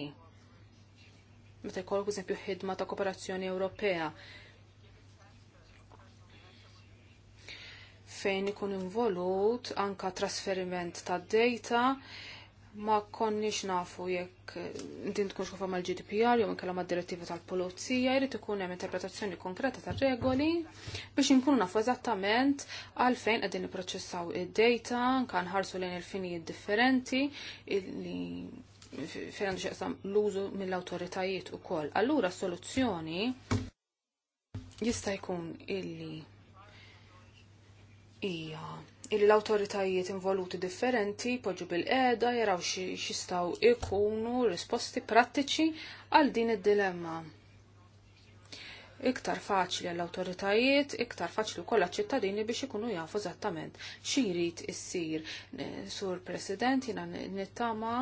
Meta jkollok eżempju ħidma ta' kooperazzjoni Ewropea. Fejn ikun involut anka trasferiment ta' data ma konniex nafu jekk din tkun xufa mal-GDPR jew inkella mad-direttiva tal-pulizija, jrid ikun hemm interpretazzjoni konkreta tar-regoli biex inkunu nafu eżattament għalfejn qegħdin nipproċessaw id-data, kan ħarsu lejn il-finijiet differenti li fejn għandu xaqsam l-użu mill-awtoritajiet ukoll. Allura soluzzjoni jista' jkun illi hija illi l-autoritajiet involuti differenti poġġu bil-qeda jaraw xistaw ikunu risposti prattiċi għal din id-dilemma. Iktar faċli għall autoritajiet iktar faċli kollha ċittadini biex ikunu jafu eżattament x'irid issir. Sur President jina nittama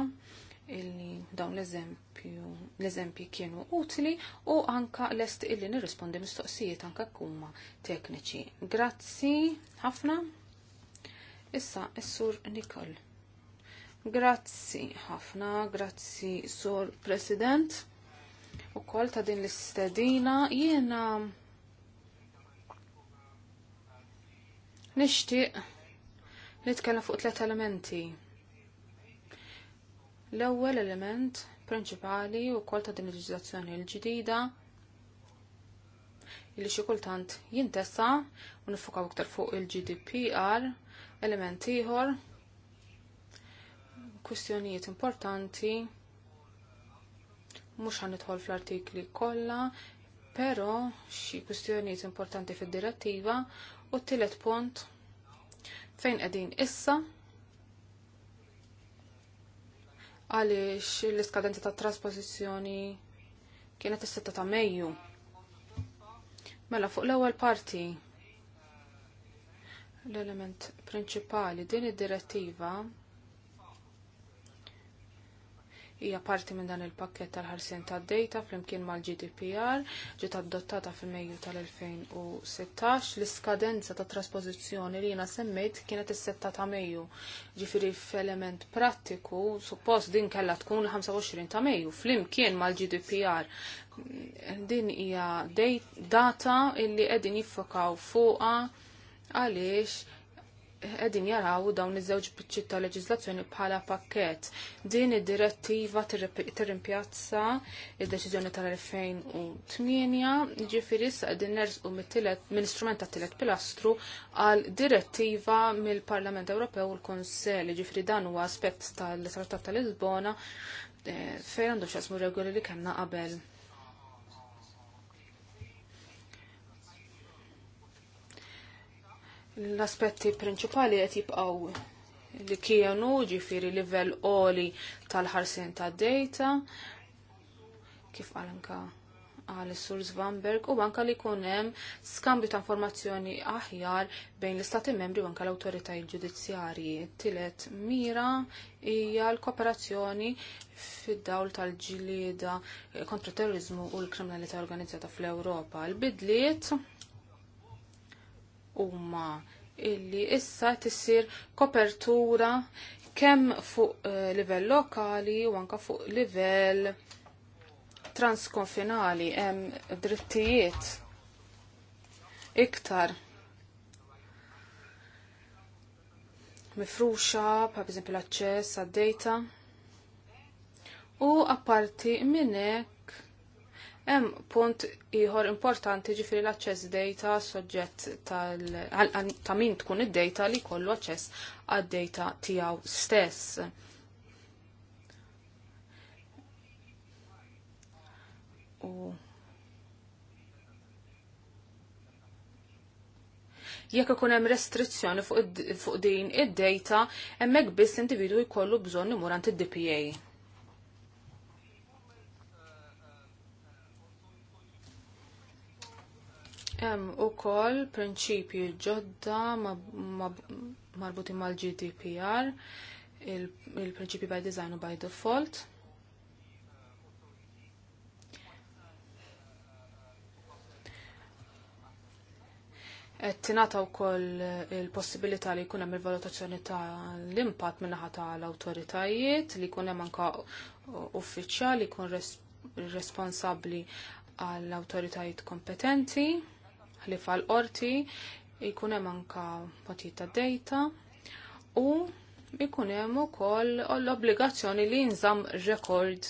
illi dawn l-eżempju l-eżempji kienu utli u anka l-est illi nirrispondi mistoqsijiet anka kumma tekniċi. Grazzi ħafna. Issa, is sur Nikol. Grazzi ħafna, grazzi sur President u kol ta' din l-istedina jiena nishtiq nitkellem fuq tlet elementi. L-ewwel element prinċipali u kol ta' din il leġizzazzjoni l-ġdida illi xi kultant jintesa u nifukaw iktar fuq il-GDPR element ieħor kwistjonijiet importanti mhux ħanidħol fl-artikli kollha, però xi kwistjonijiet importanti fid-direttiva u t-tielet punt fejn qegħdin issa għaliex l-iskadenza tat traspożizzjoni kienet is setta ta' Mejju. Mela fuq l-ewwel parti l-element prinċipali din id-direttiva hija parti minn dan il-pakket tal-ħarsien tad-data flimkien mal-GDPR ġiet adottata fil-Mejju tal-2016 l-iskadenza ta' trasposizzjoni li jiena semmejt kienet is-7 ta' Mejju. Ġifieri f'element prattiku suppost din kellha tkun il 25 ta' Mejju flimkien mal-GDPR. Din hija data illi qegħdin jiffokaw fuqha għaliex qegħdin jaraw dawn iż-żewġ biċċiet ta' leġiżlazzjoni bħala pakkett. Din id-direttiva tir-rimpjazza id-deċiżjoni tal-2008 ġifieri issa qegħdin nerżqu mill-istrument ta' tielet pilastru għal direttiva mill-Parlament Ewropew u l konsell ġifiri dan huwa aspett tal-Trattat tal-Lisbona eh, fejn għandu xasmu regoli li kellna qabel. l-aspetti prinċipali qed jibqgħu li kienu ġifiri livell oli tal-ħarsin ta' data kif qal anka għal sur Vanberg u anka li jkun hemm skambju ta' informazzjoni aħjar bejn l-istati membri u anka l-awtoritajiet ġudizzjarji. Tilet mira hija l-kooperazzjoni fid-dawl tal-ġlieda kontra terrorizmu u l-kriminalità organizzata fl-Ewropa. L-bidliet huma illi issa tissir kopertura kemm fuq eh, livell lokali u anka fuq livell transkonfinali hemm drittijiet iktar mifruxa, pa' eżempju l-aċċess għad-data. U apparti minnek Hemm punt ieħor importanti ġifieri l-aċċess data soġġett tal ta' min tkun id-data li jkollu aċċess għad-data tiegħu stess. U jekk ikun hemm restrizzjoni fuq din id-data, hemmhekk biss individwi jkollu bżonn imur id-DPA. Hemm ukoll prinċipji ġodda marbuti mal-GDPR, il-prinċipji by design u by default. Tinata u koll il-possibilità li kunem il-valutazzjoni ta' l-impat minnaħa ta' l-autoritajiet, li kunem anka uffiċjal li kun responsabli għall-autoritajiet kompetenti li fal-qorti ikun hemm anka patita data dejta u ikun hemm ukoll l-obbligazzjoni li jinżamm rekord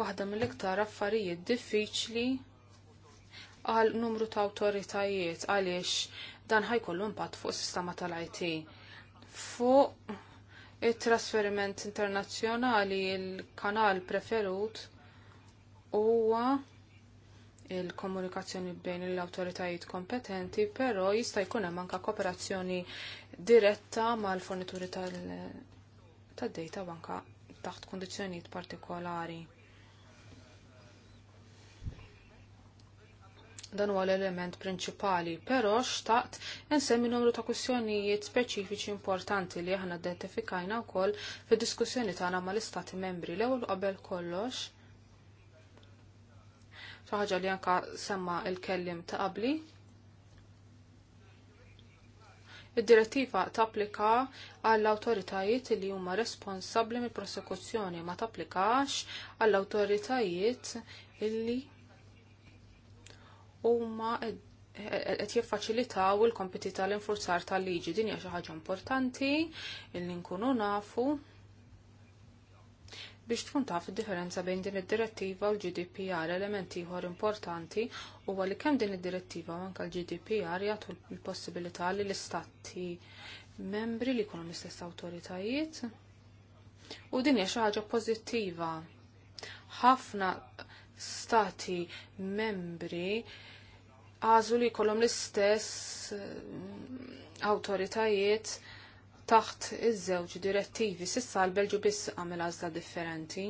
waħda mill-iktar affarijiet diffiċli għal numru ta' awtoritajiet għaliex dan ħajkollu impatt fuq sistema tal-IT. Fuq it-trasferiment internazzjonali il-kanal preferut huwa il-komunikazzjoni bejn l-awtoritajiet kompetenti, però jista' jkun hemm anke kooperazzjoni diretta mal-fornituri tad-data u anke taħt kundizzjonijiet partikolari. dan huwa l-element prinċipali, però xtaqt insemmi numru ta' kwistjonijiet speċifiċi importanti li aħna identifikajna wkoll fid-diskussjoni tagħna mal-Istati Membri l-ewwel qabel kollox ħaġa li anka semma il-kellim ta' qabli. Id-direttiva tapplika għall awtoritajiet li huma responsabbli mill prosekuzzjoni ma tapplikax għall awtoritajiet illi huma qed jiffaċilitaw il kompetita tal-infurzar tal-liġi. Din hija xi ħaġa importanti illi nkunu nafu biex tkun taf id-differenza bejn din id-direttiva u l-GDPR element ieħor importanti huwa li kemm din id-direttiva u anke l-GDPR jagħtu l-possibilità li l-istati membri li jkunu l-istess awtoritajiet u din hija xi ħaġa pożittiva. Ħafna stati membri għażu li jkollhom l-istess eh, awtoritajiet taħt iż-żewġ direttivi sissa l-Belġu biss għamel għażla differenti.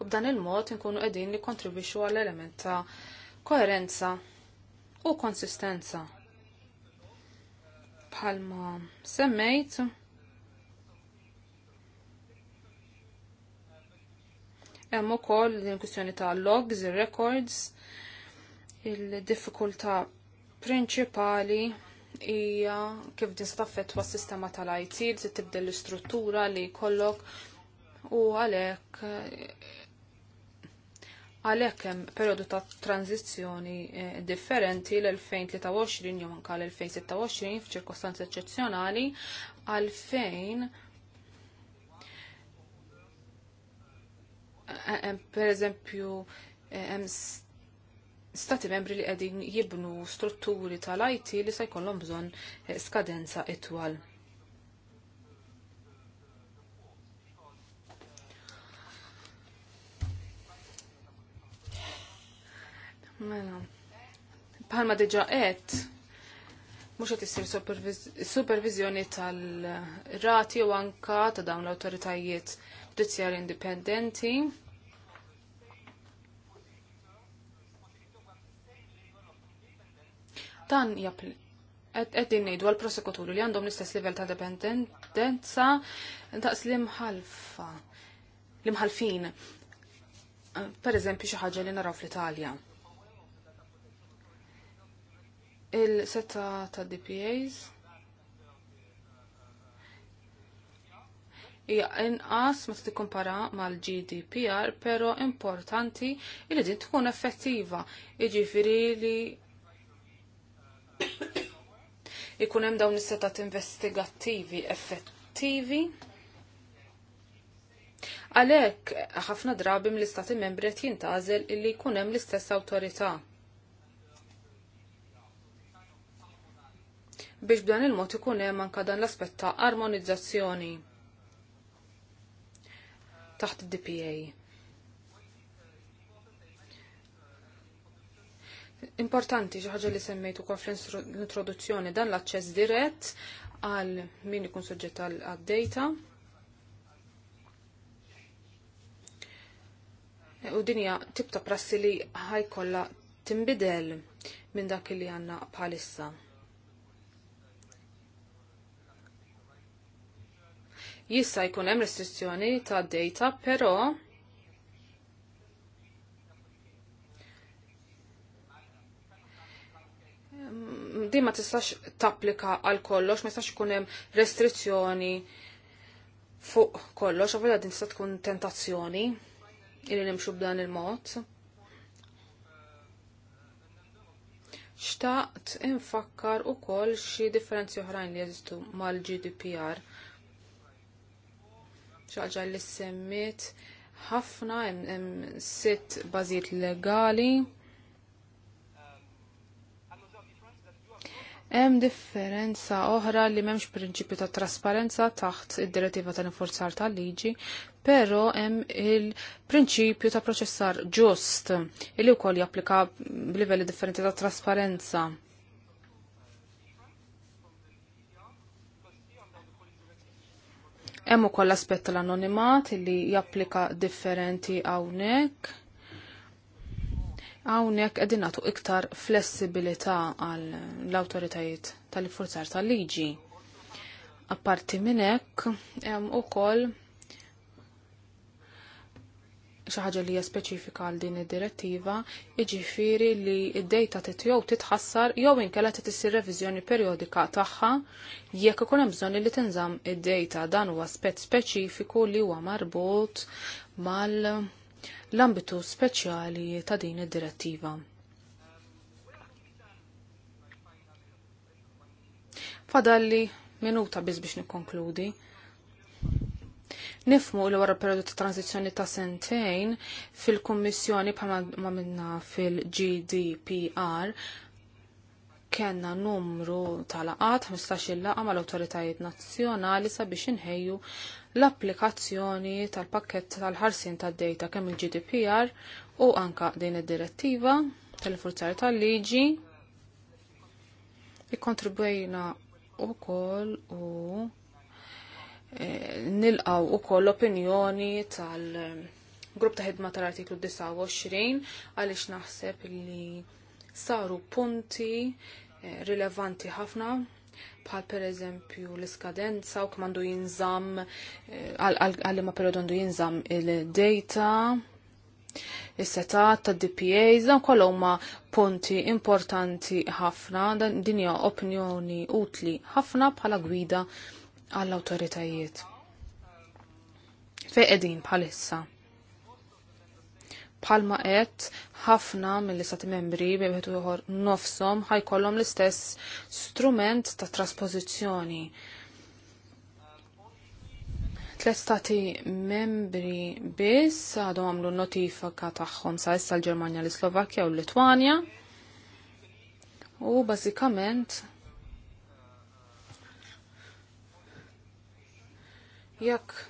U b'dan il-mod inkunu qegħdin li kontribwixxu għall element ta' koerenza u konsistenza. Bħalma semmejt hemm ukoll din kwistjoni ta' logs, il records il-diffikultà prinċipali hija kif din staffetwa s-sistema tal-IT li l-istruttura li jkollok u għalhekk għalhekk hemm perjodu ta' tranzizzjoni eh, differenti l-2023 jew anke l-2026 f'ċirkostanzi eċċezzjonali għalfejn eh, eh, per eżempju hemm stati membri li qegħdin jibnu strutturi tal-IT li se jkollhom bżonn eh, skadenza itwal. Mela, bħalma diġa qed mhux qed issir supervizjoni tal-rati u anka ta' dawn l-awtoritajiet ġudizzjarji indipendenti dan jappli għeddin nejdu għal-prosekuturi li għandhom l-istess level ta' dependenza daqs l-imħalfa, l-imħalfin. Per eżempju, xi ħaġa li naraw fl-Italja. Il-setta ta' DPAs hija inqas ma tikkumpara mal-GDPR, pero importanti li din tkun effettiva. Jiġifieri li ikun hemm dawn is-setat investigattivi effettivi. Għalhekk ħafna drabi mill-istati membri qed jintgħażel illi jkun hemm l-istess awtorità. biex b'dan il-mod ikun hemm anke dan l-aspett ta' armonizzazzjoni taħt id-DPA. Importanti xi ħaġa li semmejt ukoll fl-introduzzjoni dan l-aċċess dirett għal min ikun suġġett għad data U dinja tip ta' prassi li ħajkolla timbidel minn dak li għanna bħalissa. Jissa jkun hemm restrizzjoni ta' data, però fondi ma tistax tapplika għal kollox, ma tistax ikun hemm restrizzjoni fuq kollox, ovvja din tista' tkun tentazzjoni illi nimxu b'dan il-mod. Xtaqt infakkar ukoll xi differenzi oħrajn li jeżistu mal-GDPR. ċaġa li semmit ħafna hemm sitt bażijiet legali Hemm differenza oħra li m'hemmx prinċipju ta' trasparenza taħt id-direttiva tal-infurzar tal-liġi, però hemm il-prinċipju ta' proċessar ġust li wkoll japplika b'livelli differenti ta' trasparenza. Hemm ukoll l-aspett tal-anonimat li japplika differenti hawnhekk. Hawnhekk qegħdin nagħtu iktar flessibilità għal l-awtoritajiet tal-forzar tal-liġi. Apparti minn hekk u kol xi ħaġa li hija speċifika għal din id-direttiva, jiġifieri li d-dejta tit jew titħassar jew inkella t issir reviżjoni perjodika tagħha jekk ikun hemm bżonn li tinżamm id-dejta dan huwa aspett speċifiku li huwa marbut mal l-ambitu speċjali ta' din id-direttiva. Fadalli minuta biz biex nikkonkludi. Nifmu li wara periodu ta' tranzizjoni ta' sentejn fil-Kommissjoni bħal ma minna fil-GDPR kena numru tal-laqat 15 laqa mal-autoritajiet nazzjonali sabiex inħejju l-applikazzjoni tal-pakket tal-ħarsin tad-data kemm il-GDPR u anka din id-direttiva tal forzari tal-liġi ikkontribwejna ukoll u e, nilqaw ukoll l-opinjoni tal-grupp ta' ħidma tal-artiklu 29 għaliex naħseb li saru punti e, rilevanti ħafna bħal per eżempju l-iskadenza u kmandu jinżam eh, għal ma periodu għandu jinżam il-data is-setat ta' DPA, dan kollha huma punti importanti ħafna, dinja opinjoni utli ħafna bħala gwida għall-awtoritajiet. edin qegħdin bħalissa palma qed ħafna mill-istati membri bejħetu joħor nofsom ħajkollhom l-istess strument ta' traspożizzjoni. Tlet stati membri biss għadhom għamlu notifika tagħhom sa issa l-Ġermanja, l islovakkja u l-Litwanja. U bażikament jekk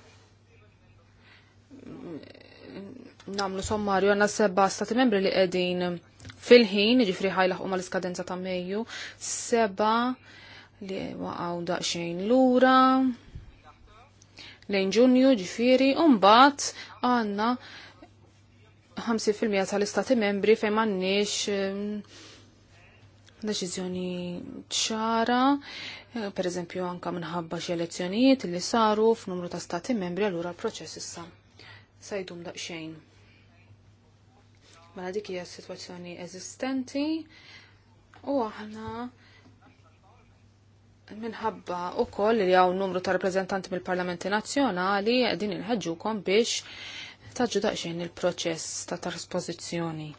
namlu sommarju għanna seba stati membri li qegħdin fil-ħin, ġifri ħajlaħ u mal-iskadenza ta' Mejju, seba li waqgħu l lura lejn ġunju ġifiri, umbat għanna 50% tal-istati membri fejn m'għandniex um, deċiżjoni ċara, per eżempju anka minħabba xi elezzjonijiet li saru f'numru ta' stati membri allura l-proċess issa. Sajdum daqsxejn. Mela dik hija s-sitwazzjoni eżistenti u aħna minħabba u koll li għaw numru ta' rappreżentanti mill-Parlamenti Nazzjonali din inħedġukom biex taġġu daqsxejn il-proċess ta' trasposizjoni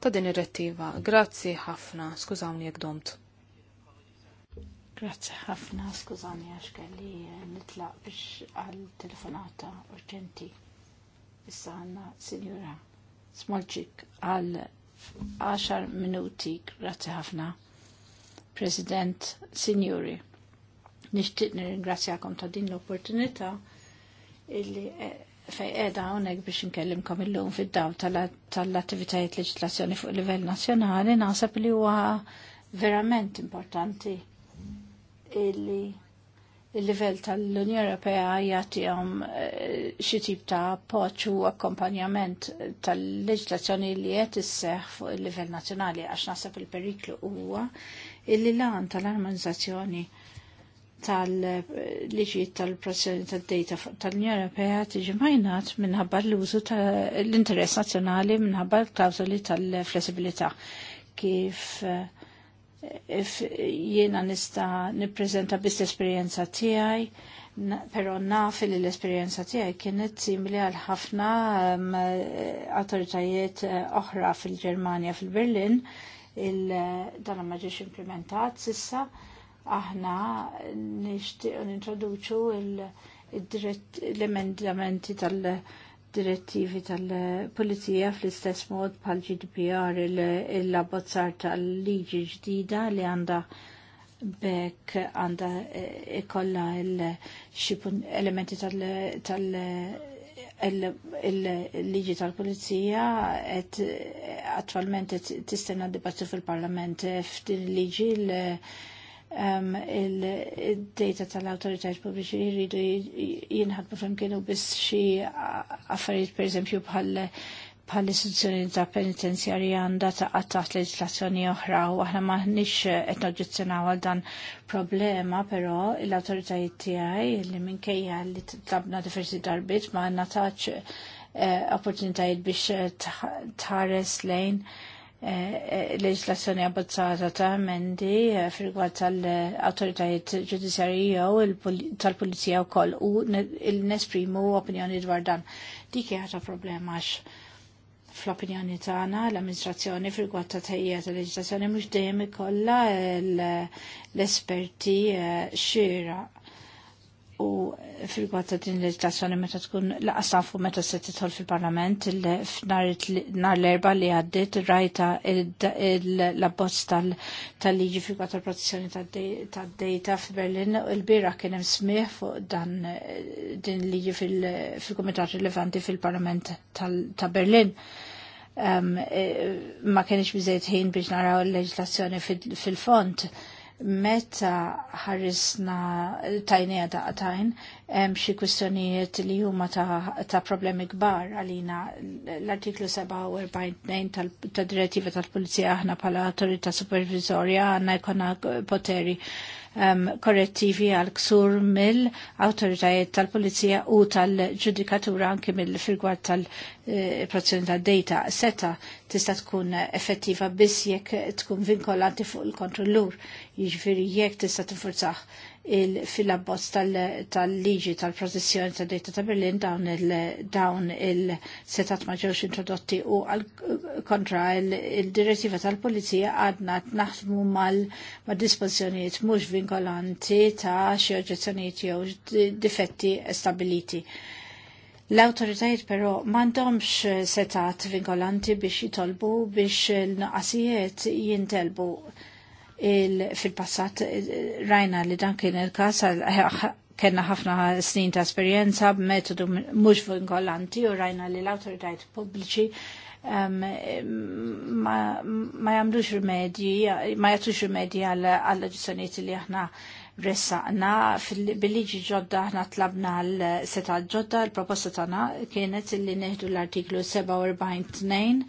ta' din ir-rettiva. Grazzi ħafna, skużawni jekk domt. Grazzi ħafna, skużawni għax kelli nitlaq biex għal telefonata urġenti. Issa għanna Signora Smolċik għal 10 minuti, grazie ħafna. President, Signori, nishtiq nirringrazzjakom ta' din l-opportunità illi eh, fej edha unek biex nkellimkom illum fid-daw tal-attivitajiet leġislazzjoni fuq livell nazzjonali, naħseb li huwa verament importanti illi il-livell tal-Unjoni Ewropea jagħtihom eh, xi tip ta' appoġġ u akkompanjament tal-leġislazzjoni li qed isseħħ fuq il-livell nazzjonali għax naħseb il-periklu huwa illi lan tal-armonizzazzjoni tal-liġijiet tal-protezzjoni tad-data tal-Unjoni Ewropea tiġi majnat minħabba l-użu tal-interess nazzjonali minħabba l-klawżoli tal-flessibilità kif uh, jiena nista nippreżenta biss l-esperjenza tiegħi, però naf li l-esperjenza tiegħi kienet simili għal ħafna ehm, awtoritajiet eh, oħra fil-Ġermanja fil-Berlin il-dan eh, ma ġiex implementat sissa aħna nixtieq nintroduċu l-emendamenti tal- direttivi tal-Pulizija fl-istess mod pal GDPR il-abbozzar tal-liġi ġdida li għanda bekk għanda eh, ikolla elementi tal-liġi tal-Pulizija et eh, attualment tistenna dibattu fil-Parlament eh, f'din liġi l- um, il-data tal-autoritajt pubbliċi jridu jinħadmu kienu biss xi affarijiet pereżempju bħal pal istituzzjoni ta' penitenzjarja għandha ta' għattat leġislazzjoni oħra u aħna maħniex qed noġġezzjonaw għal dan problema, pero l-awtoritajiet tiegħi li minkejja li tlabna diversi darbit ma natax eh, opportunitajiet biex tħares lejn Eh, eh, leġislazzjoni abbozzata ta' emendi eh, fil tal-autoritajiet Ġudizjarji jew tal-pulizija wkoll u nesprimu opinjoni dwar dan. Dik hija problema għax fl-opinjoni tagħna l-amministrazzjoni fil ta' tejja tal-leġislazzjoni mhux dejjem ikollha l-esperti xira u fil-gwatta din l eġitazzjoni meta tkun laqasafu meta se titħol fil-parlament nar l-erba li għaddit rajta l-abbozz tal-liġi fil-gwatta protezzjoni tad-data fil-Berlin il-bira kien hemm fuq dan din liġi fil-kumitat rilevanti fil-parlament ta' Berlin. E, ma kienix bizzejt ħin biex naraw l-leġitazzjoni fil-font. fil font meta ħarisna tajnija daqtajn, hemm xi kwistjonijiet li huma ta', problemi kbar għalina l-artiklu 47 tad-direttiva tal-Pulizija aħna bħala autorità supervizorja għandna jkollna poteri ehm, korrettivi għal ksur mill awtoritajiet tal-Pulizija u tal-ġudikatura anki mill-firgwad tal prozzjoni tad-data. Seta tista' tkun effettiva biss jekk tkun vinkolanti fuq il-kontrollur, jiġifieri jekk tista' tinfurzaħ fil-abbozz tal-liġi tal-protezzjoni tad dejta ta' Berlin dawn il-setat ma ġewx introdotti u kontra il-direttiva tal-polizija għadna naħdmu mal-dispożjonijiet mhux vinkolanti ta' xi oġġezzjonijiet jew difetti stabiliti. L-autoritajiet però mandomx setat vinkolanti biex jitolbu biex l-naqasijiet jintelbu fil-passat rajna li dan kien il-kas kena ħafna snin ta' esperienza b'metodu mhux vinkolanti u rajna li l-autoritajt pubbliċi um, ma, jagħmlux rimedji, ma jagħtux rimedji għal leġizzjonijiet li aħna ressaqna bil-liġi ġodda aħna tlabna l-seta ġodda, l-proposta tagħna kienet li neħdu l-artiklu 47 tnejn.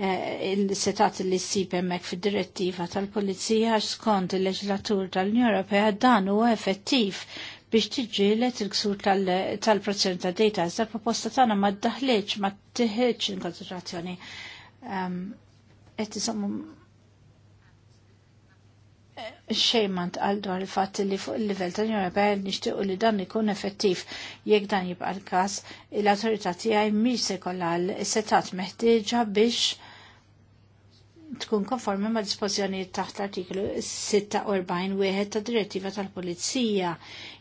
Eh, il-setat li s-sib emmek fil-direttiva tal-Polizija skont il-leġlatur tal-Unjoni Ewropea dan huwa effettiv biex tiġġielet il-ksur tal proċent ta' data. Iżda proposta tagħna ma daħleċ ma tiħiġ in konsultazzjoni ehm, Qed eh, xejmant għal dwar il-fatt li fuq il-livell tal-Unjoni Ewropea nixtiequ li dan ikun effettiv jekk dan jibqa' l-każ, l-awtorità tiegħi mi se kollha l-setat meħtieġa biex tkun konformi ma' dispożjonijiet taħt l-artiklu 46 wieħed ta' direttiva tal-Pulizija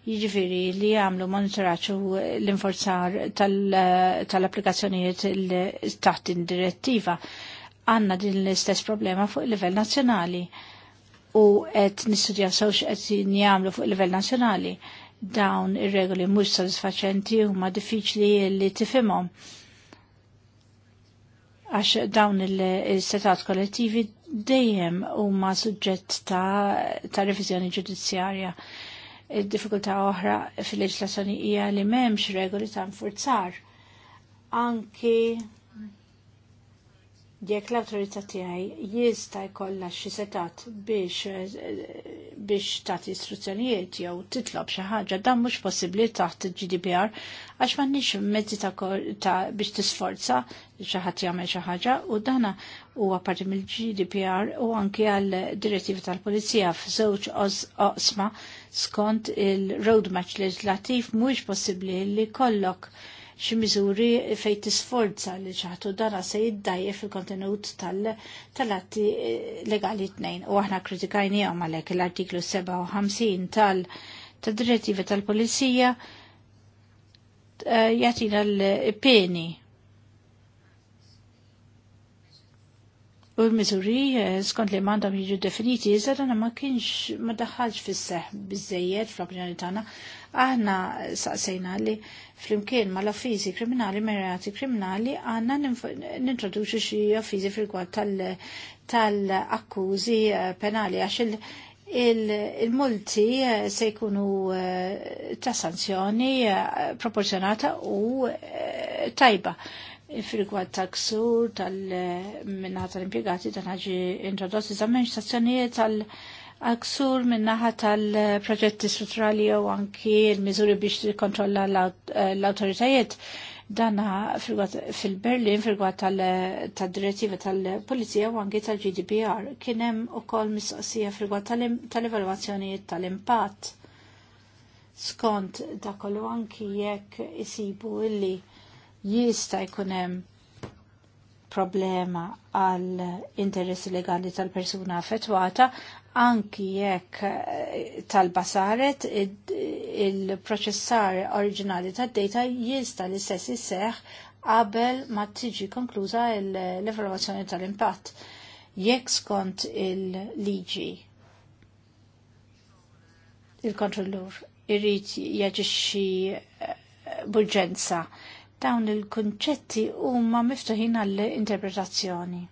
jiġifieri li jagħmlu monitoraġġ l-inforzar tal-applikazzjonijiet taħt id-direttiva. għandna din l-istess problema fuq il-livell nazzjonali u qed nistudjaw sewx qed jagħmlu fuq il-livell nazzjonali dawn ir-regoli mhux sodisfaċenti huma diffiċli li tifhimhom għax dawn il-setat kollettivi dejjem huma suġġett ta', ta revizjoni ġudizzjarja. Id-diffikultà oħra fil-leġislazzjoni hija li memx regoli ta' nfurzar. Anki jekk l-autorità tiegħi jista' jkollha xi setat biex eh, biex tagħti istruzzjonijiet jew titlob xi ħaġa dan mhux possibbli taħt il-GDPR għax m'għandniex mezzi ta' biex tisforza xi ħadd jagħmel xi ħaġa u dana huwa parti mill-GDPR u anke għal direttiva tal-Pulizija f'żewġ oqsma skont il-roadmatch leġislattiv mhuwiex possibbli li kollok xi miżuri fejn tisforza li ċaħtu dana se jiddajje fil-kontenut tal-atti eh, legali tnejn u aħna kritikajnijhom għalhekk l-artiklu 57 tal-direttiva tal-Polizija eh, jatina l-peni U l-mizuri, eh, skont li mandom jiġu definiti, għana ma kienx ma daħħalx fis-seħ bizzejiet fl-opinjoni tagħna. Aħna saqsejna li flimkien mal affiżi kriminali reati kriminali għanna nintroduċu xi affiżi fil kwad tal-akkużi eh, penali għax il-multi eh, se jkunu eh, ta' sanzjoni proporzjonata u tajba fil kwad ta' ksur tal-minna tal-impiegati dan ħagġi introdotti zammen tal-, -tal, -tal Aksur minnaħa tal-proġetti strutturali u anki il-mizuri biex kontrolla eh, l-autoritajiet dana fil-Berlin fil-gwad tal-direttiva tal-Polizija u anki tal-GDPR kienem u kol mistoqsija fil-gwad tal-evaluazzjoni tal-impatt skont dakollu anki jekk isibu illi jista jkunem problema għal interessi legali tal-persuna affettwata anki jekk eh, tal-basaret il-proċessar oriġinali tad-data jista l-istess isseħ qabel ma tiġi konkluża l-evaluazzjoni tal-impatt jekk skont il-liġi il-kontrollur irrid jaġixxi eh, burġenza dawn il-kunċetti huma miftuħin għall-interpretazzjoni.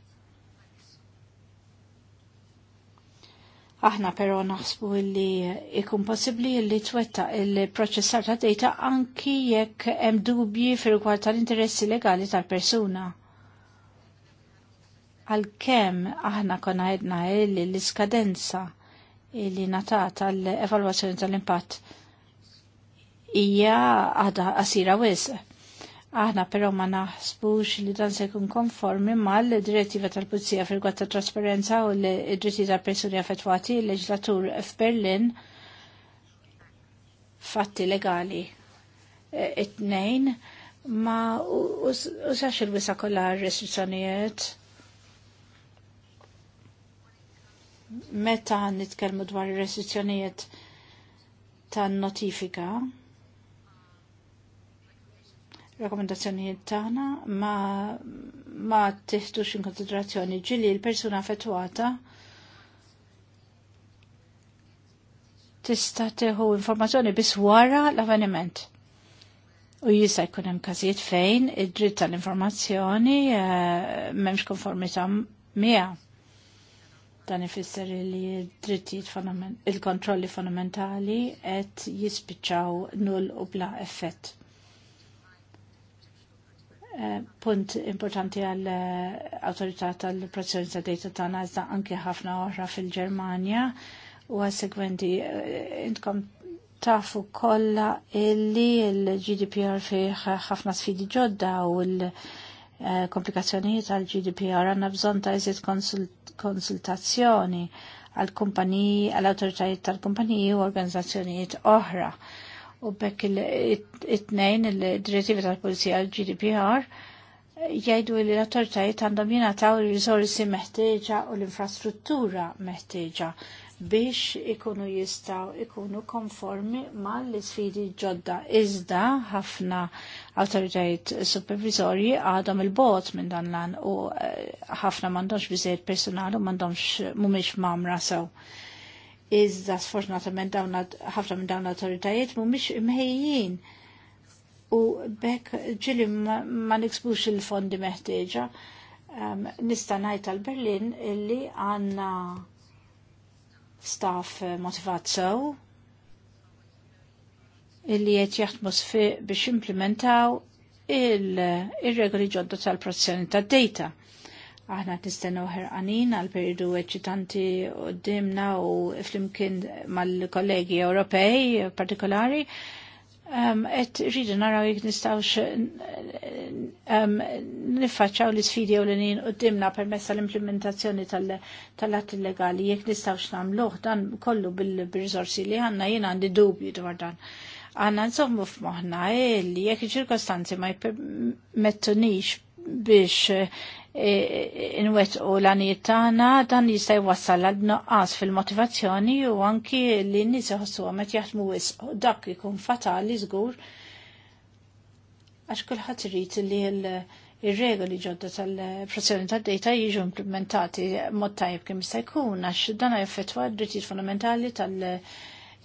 Aħna però naħsbu li ikun possibbli li twetta il-proċessar ta' data anki jekk hemm dubji fil rigward tal-interessi legali tal-persuna. Għalkemm aħna konna għedna li l-iskadenza li natata tal evalwazzjoni tal-impatt hija għada qasira wisq Aħna però ma naħsbux li dan se jkun konformi mal-direttiva tal-Pulizija fil-gwatt ta' trasparenza u l-drittijiet tal-persuni affettwati l leġlatur f'Berlin fatti legali. E, It-tnejn ma sax il-wisa kollha restrizzjonijiet. Meta nitkellmu dwar ir-restrizzjonijiet tan-notifika, rekomendazzjonijiet tagħna ma ma tiħtux in konsiderazzjoni ġili l-persuna affettwata tista' teħu informazzjoni biss wara l-avveniment. U jista' jkun hemm każijiet fejn id-dritt tal-informazzjoni eh, m'hemmx konformità miegħha. Dan ifisser li d-drittijiet il-kontrolli fondamentali qed jispiċċaw null u bla effett Eh, punt importanti għall eh, autorità tal-protezzjoni ta' data tagħna nazda anke ħafna oħra fil-Ġermanja u għas-segwenti eh, intkom tafu kolla illi l-GDPR fih ħafna sfidi ġodda u l-komplikazzjonijiet għal-GDPR għanna bżonn ta' jizit konsultazzjoni għal-kumpaniji, għal-autoritajiet tal-kumpaniji u organizzazzjonijiet oħra u bekk it-tnejn il direttivi tal-Polizija l-GDPR jgħidu li l-autoritajiet għandhom jingħataw ir-risorsi meħtieġa u l-infrastruttura meħtieġa biex ikunu jistaw ikunu konformi ma l-sfidi ġodda. Iżda ħafna autoritajiet supervizorji għadhom il-bot minn dan lan u eh, ħafna mandomx biżejt personal u mandomx mumiex mamra sew. So Iżda sfortunatament dawn ħafna minn dawn l-autoritajiet mhumiex imħejjin u bekk ġili ma niksbux il-fondi meħtieġa. nista' ngħid tal Berlin illi għandna staff eh, motivat sew illi qed jaħdmu sfiq biex implementaw il-regoli ġodda tal-protezzjoni tad-data. Aħna tistennu ħerqanin għal periodu eċitanti qoddimna u flimkien mal-kollegi Ewropej partikolari. et rridu naraw jek nistawx nifacċaw l sfidi u l-nin u dimna permessa l-implementazzjoni tal lat illegali jek nistawx namluħ dan kollu bil-rizorsi li għanna jena għandi dubju dwar dan. Għanna nżommu f'moħna eh, li jek ċirkostanzi ma jpermettunix biex E, e, inwet u l-għaniet tagħna dan jista' jwassal għal noqqas fil-motivazzjoni u anki li n-nies iħossu għamet jaħdmu wisq dak ikun fatali żgur għax kulħadd irid li il-regoli ġodda tal prozzjoni tad-dejta jiġu implementati mod tajb kemm jista' jkun għax dan jaffettwa d-drittijiet fundamentali tal-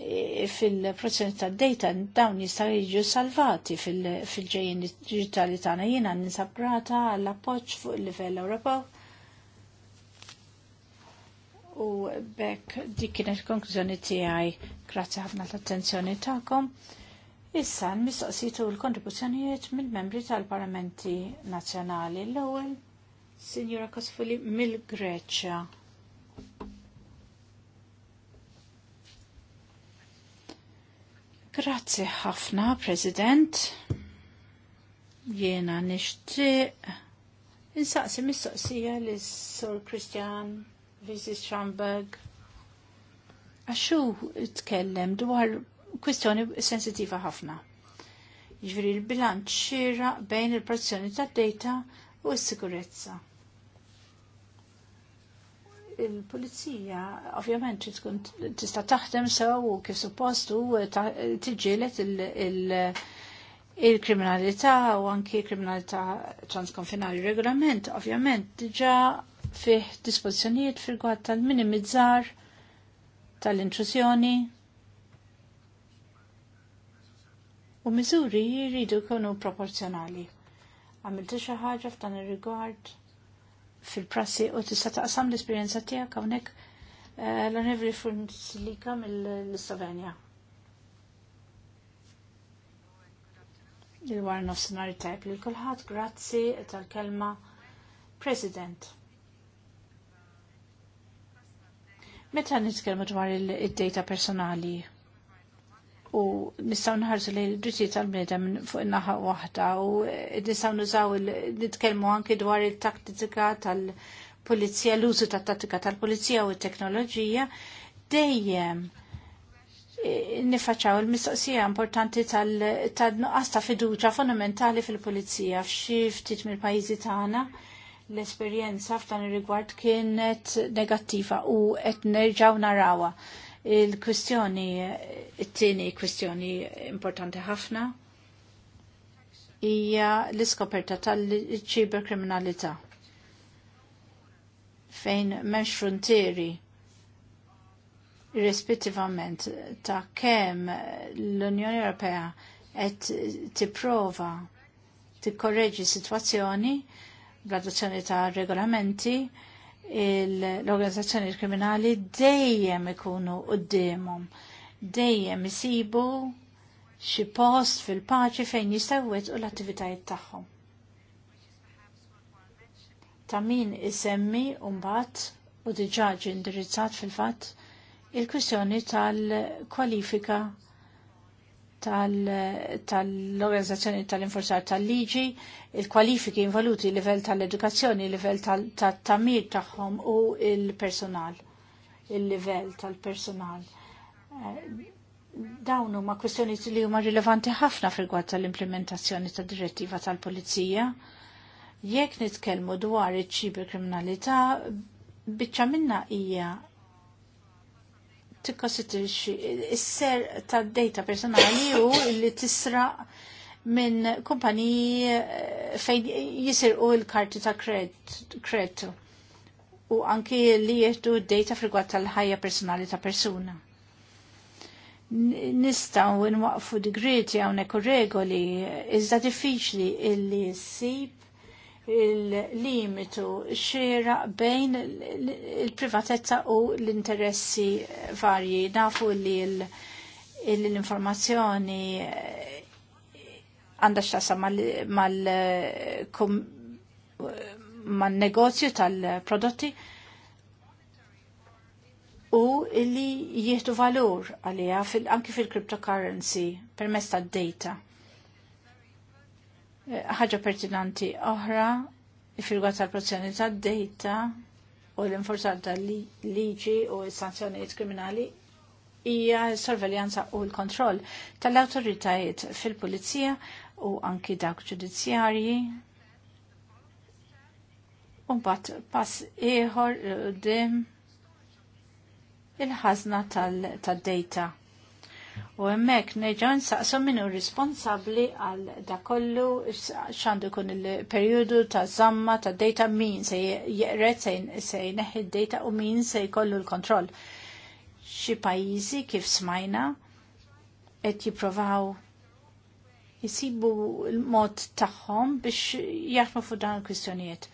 Eh, fil-proċess ta' data dawn jistaw jiġu salvati fil-ġejjin digitali tagħna jiena ninsabrata għall appoġġ fuq il-livell Ewropew. U bekk dik kienet konklużjoni tiegħi grazzi ħafna tal-attenzjoni tagħkom. Issa l l-kontribuzzjonijiet mill-membri tal-Parlamenti Nazzjonali l-ewwel Signora Kosfuli mill-Greċja. Grazzi ħafna, President. Jiena nixtieq. Insaqsi mistoqsija li Sur Christian Vizis Schamberg. Għaxu tkellem dwar kwistjoni sensitiva ħafna. Ġviri jiġifieri l-bilanċ xira bejn il-protezzjoni tad-data u s-sigurezza il-pulizija ovvjament tkun tista' taħdem sew u kif suppost u tiġġielet il-kriminalità u anki kriminalità transkonfinali regolament ovvjament diġà fih dispozzjonijiet fil-gwatt tal-minimizzar tal-intrużjoni u miżuri jridu jkunu proporzjonali. Għamilti xi ħaġa f'dan ir-rigward? fil-prassi u tista' taqsam l-esperjenza tiegħek hawnhekk eh, l-Onivri Funzlika mill-Slovenja. Il-war nofsinari tajb li kulħadd grazzi tal-kelma President. Meta nitkellmu dwar id data personali u nistaw nħarsu li l-dritti tal-bnedem fuq naħa waħda u nistaw nużaw nitkelmu anki dwar il-taktika tal-polizija, l-użu tat tattika tal-polizija u t-teknoloġija dejjem e, nifacċaw il-mistoqsija importanti tal-nuqqas ta' fiduċa fondamentali fil-polizija f'xi ftit mill-pajjiżi tagħna l-esperjenza f'dan ir-rigward kienet negattiva u qed nerġgħu narawha Il-kwistjoni, it-tieni kwistjoni importanti ħafna hija l-iskoperta tal-ċiberkriminalità fejn m'hemmx frontieri rispettivament ta' kemm l-Unjoni Ewropea qed tipprova tikkorreġi sitwazzjoni bl-adozzjoni ta' regolamenti l-organizzazzjoni kriminali dejjem ikunu qoddimhom, dejjem isibu xi post fil-paċi fejn jistgħu u l-attivitajiet tagħhom. Ta' min isemmi mbagħad u diġà indirizzat fil-fatt il-kwistjoni tal-kwalifika tal-organizzazzjoni tal-inforzar tal-liġi, il-kwalifiki involuti, il-livell tal-edukazzjoni, il-livell tal-tamir tagħhom u il-personal, il level tal-personal. Eh, dawn huma kwestjoni li huma rilevanti ħafna fil-gwad tal-implementazzjoni tad-direttiva tal-Pulizija. Jekk nitkellmu dwar iċ-ċiberkriminalità, biċċa minna hija tikkonsitrixxi is-ser tad-data personali u li tisra minn kumpaniji eh, fejn u l-karti ta' kreditu u anki li jieħdu d-data frigwat tal-ħajja personali ta' persuna. Nistaw n-waqfu digriti għawnek u regoli, iżda diffiċli illi sib il-limitu xera bejn il-privatezza u l-interessi varji. Nafu li l-informazzjoni għandha xtasa mal-negozju tal-prodotti u li jieħdu valur għalija anki fil-cryptocurrency permess tad-data ħaġa pertinanti oħra fil-gwa tal-prozzjoni tad-dejta u l inforzat tal-liġi u s-sanzjonijiet kriminali hija s-sorveljanza u l-kontroll tal-autoritajiet fil-pulizija u anki dak ġudizzjarji. Umbat pass ieħor dim il-ħazna tal-data. U emmek neġan saqsu minnu responsabli għal dakollu xandu kun il-periodu ta' zamma ta' data min se jeqret se jneħi data u min se jkollu l-kontroll. Xi pajjiżi kif smajna qed jipprovaw jisibu l-mod tagħhom biex jaħmu fuq dan il-kwistjonijiet.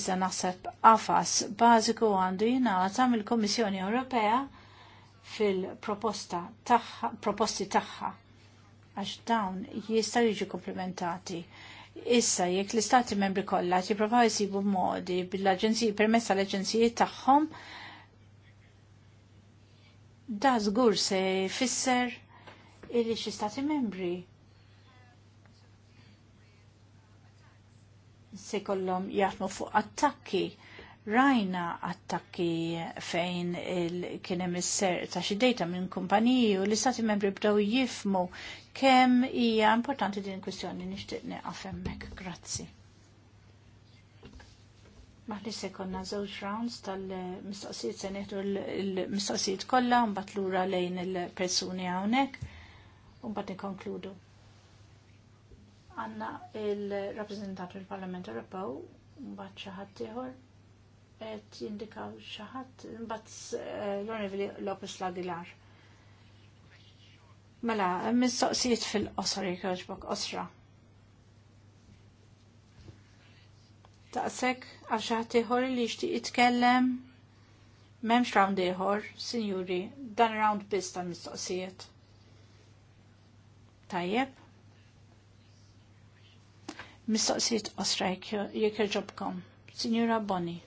Iżda naħseb afas bażiku għandu jingħata mill-Kummissjoni Ewropea fil-proposta taħħa, proposti tagħha għax dawn jista' jiġu komplementati. Issa jekk l-istati membri kollha jippruvaw jsibu modi bil-aġenziji permezz tal-aġenziji tagħhom da żgur se jfisser illi xi stati membri se kollhom jaħdmu fuq attakki rajna attakki fejn kienem is-ser ta' xi dejta minn kumpaniji u l-istati membri bdew jifmu kemm hija importanti din il-kwistjoni nixtieq Grazzi. Maħli se konna żewġ rounds tal-mistoqsijiet se l-mistoqsijiet kollha mbagħad lura lejn il-persuni hawnhekk u mbagħad nikkonkludu. Għanna il-rappresentant fil-Parlament Ewropew mbagħad xi ħadd ieħor qed jindikaw l ħadd vili l opis Lopez għadilar Mela, mistoqsijiet fil-qosor jkoġbok osra. Taqsek għal xi li jixtieq jitkellem m'hemmx round iħor, sinjuri, dan round biss tal-mistoqsijiet. Tajjeb. Mistoqsijiet osra jekk irġobkom. Signora Bonnie.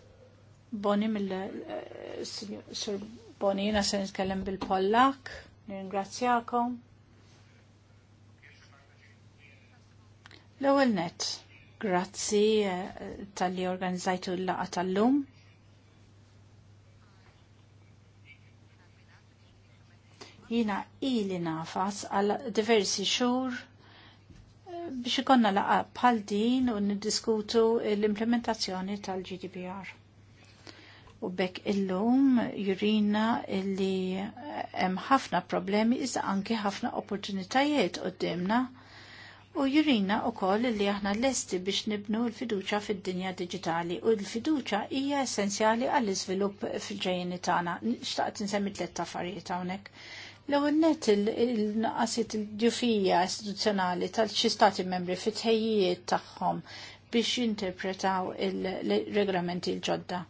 Boni mill-Sur eh, Boni, jina se nitkellem bil-Pollak, nirringrazzjakom. L-ewwel net, grazzi eh, tal-li organizzajtu l-laqa tal-lum. jina ili nafas għal diversi xur eh, biex ikonna laqa bħal din u niddiskutu l-implementazzjoni tal-GDPR u bekk illum jurina illi eh, hemm ħafna problemi iżda anke ħafna opportunitajiet qudiemna. u jurina u koll illi aħna lesti biex nibnu l-fiduċa fid-dinja digitali u l-fiduċa hija essenzjali għall-iżvilupp fil-ġejjeni tagħna. Nixtaq tinsemmi tliet affarijiet hawnhekk. L-ewwel net il-naqasiet il-ġufija istituzzjonali tal-xi stati membri fit-tħejjijiet tagħhom biex jinterpretaw il-regolamenti l-ġodda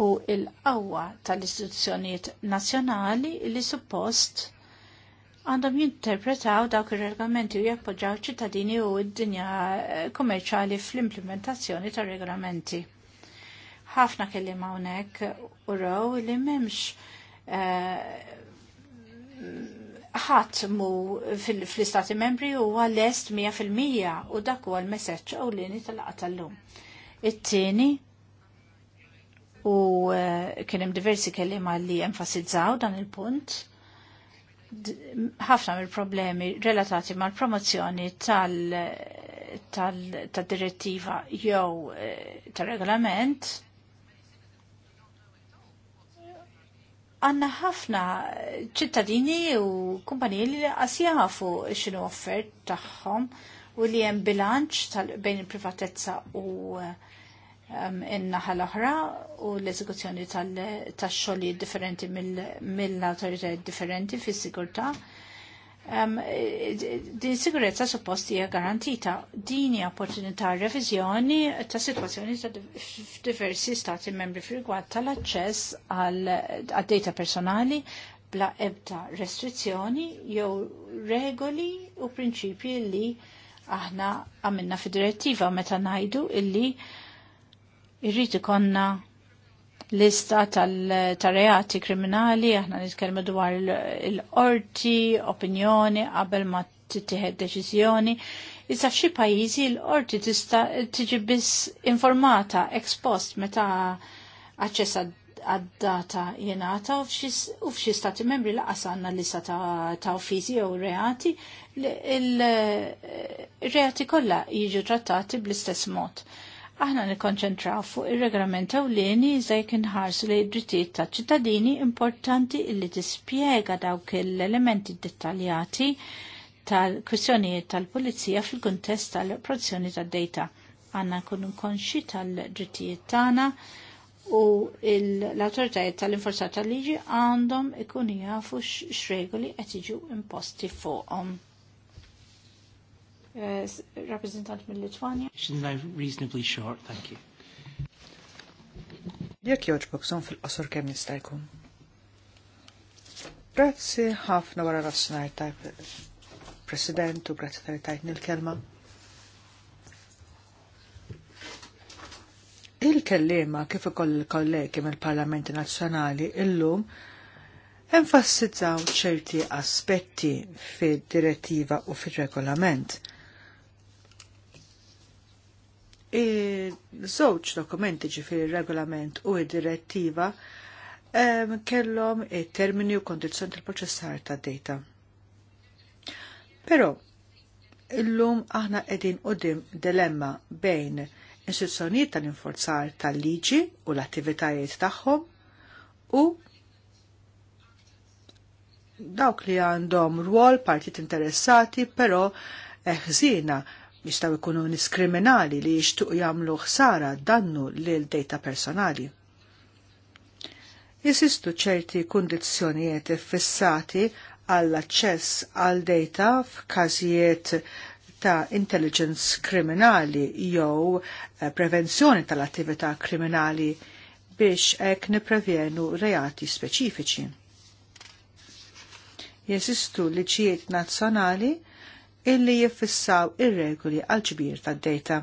u il-qawwa tal-istituzzjonijiet nazzjonali li suppost għandhom jinterpretaw dawk ir-regolamenti u jappoġġaw ċittadini u d-dinja kommerċali fl-implementazzjoni tar-regolamenti. Ħafna kelliem hawnhekk uraw li m'hemmx eh, ħadd mu fl-istati membri huwa lest 100% u dak huwa l-messaġġ ewlieni tal llum. It-tieni u eh, kienem diversi kellima li enfasizzaw dan il-punt. ħafna mill-problemi relatati mal-promozzjoni tal-direttiva jew eh, tal-regolament għanna ħafna ċittadini u kumpaniji li għasjafu xinu offert taħħom u li jem bilanċ bejn il-privatezza u uh, Um, in-naħa l-oħra u l-eżekuzzjoni tax-xogħli differenti mill-awtoritajiet differenti fis-sigurtà. Um, din sigurezza suppost hija garantita. Din hija opportunità reviżjoni ta' sitwazzjoni ta' diversi stati membri f'rigward tal-aċċess għal data personali bla ebda restrizzjoni jew regoli u prinċipji li aħna għamilna fid-direttiva meta ngħidu illi Irrid konna lista tal-reati kriminali, aħna nitkellmu dwar l-orti, opinjoni, qabel ma tittieħed deċiżjoni. Issa f'xi pajjiżi l-orti tista' tiġi biss informata ekspost meta aċċess għad-data jenata u f'xi stati membri laqas għandna lista ta' uffizi u reati, il-reati kollha jiġu trattati bl-istess mod aħna nikkonċentraw fuq ir-regolament ewlieni iżajk inħarsu li d-drittijiet ta' ċittadini importanti illi tispjega dawk l-elementi dettaljati tal-kwistjonijiet tal-pulizija fil-kuntest tal-protezzjoni tad-dejta. Għanna nkunu konxi tal-drittijiet tagħna u l-autoritajiet tal-inforzat tal-liġi għandhom ikun jafu x-regoli qed jiġu imposti fuqhom. Eh, rappresentant mill litwania Shouldn't I reasonably short, thank you. Jek joġbok son fil-qosor kem jista' jkun. Grazzi ħafna wara rassinar tajb President u grazzi tal tajtni nil kelma Il-kellima kif ukoll il-kollegi mill-Parlamenti Nazzjonali illum enfasizzaw ċerti aspetti fid-direttiva u fir-regolament Żewġ dokumenti ġifiri regolament u id-direttiva kellom il termini u kondizzjoni tal-proċessar ta' data. Però illum aħna qegħdin dim dilemma bejn istituzzjonijiet tal inforzar tal-liġi u l-attivitajiet tagħhom u dawk li għandhom rwol partit interessati, però eħżina. eh, jistaw ikunu niskriminali li jixtuq jamlu ħsara dannu lil data personali. Jesistu ċerti kondizjonijiet fissati għall-aċċess għal data f'każijiet ta' intelligence kriminali jew eh, prevenzjoni tal-attività kriminali biex ek niprevjenu reati speċifiċi. Jesistu liċijiet nazzjonali illi jiffissaw ir-regoli għal ġbir tad-data.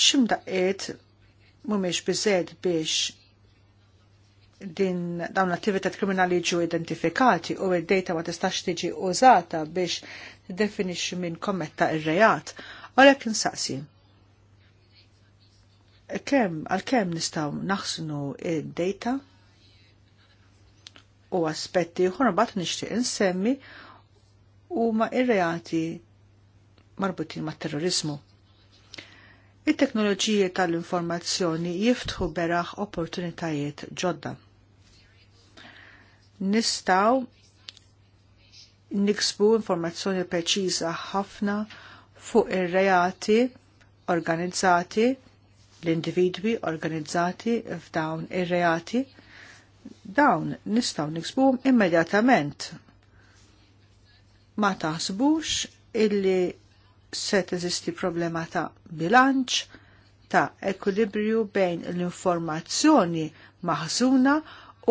X'imdaqqiet mhumiex bizzed biex din dawn l-attività kriminali ġu identifikati u id-data ma tistax tiġi użata biex tiddefinixxi min kommetta ir-rejat, għalhekk insaqsi. Kemm għalkemm nistgħu naħsnu id-data u aspetti oħra mbagħad nixtieq insemmi huma ir-reati marbutin ma' terrorizmu. It-teknoloġiji tal-informazzjoni jiftħu beraħ opportunitajiet ġodda. Nistaw niksbu informazzjoni preċiża ħafna fuq ir-reati organizzati l-individwi organizzati f'dawn ir-reati dawn nistaw niksbu immedjatament ma taħsbux illi se teżisti problema ta' bilanċ, ta' ekwilibrju bejn l-informazzjoni maħżuna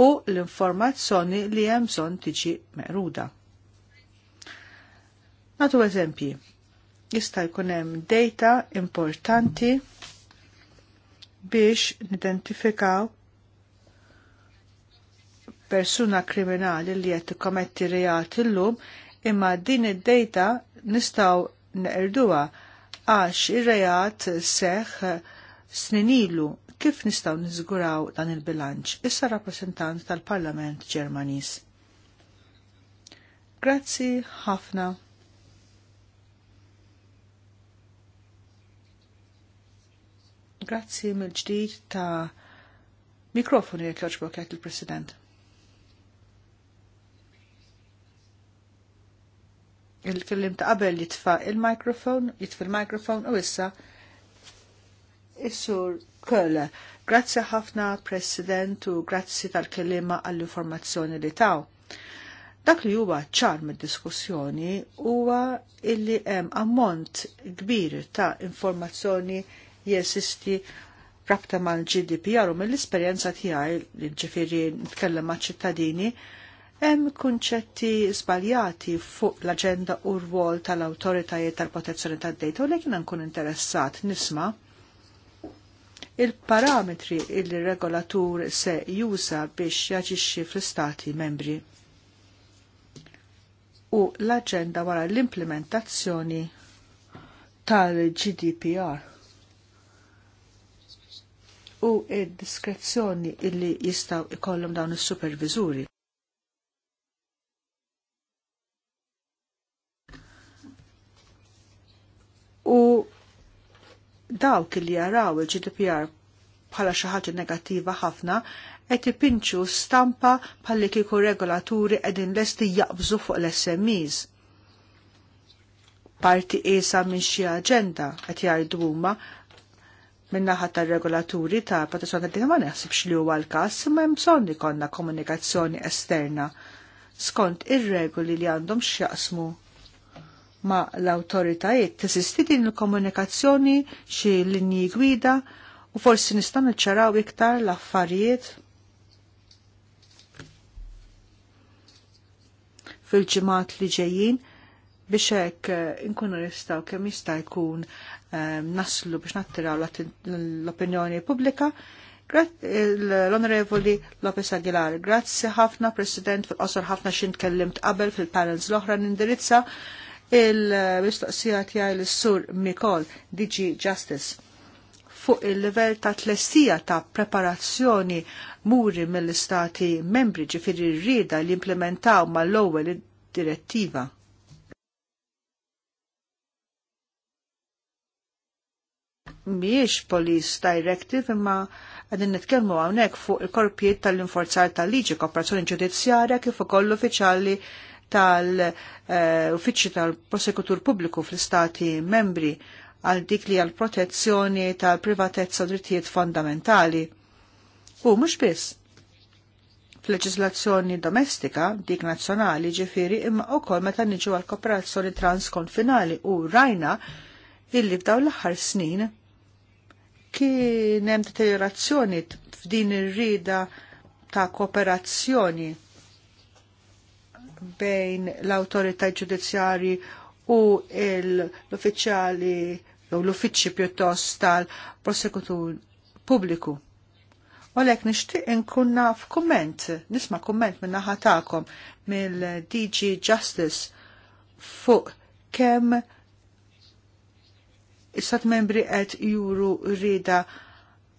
u l-informazzjoni li hemm bżonn tiġi meruda. Natu eżempji, jista' jkun hemm data importanti biex nidentifikaw persuna kriminali li qed tikkometti reati llum imma din id-data nistaw neqerduha għax ir-rejat seħ sninilu kif nistaw niżguraw dan il-bilanċ issa rappresentant tal-Parlament Ġermanis. Grazzi ħafna. Grazzi mill-ġdid ta' mikrofoni li tloġbok il-President. il-kellim ta' qabel jitfa il-mikrofon, jitfa il-mikrofon u issa Is-sur Kölle. Grazzi ħafna President u grazzi tal-kellima għall-informazzjoni li taw. Dak li huwa ċar mid-diskussjoni huwa illi hemm ammont kbir ta' informazzjoni jeżisti rabta mal-GDPR u mill-esperjenza tiegħi li ġifieri nitkellem ma' ċittadini Hemm kunċetti żbaljati fuq l-aġenda u rwol tal-awtoritajiet tal-protezzjoni tad-dejta u lekin nkun interessat nisma' il-parametri il-regolatur se juża biex jaġixxi fl-istati membri u l-aġenda wara l-implementazzjoni tal-GDPR u id-diskrezzjoni illi jistaw ikollhom dawn is-superviżuri. u dawk li jaraw il-GDPR bħala xi ħaġa negattiva ħafna qed ipinċu stampa bħalli kieku regolaturi qegħdin lesti jaqbżu fuq l-SMEs. Parti qiesa minn xi aġenda qed jgħidu huma minnaħa tar-regolaturi ta' protezzjoni tad ma naħsibx li huwa l-każ imma hemm bżonn ikollna komunikazzjoni esterna skont ir-regoli li għandhom x'jaqsmu ma l-autoritajiet tesisti din il-komunikazzjoni xi linji gwida u forsi nistgħu niċċaraw iktar l-affarijiet fil ġimat li ġejjin biex hekk eh, inkunu nistgħu kemm jista' jkun eh, naslu biex nattiraw l-opinjoni pubblika l-Onorevoli Lopez Aguilar, grazzi ħafna, President, fil-qosor ħafna xin tkellimt qabel fil-panels l-oħra indirizza il-mistoqsija tiegħi l-sur Mikol DG Justice fuq il-level ta' tlessija ta' preparazzjoni muri mill-istati membri ġifiri rrida li implementaw mal-ewwel direttiva. Miex Police Directive imma għadin nitkellmu hawnhekk fuq il-korpijiet tal-inforzar tal-liġi, kooperazzjoni ġudizzjarja kif ukoll uffiċjali tal-Uffiċċju tal-Prosekutur Pubbliku fl-Istati membri għal dik li għal protezzjoni tal-privatezza u drittijiet fondamentali. U mhux biss fl-leġislazzjoni domestika, dik nazzjonali ġifiri, imma wkoll meta niġu għal kooperazzjoni transkonfinali u rajna illi f'daw l-aħħar snin kien hemm deteriorazzjoni f'din ir-rida ta' kooperazzjoni bejn l-autorità ġudizzjari u l-uffiċjali jew l-uffiċċji pjuttost tal-prosekutur pubbliku. Olek nixtieq inkun naf kumment, nisma kumment minn naħa tagħkom mill-DG Justice fuq kemm is-sat membri qed juru rida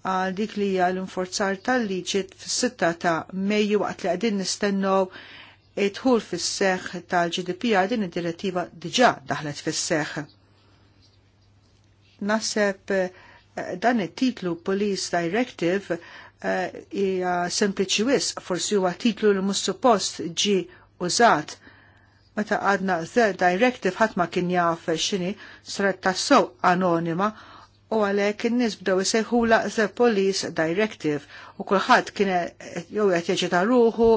għal dik li hija l-inforzar tal-liġi fis-sitta ta' Mejju waqt li qegħdin nistennew dħul fis-seħ tal-GDPR din id-direttiva diġà daħlet fis-seħ. Naseb eh, dan it-titlu Police Directive eh, hija sempliċi wisq, forsi huwa titlu li mhux suppost ġi użat meta għadna The Directive ħadd ma kien jaf x'inhi saret tassew anonima u għalhekk in-nies bdew isejħula The Police Directive u kulħadd kien eh, jew qed jeġita' ruħu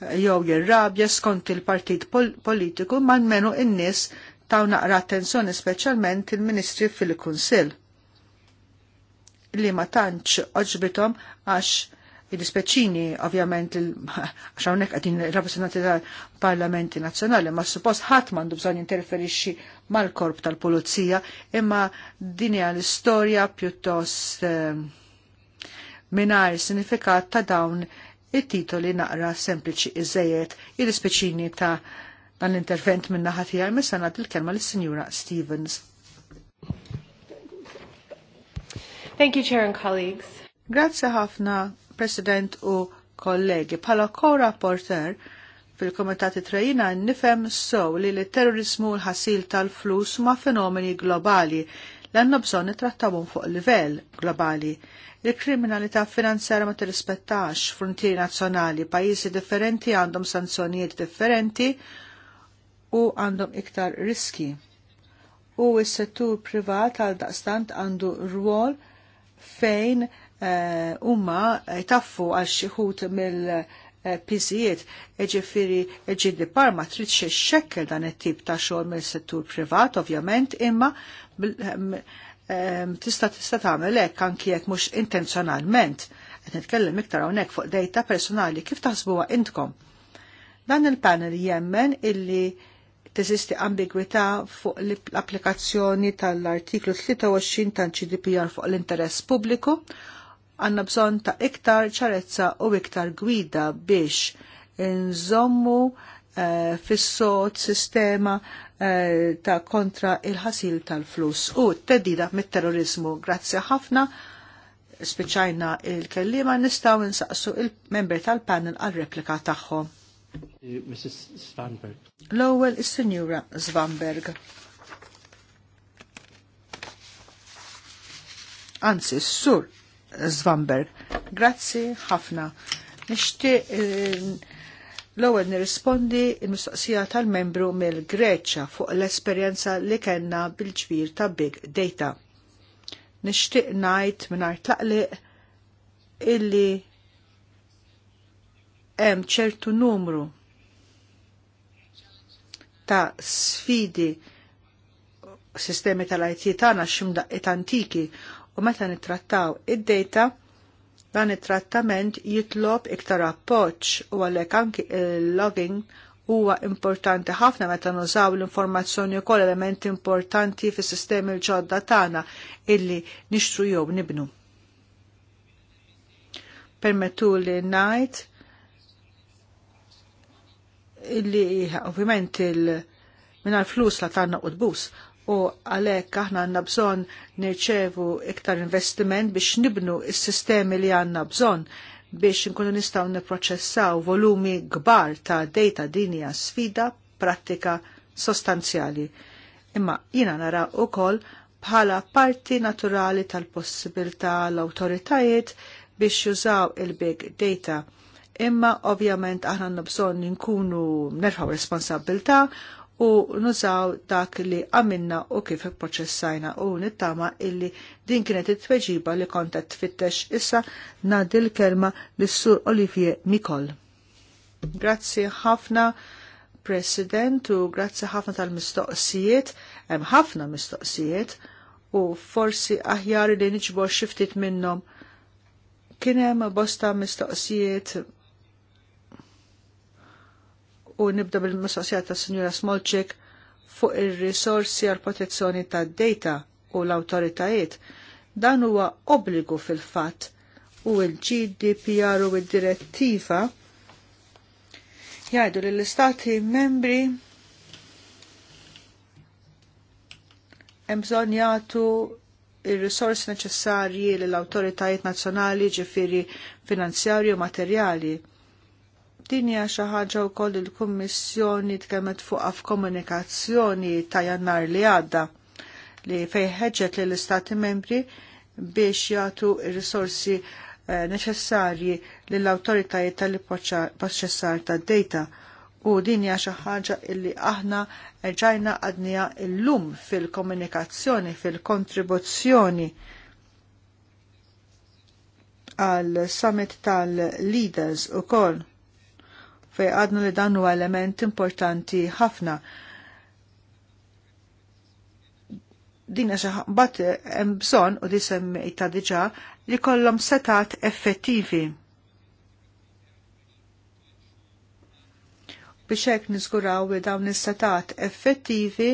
jew jirrabja skont il-partit politiku man menu in-nies taw naqra attenzjoni speċjalment il-Ministri fil-Kunsill li ma tantx oġbitom għax il dispeċini <laughs> ovvjament għax hawnhekk qegħdin rappresentanti tal-Parlamenti Nazzjonali, ma suppost ħadd m'għandu bżonn jinterferixxi mal-korp tal-Pulizija, imma din hija l-istorja pjuttost eh, mingħajr sinifikat ta' dawn it-titoli naqra sempliċi iżejjed il-speċini ta' dan l-intervent minn naħa tiegħi mesa il kelma lis-Sinjura Stevens. Thank you, Chair and colleagues. Grazzi ħafna, President u kollegi. Pala ko rapporter fil-Komitati Trajina nifem sow li l-terrorismu l-ħasil tal-flus ma' fenomeni globali li għandna bżonn nittrattawhom fuq livell globali. Il-kriminalità finanzjara ma tirrispettax frontieri nazzjonali, pajjiżi differenti għandhom sanzjonijiet differenti u għandhom iktar riski. U s-settur privat għal daqstant għandu rwol fejn huma eh, uh, taffu għal xi ħut mill- Eh, eġifiri ġifiri par ma trid xekkel dan it-tip ta' xogħol mill-settur privat, ovvjament, imma hm, ehm, tista' tista' tagħmel hekk anki jekk mhux intenzjonalment. Qed nitkellem iktar hawnhekk fuq dejta personali kif taħsbuha intkom. Dan il-panel jemmen illi teżisti ambigwità fuq l-applikazzjoni tal-artiklu 23 tal-GDPR fuq l-interess pubbliku għanna bżon ta' iktar ċarezza u iktar gwida biex nżommu eh, fis-sod sistema eh, ta' kontra il-ħasil tal-flus u t-teddida mit-terrorizmu. Grazzi ħafna spiċajna il-kellima nistaw nsaqsu il-member tal-panel għal-replika tagħhom. Mrs. Svanberg. l ewel is signora Svanberg. Anzi, s-sur Zvamberg. Grazzi ħafna. Nixtieq eh, l-ewwel nirrispondi l-mistoqsija tal-membru mill-Greċja fuq l-esperjenza li kellna bil-ġbir ta' Big Data. Nixtieq ngħid mingħajr tlaqliq illi hemm ċertu numru ta' sfidi sistemi tal-IT tagħna x'imdaqqiet antiki u meta nittrattaw id-data dan it-trattament jitlob iktar appoġġ u għalhekk anki il-logging huwa importanti ħafna meta nużaw l-informazzjoni wkoll elementi importanti fis-sistemi l-ġodda tagħna illi nixtru jew nibnu. Permettu li ngħid illi ovvjament il minn flus la tagħna qudbus u għalhekk aħna għandna bżonn nirċevu iktar investiment biex nibnu s-sistemi li għandna bżonn biex nkunu nistgħu nipproċessaw volumi kbar ta' data dinja sfida prattika sostanzjali. Imma jina nara ukoll bħala parti naturali tal-possibilità l-awtoritajiet biex jużaw il-big data imma ovvjament aħna nabżon nkunu nerħaw responsabilta u nużaw dak li għamilna u kif ipproċessajna u nittama illi din kienet it-tweġiba li kontet tfittex issa nadil l-kelma l-sur Olivier Mikol. Grazzi ħafna President u grazzi ħafna tal-mistoqsijiet, hemm ħafna mistoqsijiet u forsi aħjar li niġbor xiftit minnhom. Kien hemm bosta mistoqsijiet u nibda bil-mistoqsija ta' Sinjura Smolċik fuq ir-risorsi għal protezzjoni tad data u l-awtoritajiet. Dan huwa obbligu fil-fatt u l-GDPR u il direttiva jgħidu li l-istati membri hemm bżonn jagħtu risorsi neċessarji lill awtoritajiet nazzjonali ġifiri finanzjarji u materjali Din hija xi ħaġa wkoll il-Kummissjoni tkellmet fuq f'komunikazzjoni ta' Jannar li għadda li li lill istati membri biex jagħtu r-risorsi eh, neċessarji lill awtoritajiet tal-proċessar tad-data u din hija xi ħaġa illi aħna ġajna għadnija llum fil-komunikazzjoni, fil-kontribuzzjoni għal summit tal-leaders u koll fej għadnu li dan huwa element importanti ħafna. Din xi bat hemm bżonn u di semmejta diġà li kollhom setat effettivi. biex hekk niżguraw li dawn is-setat effettivi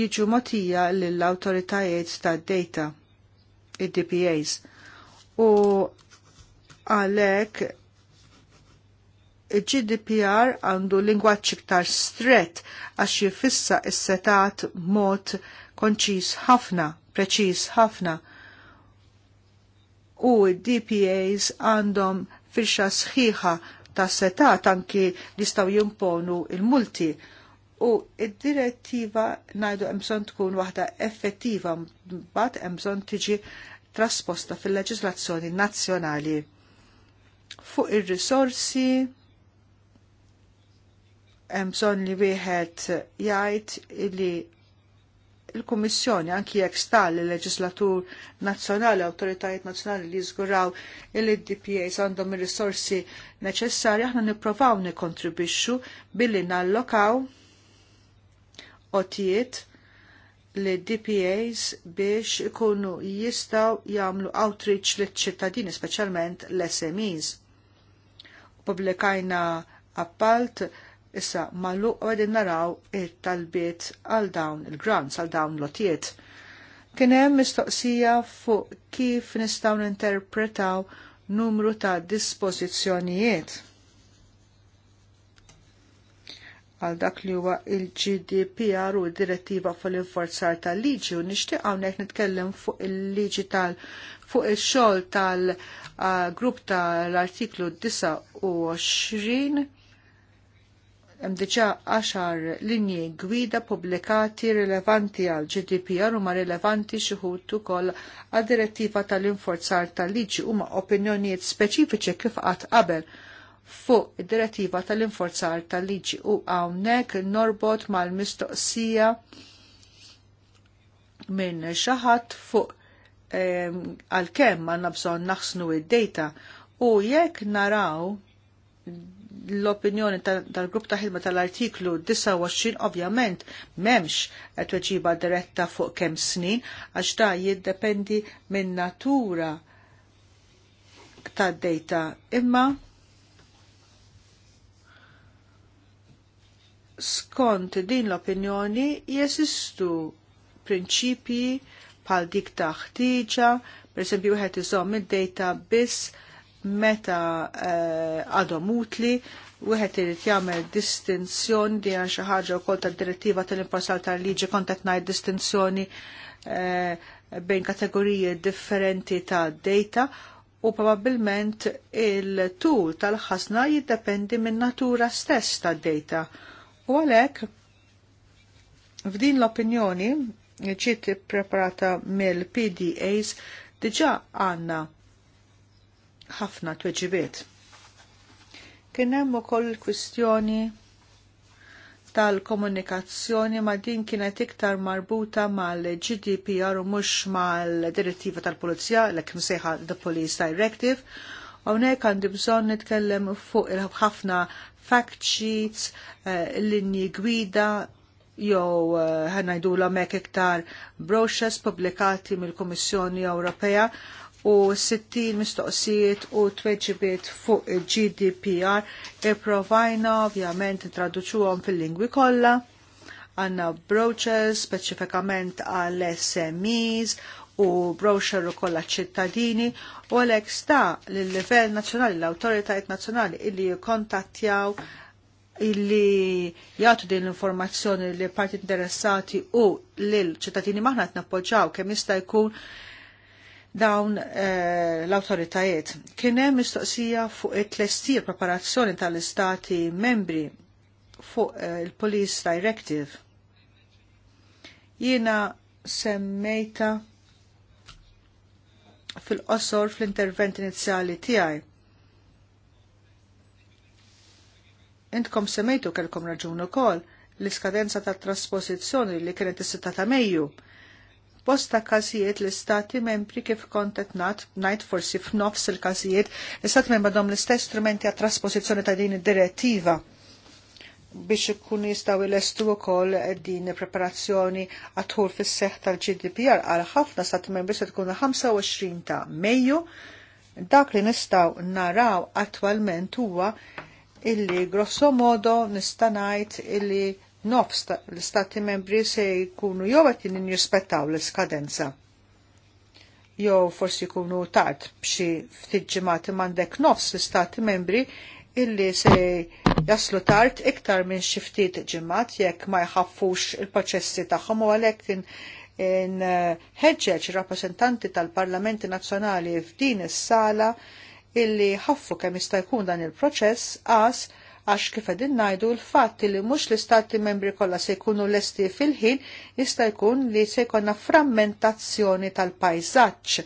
jiġu motija lill-awtoritajiet tad-data, id-DPAs. U għalhekk GDPR għandu lingwaċ iktar stret għax jifissa s-setat mod konċis ħafna, preċis ħafna. U DPAs għandhom firxa sħiħa ta' setat anki jistaw jimponu il-multi. U id-direttiva najdu emson tkun waħda effettiva mbagħad emson tiġi trasposta fil-leġislazzjoni nazzjonali fuq ir-risorsi hemm bżonn li wieħed jgħid li il-Kummissjoni anki jekk stal il-Leġislatur Nazzjonali, Awtoritajiet Nazzjonali li jiżguraw il-DPAs għandhom ir-risorsi neċessarji aħna nippruvaw nikkontribixxu billi nallokaw otijiet li DPAs biex ikunu jistaw jagħmlu outreach liċ ċittadini speċjalment l-SMEs. Publikajna appalt Issa mallu u naraw it-talbiet għal dawn il-grants, għal dawn lotiet. Kienem mistoqsija fuq kif nistaw ninterpretaw numru ta' dispożizzjonijiet għal dak li huwa il-GDPR u d-direttiva fuq l-inforzar tal-liġi u nixtieq hawnhekk nitkellem fuq il-liġi tal fuq ix-xogħol tal-grupp ah, tal-artiklu 29 hemm diġà għaxar linji gwida pubblikati rilevanti għal GDPR huma rilevanti xi ħud ukoll għad direttiva tal-infurzar tal-liġi huma opinjonijiet speċifiċi kif qatt qabel fuq id-direttiva tal-infurzar tal-liġi u hawnhekk norbot mal-mistoqsija minn xi ħadd fuq għalkemm għandna bżonn naħsnu id-dejta u jekk naraw l-opinjoni tal-grupp ta' ħidma tal-artiklu 29 ovvjament memx tweġiba diretta fuq kemm snin għax ta' jiddependi minn natura tad data imma skont din l-opinjoni jesistu prinċipji bħal dik ta' ħtiġa, per esempio wieħed iżom id data biss meta eh, għadhom utli wieħed irid jagħmel distinzjoni di għan xi ħaġa wkoll tad-direttiva tal-imparsal tal-liġi kont qed ngħid distinzjoni uh, bejn kategoriji differenti ta' data u probabbilment il-tul tal-ħasna jiddependi minn natura stess tad data. U għalhekk f'din l-opinjoni ġiet preparata mill-PDAs diġà għandna ħafna tweġibiet. Kien hemm ukoll kwistjoni tal-komunikazzjoni ma din kienet iktar marbuta mal-GDPR u mhux mal-direttiva tal-Pulizija, l-ek msejħa The Police Directive, Hawnhekk għandi bżonn nitkellem fuq il-ħafna fact sheets, eh, linji gwida, jew eh, ħanajdu l iktar brochures publikati mill-Kummissjoni Ewropea u 60 mistoqsijiet u tweġibiet fuq il-GDPR ipprovajna provajna ovvjament traduċuhom fil-lingwi kollha. Għanna brochures speċifikament għal SMEs u brochure u kollha ċittadini u għalhekk sta lill-livell nazzjonali l-awtoritajiet nazzjonali illi jikkontattjaw illi jgħatu din l-informazzjoni li parti interessati u l-ċittadini maħna t-nappoġġaw kemm jista' jkun dawn l eh, l-autoritajiet. Kienem mistoqsija fuq it tlestir preparazzjoni tal-istati membri fuq eh, il-Police Directive. Jiena semmejta fil-qosor fl-intervent inizjali tiegħi. Intkom semmejtu kelkom raġun ukoll l-iskadenza tat trasposizzjoni li kienet is-sitta ta' Mejju bosta każijiet l-istati membri kif kontet nat, najt forsi f'nofs il-każijiet, l-istati membri għadhom l-istess strumenti għat trasposizjoni ta' din id-direttiva biex ikun jistaw il-estu u koll din preparazzjoni għatħur fis seħ tal-GDPR għal ħafna stati membri se tkun 25 ta' Mejju. Dak li nistaw naraw attualment huwa illi grosso modo nistanajt illi nofs l-Stati membri se jkunu jew qed jirrispettaw l-iskadenza. Jew forsi jkunu tard b'xi ftit ġimgħat m'għandek nofs l-Stati membri illi se jaslu tard iktar minn xi ftit ġimgħat jekk ma jħaffux il-proċessi tagħhom u għalhekk in uh, ħeġġeġ rappresentanti tal-Parlamenti Nazzjonali f'din is-sala illi ħaffu kemm jista' jkun dan il-proċess għas għax kif għedin ngħidu l fatti li mhux l-istati membri kollha se jkunu lesti fil-ħin jista' jkun li se jkollna frammentazzjoni tal pajzaċ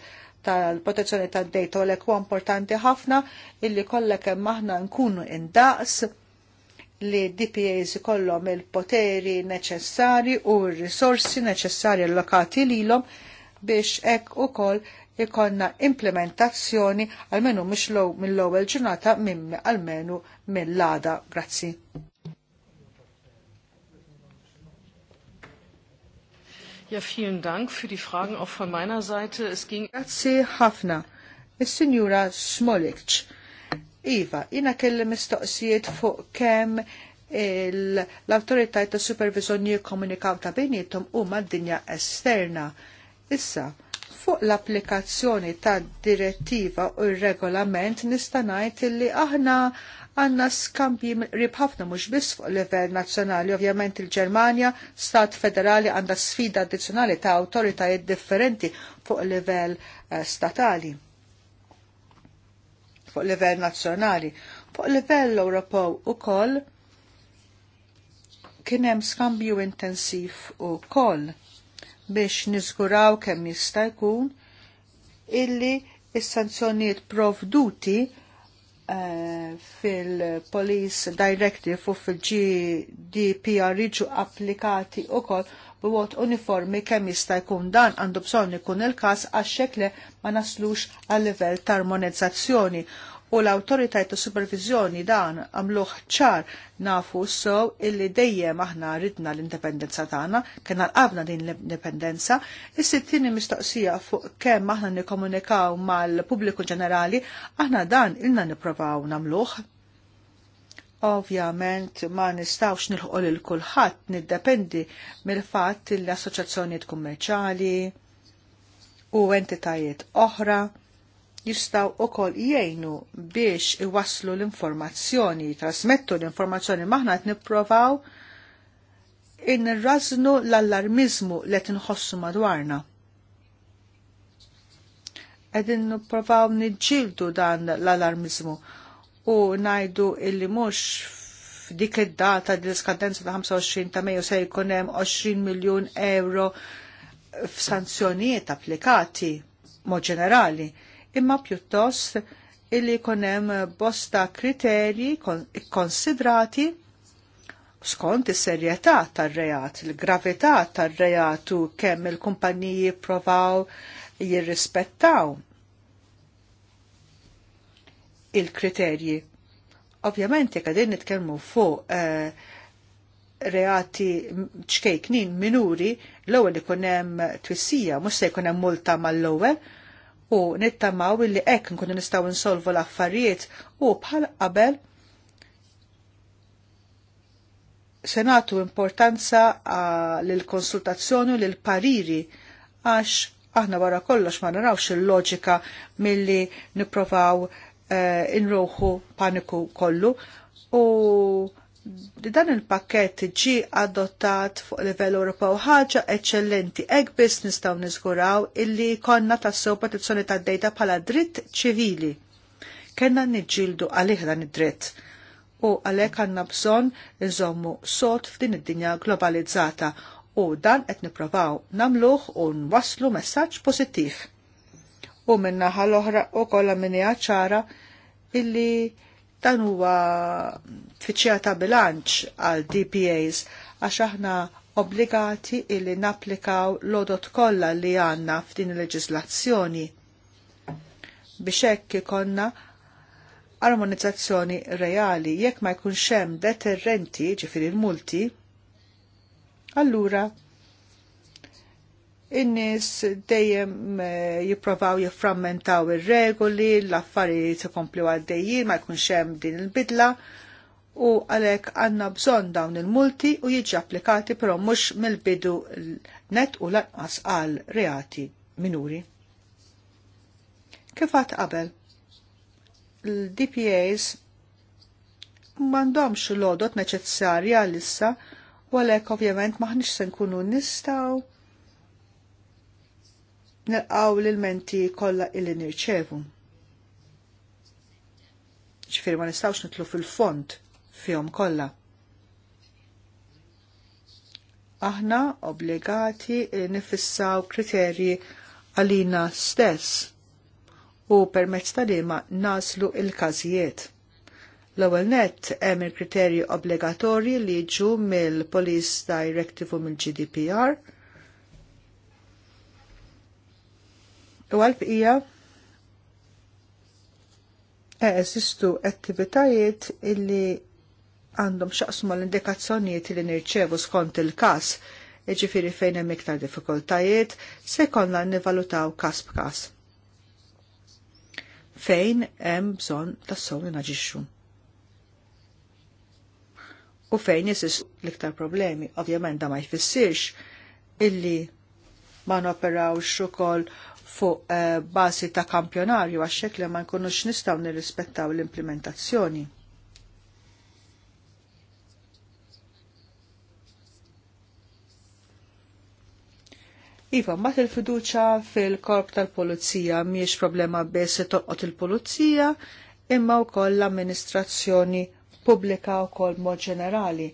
tal-protezzjoni tad-dejta u l-ekwa importanti ħafna illi kollek hemm aħna nkunu indaqs li DPAs kollom il-poteri neċessari u r-risorsi neċessari allokati lilhom biex hekk ukoll ikonna implementazzjoni għalmenu mhux mill-ewwel ġurnata mimmi għalmenu mill-għada. Grazzi. Ja, vielen Dank für die Fragen auch von meiner Seite. Es ging Grazie ħafna. is signora Smolic. Iva, jina kelli mistoqsijiet fuq kemm l-autoritajt ta' supervizjoni komunikaw ta' bejnietom huma mad dinja esterna Issa, fuq l-applikazzjoni ta' direttiva u r-regolament nista' ngħid li aħna għandna skambji ribħafna ħafna mhux biss fuq livell nazzjonali. Ovvjament il-Ġermanja, stat federali għandha sfida addizzjonali ta' awtoritajiet differenti fuq level eh, statali fuq level nazzjonali. Fuq livell Ewropew ukoll kien hemm skambju intensiv ukoll biex niżguraw kemm jista' jkun illi is-sanzjonijiet provduti uh, fil-Police Directive u fil-GDPR jiġu applikati wkoll b'wot uniformi kemm jista' jkun dan għandu bżonn ikun il-każ għax xekle ma naslux għal livell tal armonizzazzjoni u l-autoritajt ta' supervizjoni dan għamluħ ċar nafu s-sew illi dejjem aħna ridna l-indipendenza tagħna, kena l-qabna din l-indipendenza, is-sittini mistoqsija fuq kemm aħna nikkomunikaw mal-pubbliku ġenerali, aħna dan ilna nipprovaw namluħ. Ovvjament ma nistawx nilħu lil kulħadd niddependi mill-fatt l-assoċjazzjonijiet kummerċali u entitajiet oħra jistaw u kol jgħinu biex iwaslu l-informazzjoni, trasmettu l-informazzjoni maħna qed nipprovaw in raznu l-allarmizmu li tinħossu madwarna. Qegħdin nipprovaw niġġieldu dan l-allarmizmu u ngħidu illi mhux f'dik id-data di l-skadenza ta' 25 ta' Mejju se jkun hemm 20 miljun euro f'sanzjonijiet applikati mod ġenerali imma pjuttost illi konem bosta kriterji konsidrati skont is-serjetà tar-reat, il-gravità tar-reat u kemm il-kumpaniji provaw jirrispettaw il-kriterji. Ovvjament jekk qegħdin nitkellmu fuq eh, reati ċkejknin minuri, l-ewwel ikun hemm twissija mhux se jkun hemm multa mal-ewwel, u nittamaw illi hekk nkunu nistgħu insolvu l-affarijiet u bħal qabel se nagħtu importanza l konsultazzjoni u l pariri għax aħna wara kollox ma narawx il-loġika milli nipprovaw uh, paniku kollu u dan il-pakket ġi adottat fuq livell Ewropew ħaġa eċċellenti hekk biss nistgħu niżguraw illi konna tassew protezzjoni tad-dejta bħala dritt ċivili. Kenna niġġieldu għalih dan id-dritt u għalhekk għandna bżonn iżommu sod f'din id-dinja globalizzata u dan qed nipprovaw nagħmluh u nwasslu messaġġ pożittiv. U min-naħa l-oħra u kollha minn ċara illi Dan huwa tfittxija ta' bilanċ għal DPAs għax aħna obbligati illi napplikaw l-odot kollha li għandna f'din il-leġislazzjoni biex hekk ikonna armonizzazzjoni reali jekk ma jkunx hemm deterrenti ġifieri l-multi, allura in-nies dejjem eh, jipprovaw jifframmentaw ir-regoli, l-affarijiet komplu għaddejjin ma jkunx hemm din il-bidla u għalhekk għandna bżonn dawn il-multi u jiġi applikati però mhux mill-bidu net u lanqas għal reati minuri. Kif għat qabel? L-DPAs mandomx l-odot neċessarja l-issa u għalek ovvjament maħnix se nkunu nistaw nilqaw l-menti kollha illi nirċevu. Ġifieri ma nistgħux nitlu fil-fond fihom kollha. Aħna obbligati nifissaw kriterji għalina stess u permezz tal-ima naslu il-każijiet. L-ewwel nett hemm il-kriterji obbligatorji li jiġu mill-Police Directive u mill-GDPR U għal ija eżistu attivitajiet illi għandhom xaqsma l-indikazzjonijiet li nirċevu skont il-kas, ġifiri fejn hemm iktar diffikultajiet, se konna nivalutaw kas b'kas. Fejn hemm bżonn tassew naġixxu. U fejn jesis l-iktar problemi, ovvjament da ma jfissirx illi ma noperawx ukoll fuq uh, eh, basi ta' kampjonarju għaxek li ma nkunux nistaw nirrispettaw l-implementazzjoni. Iva, mbagħad il-fiduċa fil-korp tal-pulizija mhijiex problema biss toqgħod il-pulizija imma wkoll l-amministrazzjoni pubblika wkoll mod ġenerali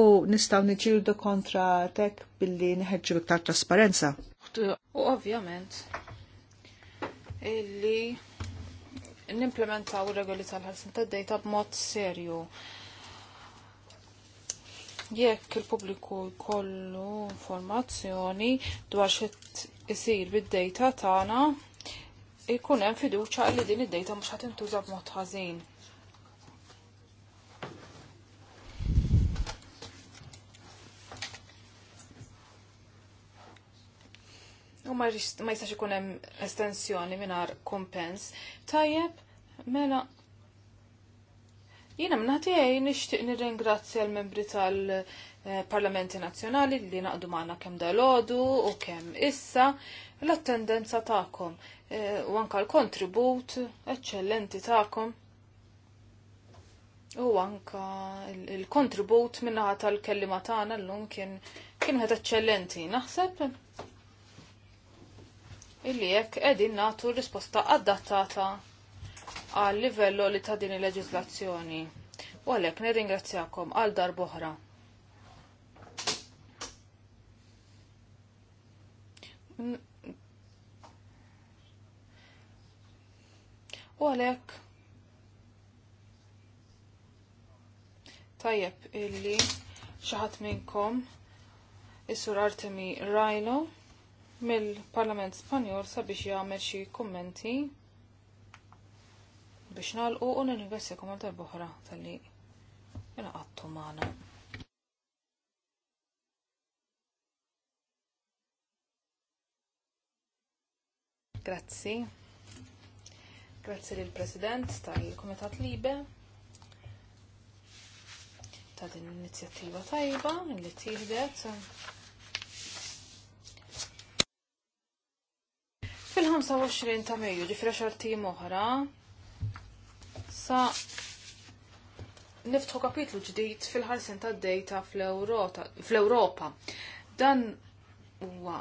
u nistaw niġildu kontra tek billi nħedġu iktar trasparenza. U ovvjament, illi nimplementaw regoli tal-ħarsin ta' data b'mod serju. Jekk il-pubbliku jkollu informazzjoni dwar xed isir bid-data tagħna, jkun hemm fiduċa li din id-data mhux ħadd intuża b'mod ħażin u ma jistax ikun hemm estensjoni mingħajr kumpens. Tajjeb, mela Jiena mnati għaj nishtiq nirringrazzja l-membri tal-Parlamenti Nazzjonali li naqdu maħna kem dal-ħodu u kem issa l-attendenza ta'kom e, u anka l-kontribut eccellenti ta'kom u anka l-kontribut minna tal-kellima ta'na l-lum kien kien eccellenti naħseb illi jekk qegħdin nagħtu risposta adattata għal livello li ta' din il leġislazzjoni U għalhekk nirringrazzjakom għal darb'oħra. U għalhekk tajjeb illi xi ħadd minnkom is-sur Artemi Rhino mill-Parlament Spanjol sabiex jagħmel xi kummenti biex nagħlqu u nirringrazzjakom għal boħra tal-li inaqadtu magħna. Grazzi. Grazzi lill president tal-Kumitat Libe ta' din l-inizjattiva tajba li tieħdet Fil-25 ta' Mejju, ġifri xorti oħra, sa niftħu kapitlu ġdid fil-ħarsin ta' data fl-Europa. Dan huwa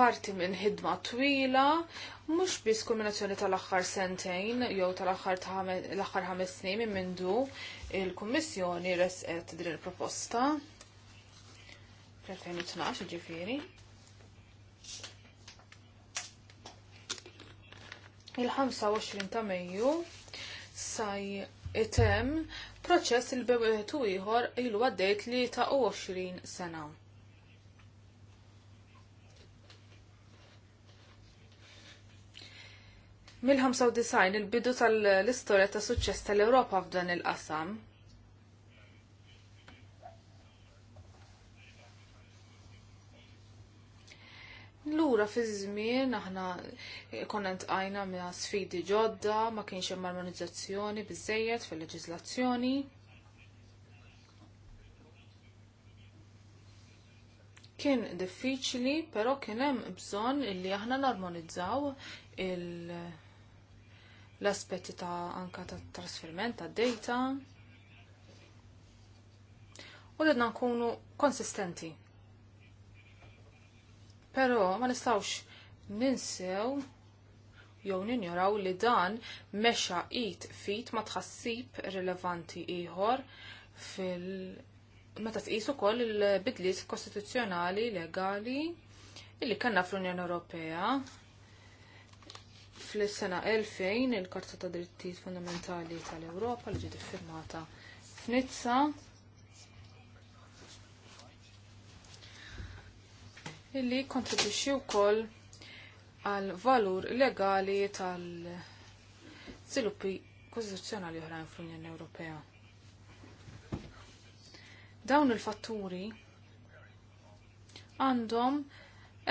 parti minn ħidma twila, mhux biss kombinazzjoni tal-aħħar sentejn jew tal-aħħar l-aħħar ħames snin minn mindu il-Kummissjoni resqet din il-proposta fl-2012 ġifiri. il-25 ta' Mejju saj item proċess il bewetu ieħor ilu għaddejt li ta' 20 sena. Mill-95 il-bidu tal-istorja ta' suċċess tal-Ewropa f'dan il-qasam Lura fi żmien aħna konna għajna minna sfidi ġodda, ma kienx hemm armonizzazzjoni biżejjed fil-leġiżlazzjoni. Kien diffiċli, però kien hemm bżonn illi aħna narmonizzaw l-aspetti ta' anka ta' trasferiment ta' data u redna nkunu konsistenti Pero ma nistawx ninsew jew ninjoraw li dan mexa it fit ma tħassib rilevanti ieħor fil meta tqis ukoll il-bidliet kostituzzjonali legali illi kellna fl-Unjoni Ewropea fl-sena 2000 il-Karta ta' Drittijiet Fundamentali tal-Ewropa li ġiet iffirmata f'Nizza illi kontribwixxi wkoll għal valur legali tal-żviluppi kostituzzjonali oħrajn fl-Unjoni Ewropea. Dawn il-fatturi għandhom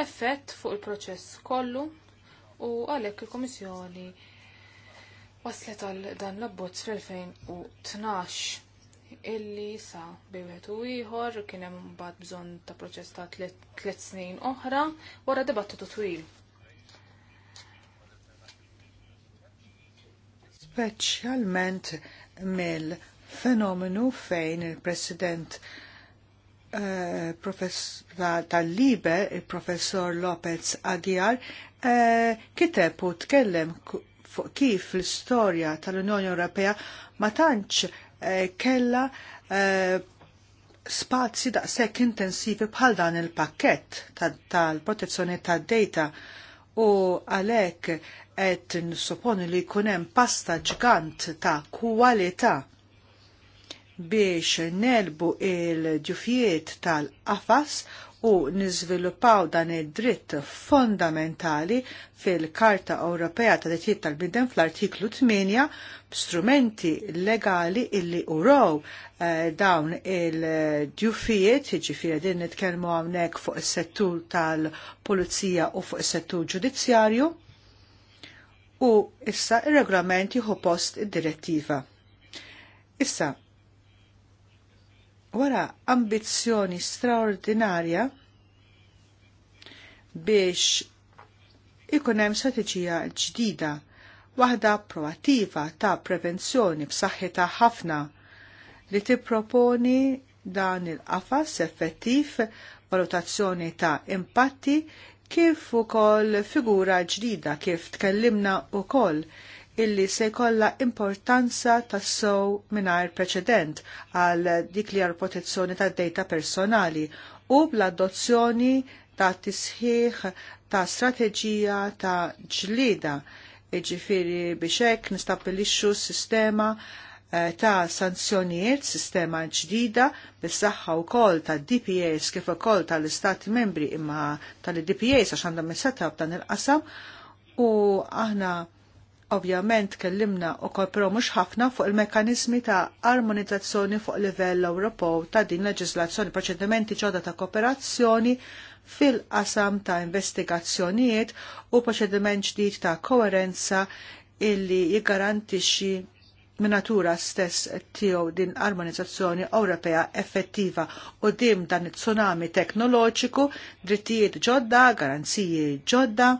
effett fuq il-proċess kollu u għalhekk il-Komissjoni waslet għal dan l-abbozz fl-2012 illi sa bivetu iħor, ieħor kien hemm bżonn ta' proċess ta' tliet snin oħra wara dibattitu twil. Speċjalment mill-fenomenu fejn il-President Uh, tal-libe, il-professor Lopez Aguiar, uh, kiteb u tkellem fuq kif l-istorja tal-Unjoni Ewropea ma tantx Eh, kella eh, spazi daqshekk intensivi bħal dan il-pakkett tal-protezzjoni tad-data u għalhekk qed nsupponi li jkun hemm pasta ġgant ta' kwalità biex nelbu il-ġufijiet tal-qafas u niżviluppaw dan id-dritt fondamentali fil-Karta Ewropea ta' Dittijiet tal-Bidem fl-artiklu 8 b'strumenti legali illi uraw eh, dawn il-ġufijiet, ġifiri din nitkellmu hawnhekk fuq is-settur tal-Pulizija u fuq is-settur ġudizzjarju u issa ir-regolament jieħu post id-direttiva. Issa, wara ambizzjoni straordinarja biex ikun hemm strateġija ġdida waħda proattiva ta' prevenzjoni b'saħħitha ħafna li tipproponi dan il-qafas effettiv valutazzjoni ta' impatti kif ukoll figura ġdida kif tkellimna ukoll illi se jkollha importanza tas-sow mingħajr preċedent għal dik li għal protezzjoni tad data personali u bl-adozzjoni ta' tisħiħ ta' strateġija ta' ġlida iġifiri biex hekk nistabilixxu sistema eh, ta' sanzjonijiet, sistema ġdida, bis-saħħa wkoll tad DPAs kif ukoll tal-Istati membri imma tal-DPAs għax għandhom is-setup dan il-qasam u aħna Ovvjament kellimna u kol mux ħafna fuq il-mekanizmi ta' armonizzazzjoni fuq livell Ewropew ta' din leġislazzjoni proċedimenti ġodda ta' kooperazzjoni fil-qasam ta' investigazzjonijiet u proċediment ġdid ta' koerenza illi jiggarantixxi minatura stess tiegħu din armonizzazzjoni Ewropea effettiva u dim dan it-tsunami teknoloġiku, drittijiet ġodda, garanziji ġodda,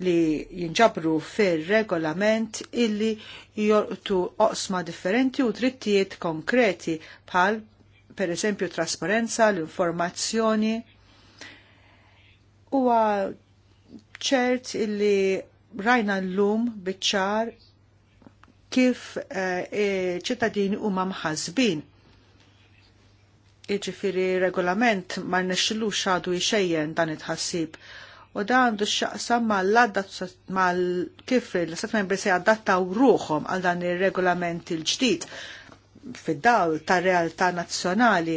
li jinġabru fil-regolament illi jorqtu oqsma differenti u drittijiet konkreti bħal per esempio trasparenza, l-informazzjoni. Huwa ċert illi rajna l-lum bieċar kif eh, ċittadini huma mamħazbin iġifiri regolament ma nesċillu xadu jxejjen dan it-ħassib u da għandu xaqsam mal kif l-istat membri se jadattaw ruħom għal dan il-regolament il-ġdid fid-dawl ta' realtà nazzjonali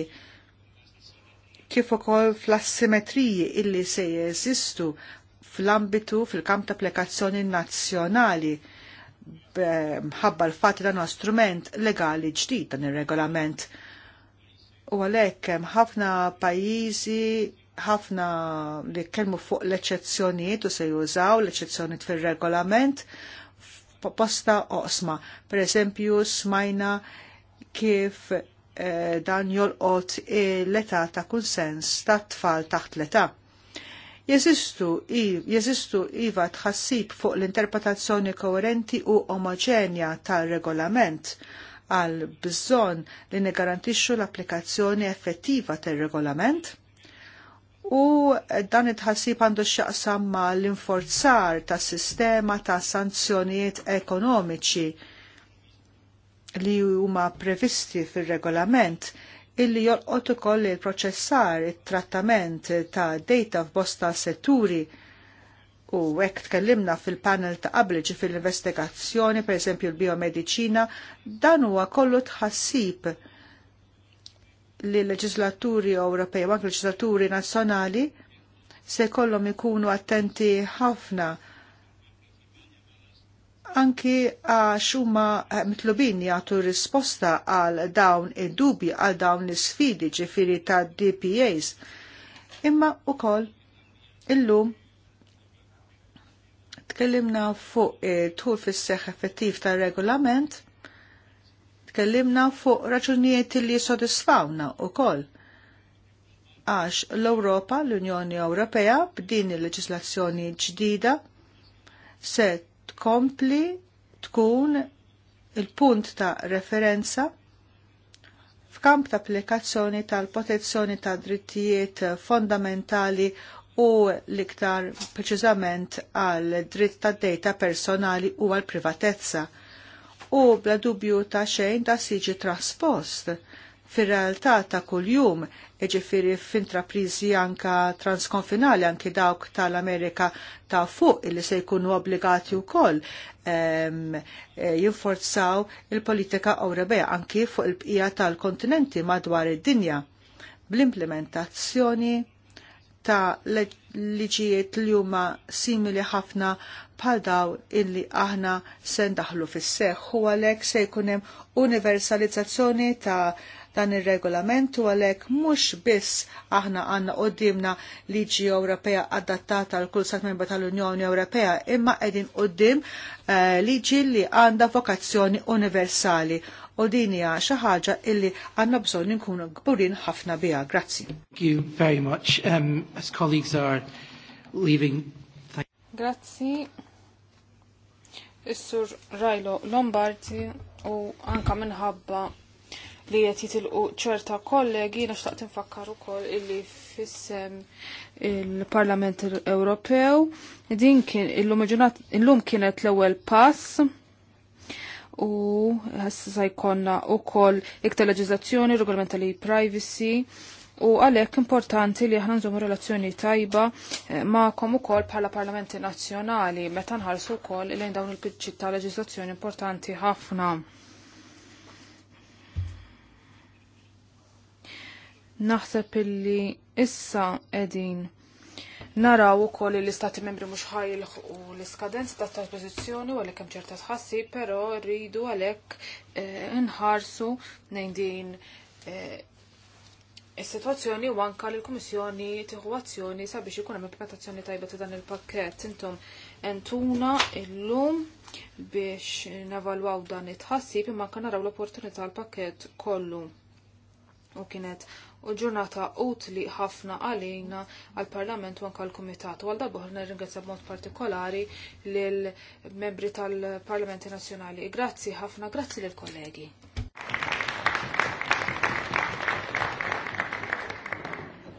kif ukoll fl-assimetriji illi se jeżistu fl-ambitu fil-kamp ta' applikazzjoni nazzjonali mħabba l fat dan strument legali ġdid dan ir-regolament. U għalhekk hemm ħafna pajjiżi ħafna li kelmu fuq l-eċezzjonijiet u se jużaw l-eċezzjonijiet fil-regolament posta oqsma. Per eżempju, smajna kif eh, dan jolqot l-età ta' kunsens ta' tfal taħt l-età. Jeżistu, iva tħassib fuq l-interpretazzjoni koerenti u omoġenja tal-regolament għal bżon li negarantixxu l-applikazzjoni effettiva tal-regolament u dan it-ħassib għandu xaqsam ma' l-inforzar ta' sistema ta' sanzjonijiet ekonomiċi li huma previsti fir-regolament illi jolqot ukoll il-proċessar it-trattament ta' data f'bosta setturi u hekk tkellimna fil-panel ta' qabel fil-investigazzjoni, per eżempju l-biomedicina, dan huwa kollu tħassib li l-leġislaturi Ewropej u anke leġislaturi nazzjonali se kollom ikunu attenti ħafna anki għax huma eh, mitlubin jagħtu risposta għal dawn id-dubi għal dawn is-sfidi ġifieri ta' DPAs. Imma wkoll illum tkellimna fuq it-tul eh, fis-seħħ effettiv tar-regolament Tkellimna fuq raġunijiet li jisodisfawna u koll. Għax l-Europa, l-Unjoni Ewropea, b'din il-leġislazzjoni ġdida, se tkompli tkun il-punt ta' referenza f'kamp ta' applikazzjoni tal-protezzjoni ta' drittijiet fondamentali u l-iktar preċiżament għal dritt ta' data personali u għal privatezza u bla dubju ta' xejn da' siġi traspost fir-realtà ta' kuljum, ġifiri f'intraprizi anka transkonfinali anki dawk tal-Amerika ta' fuq illi se jkunu obbligati wkoll koll ehm, e, jinforzaw il-politika Ewropea anki fuq il-bqija tal-kontinenti madwar id-dinja bl-implementazzjoni ta' liġijiet li huma simili ħafna bħal daw illi aħna se ndaħlu fis-seħħ u għalhekk se jkun hemm universalizzazzjoni ta' dan ir-regolament u għalhekk mhux biss aħna għandna qudiemna liġi Ewropea adattata għal kull stat membru tal-Unjoni Ewropea imma qegħdin quddiem eh, liġi li għandha vokazzjoni universali u din hija xi ħaġa illi għandna bżonn inkunu gburin ħafna biha. Grazzi. Thank you very much. Um, as colleagues are leaving. Grazzi. Is-sur Rajlo Lombardi u anka minħabba li qed jitilqu ċerta kollegi naxtaq tinfakkar ukoll illi fissem il-Parlament Ewropew din kien illum kienet l-ewwel pass u sa jkonna u koll iktar leġizlazzjoni, regolamenta li privacy u għalek importanti li ħna nżomu relazzjoni tajba eh, ma komu kol bħala parlamenti nazjonali meta nħarsu il lejn dawn il-bidġit ta' leġizlazzjoni importanti ħafna. Naħseb illi issa edin Naraw ukoll li l-istati membri mhux ħajlħu u l-iskadenza ta' trasposizjoni u għalhekk hemm ċerta tħassib, però rridu għalhekk eh, nħarsu nejn din eh, is-sitwazzjoni u anka l kummissjoni tieħu azzjoni sabiex ikun hemm implementazzjoni tajba ta' dan il-pakkett intom entuna illum biex navalwaw dan it-ħassib imma kan naraw l-opportunità l-pakkett kollu u kienet u ġurnata utli ħafna għalina għal-Parlament u anka l-Kumitat. U għal darbuħar nirringrazzja b'mod partikolari lill-membri tal-Parlamenti Nazzjonali. Grazzi ħafna, grazzi lill kollegi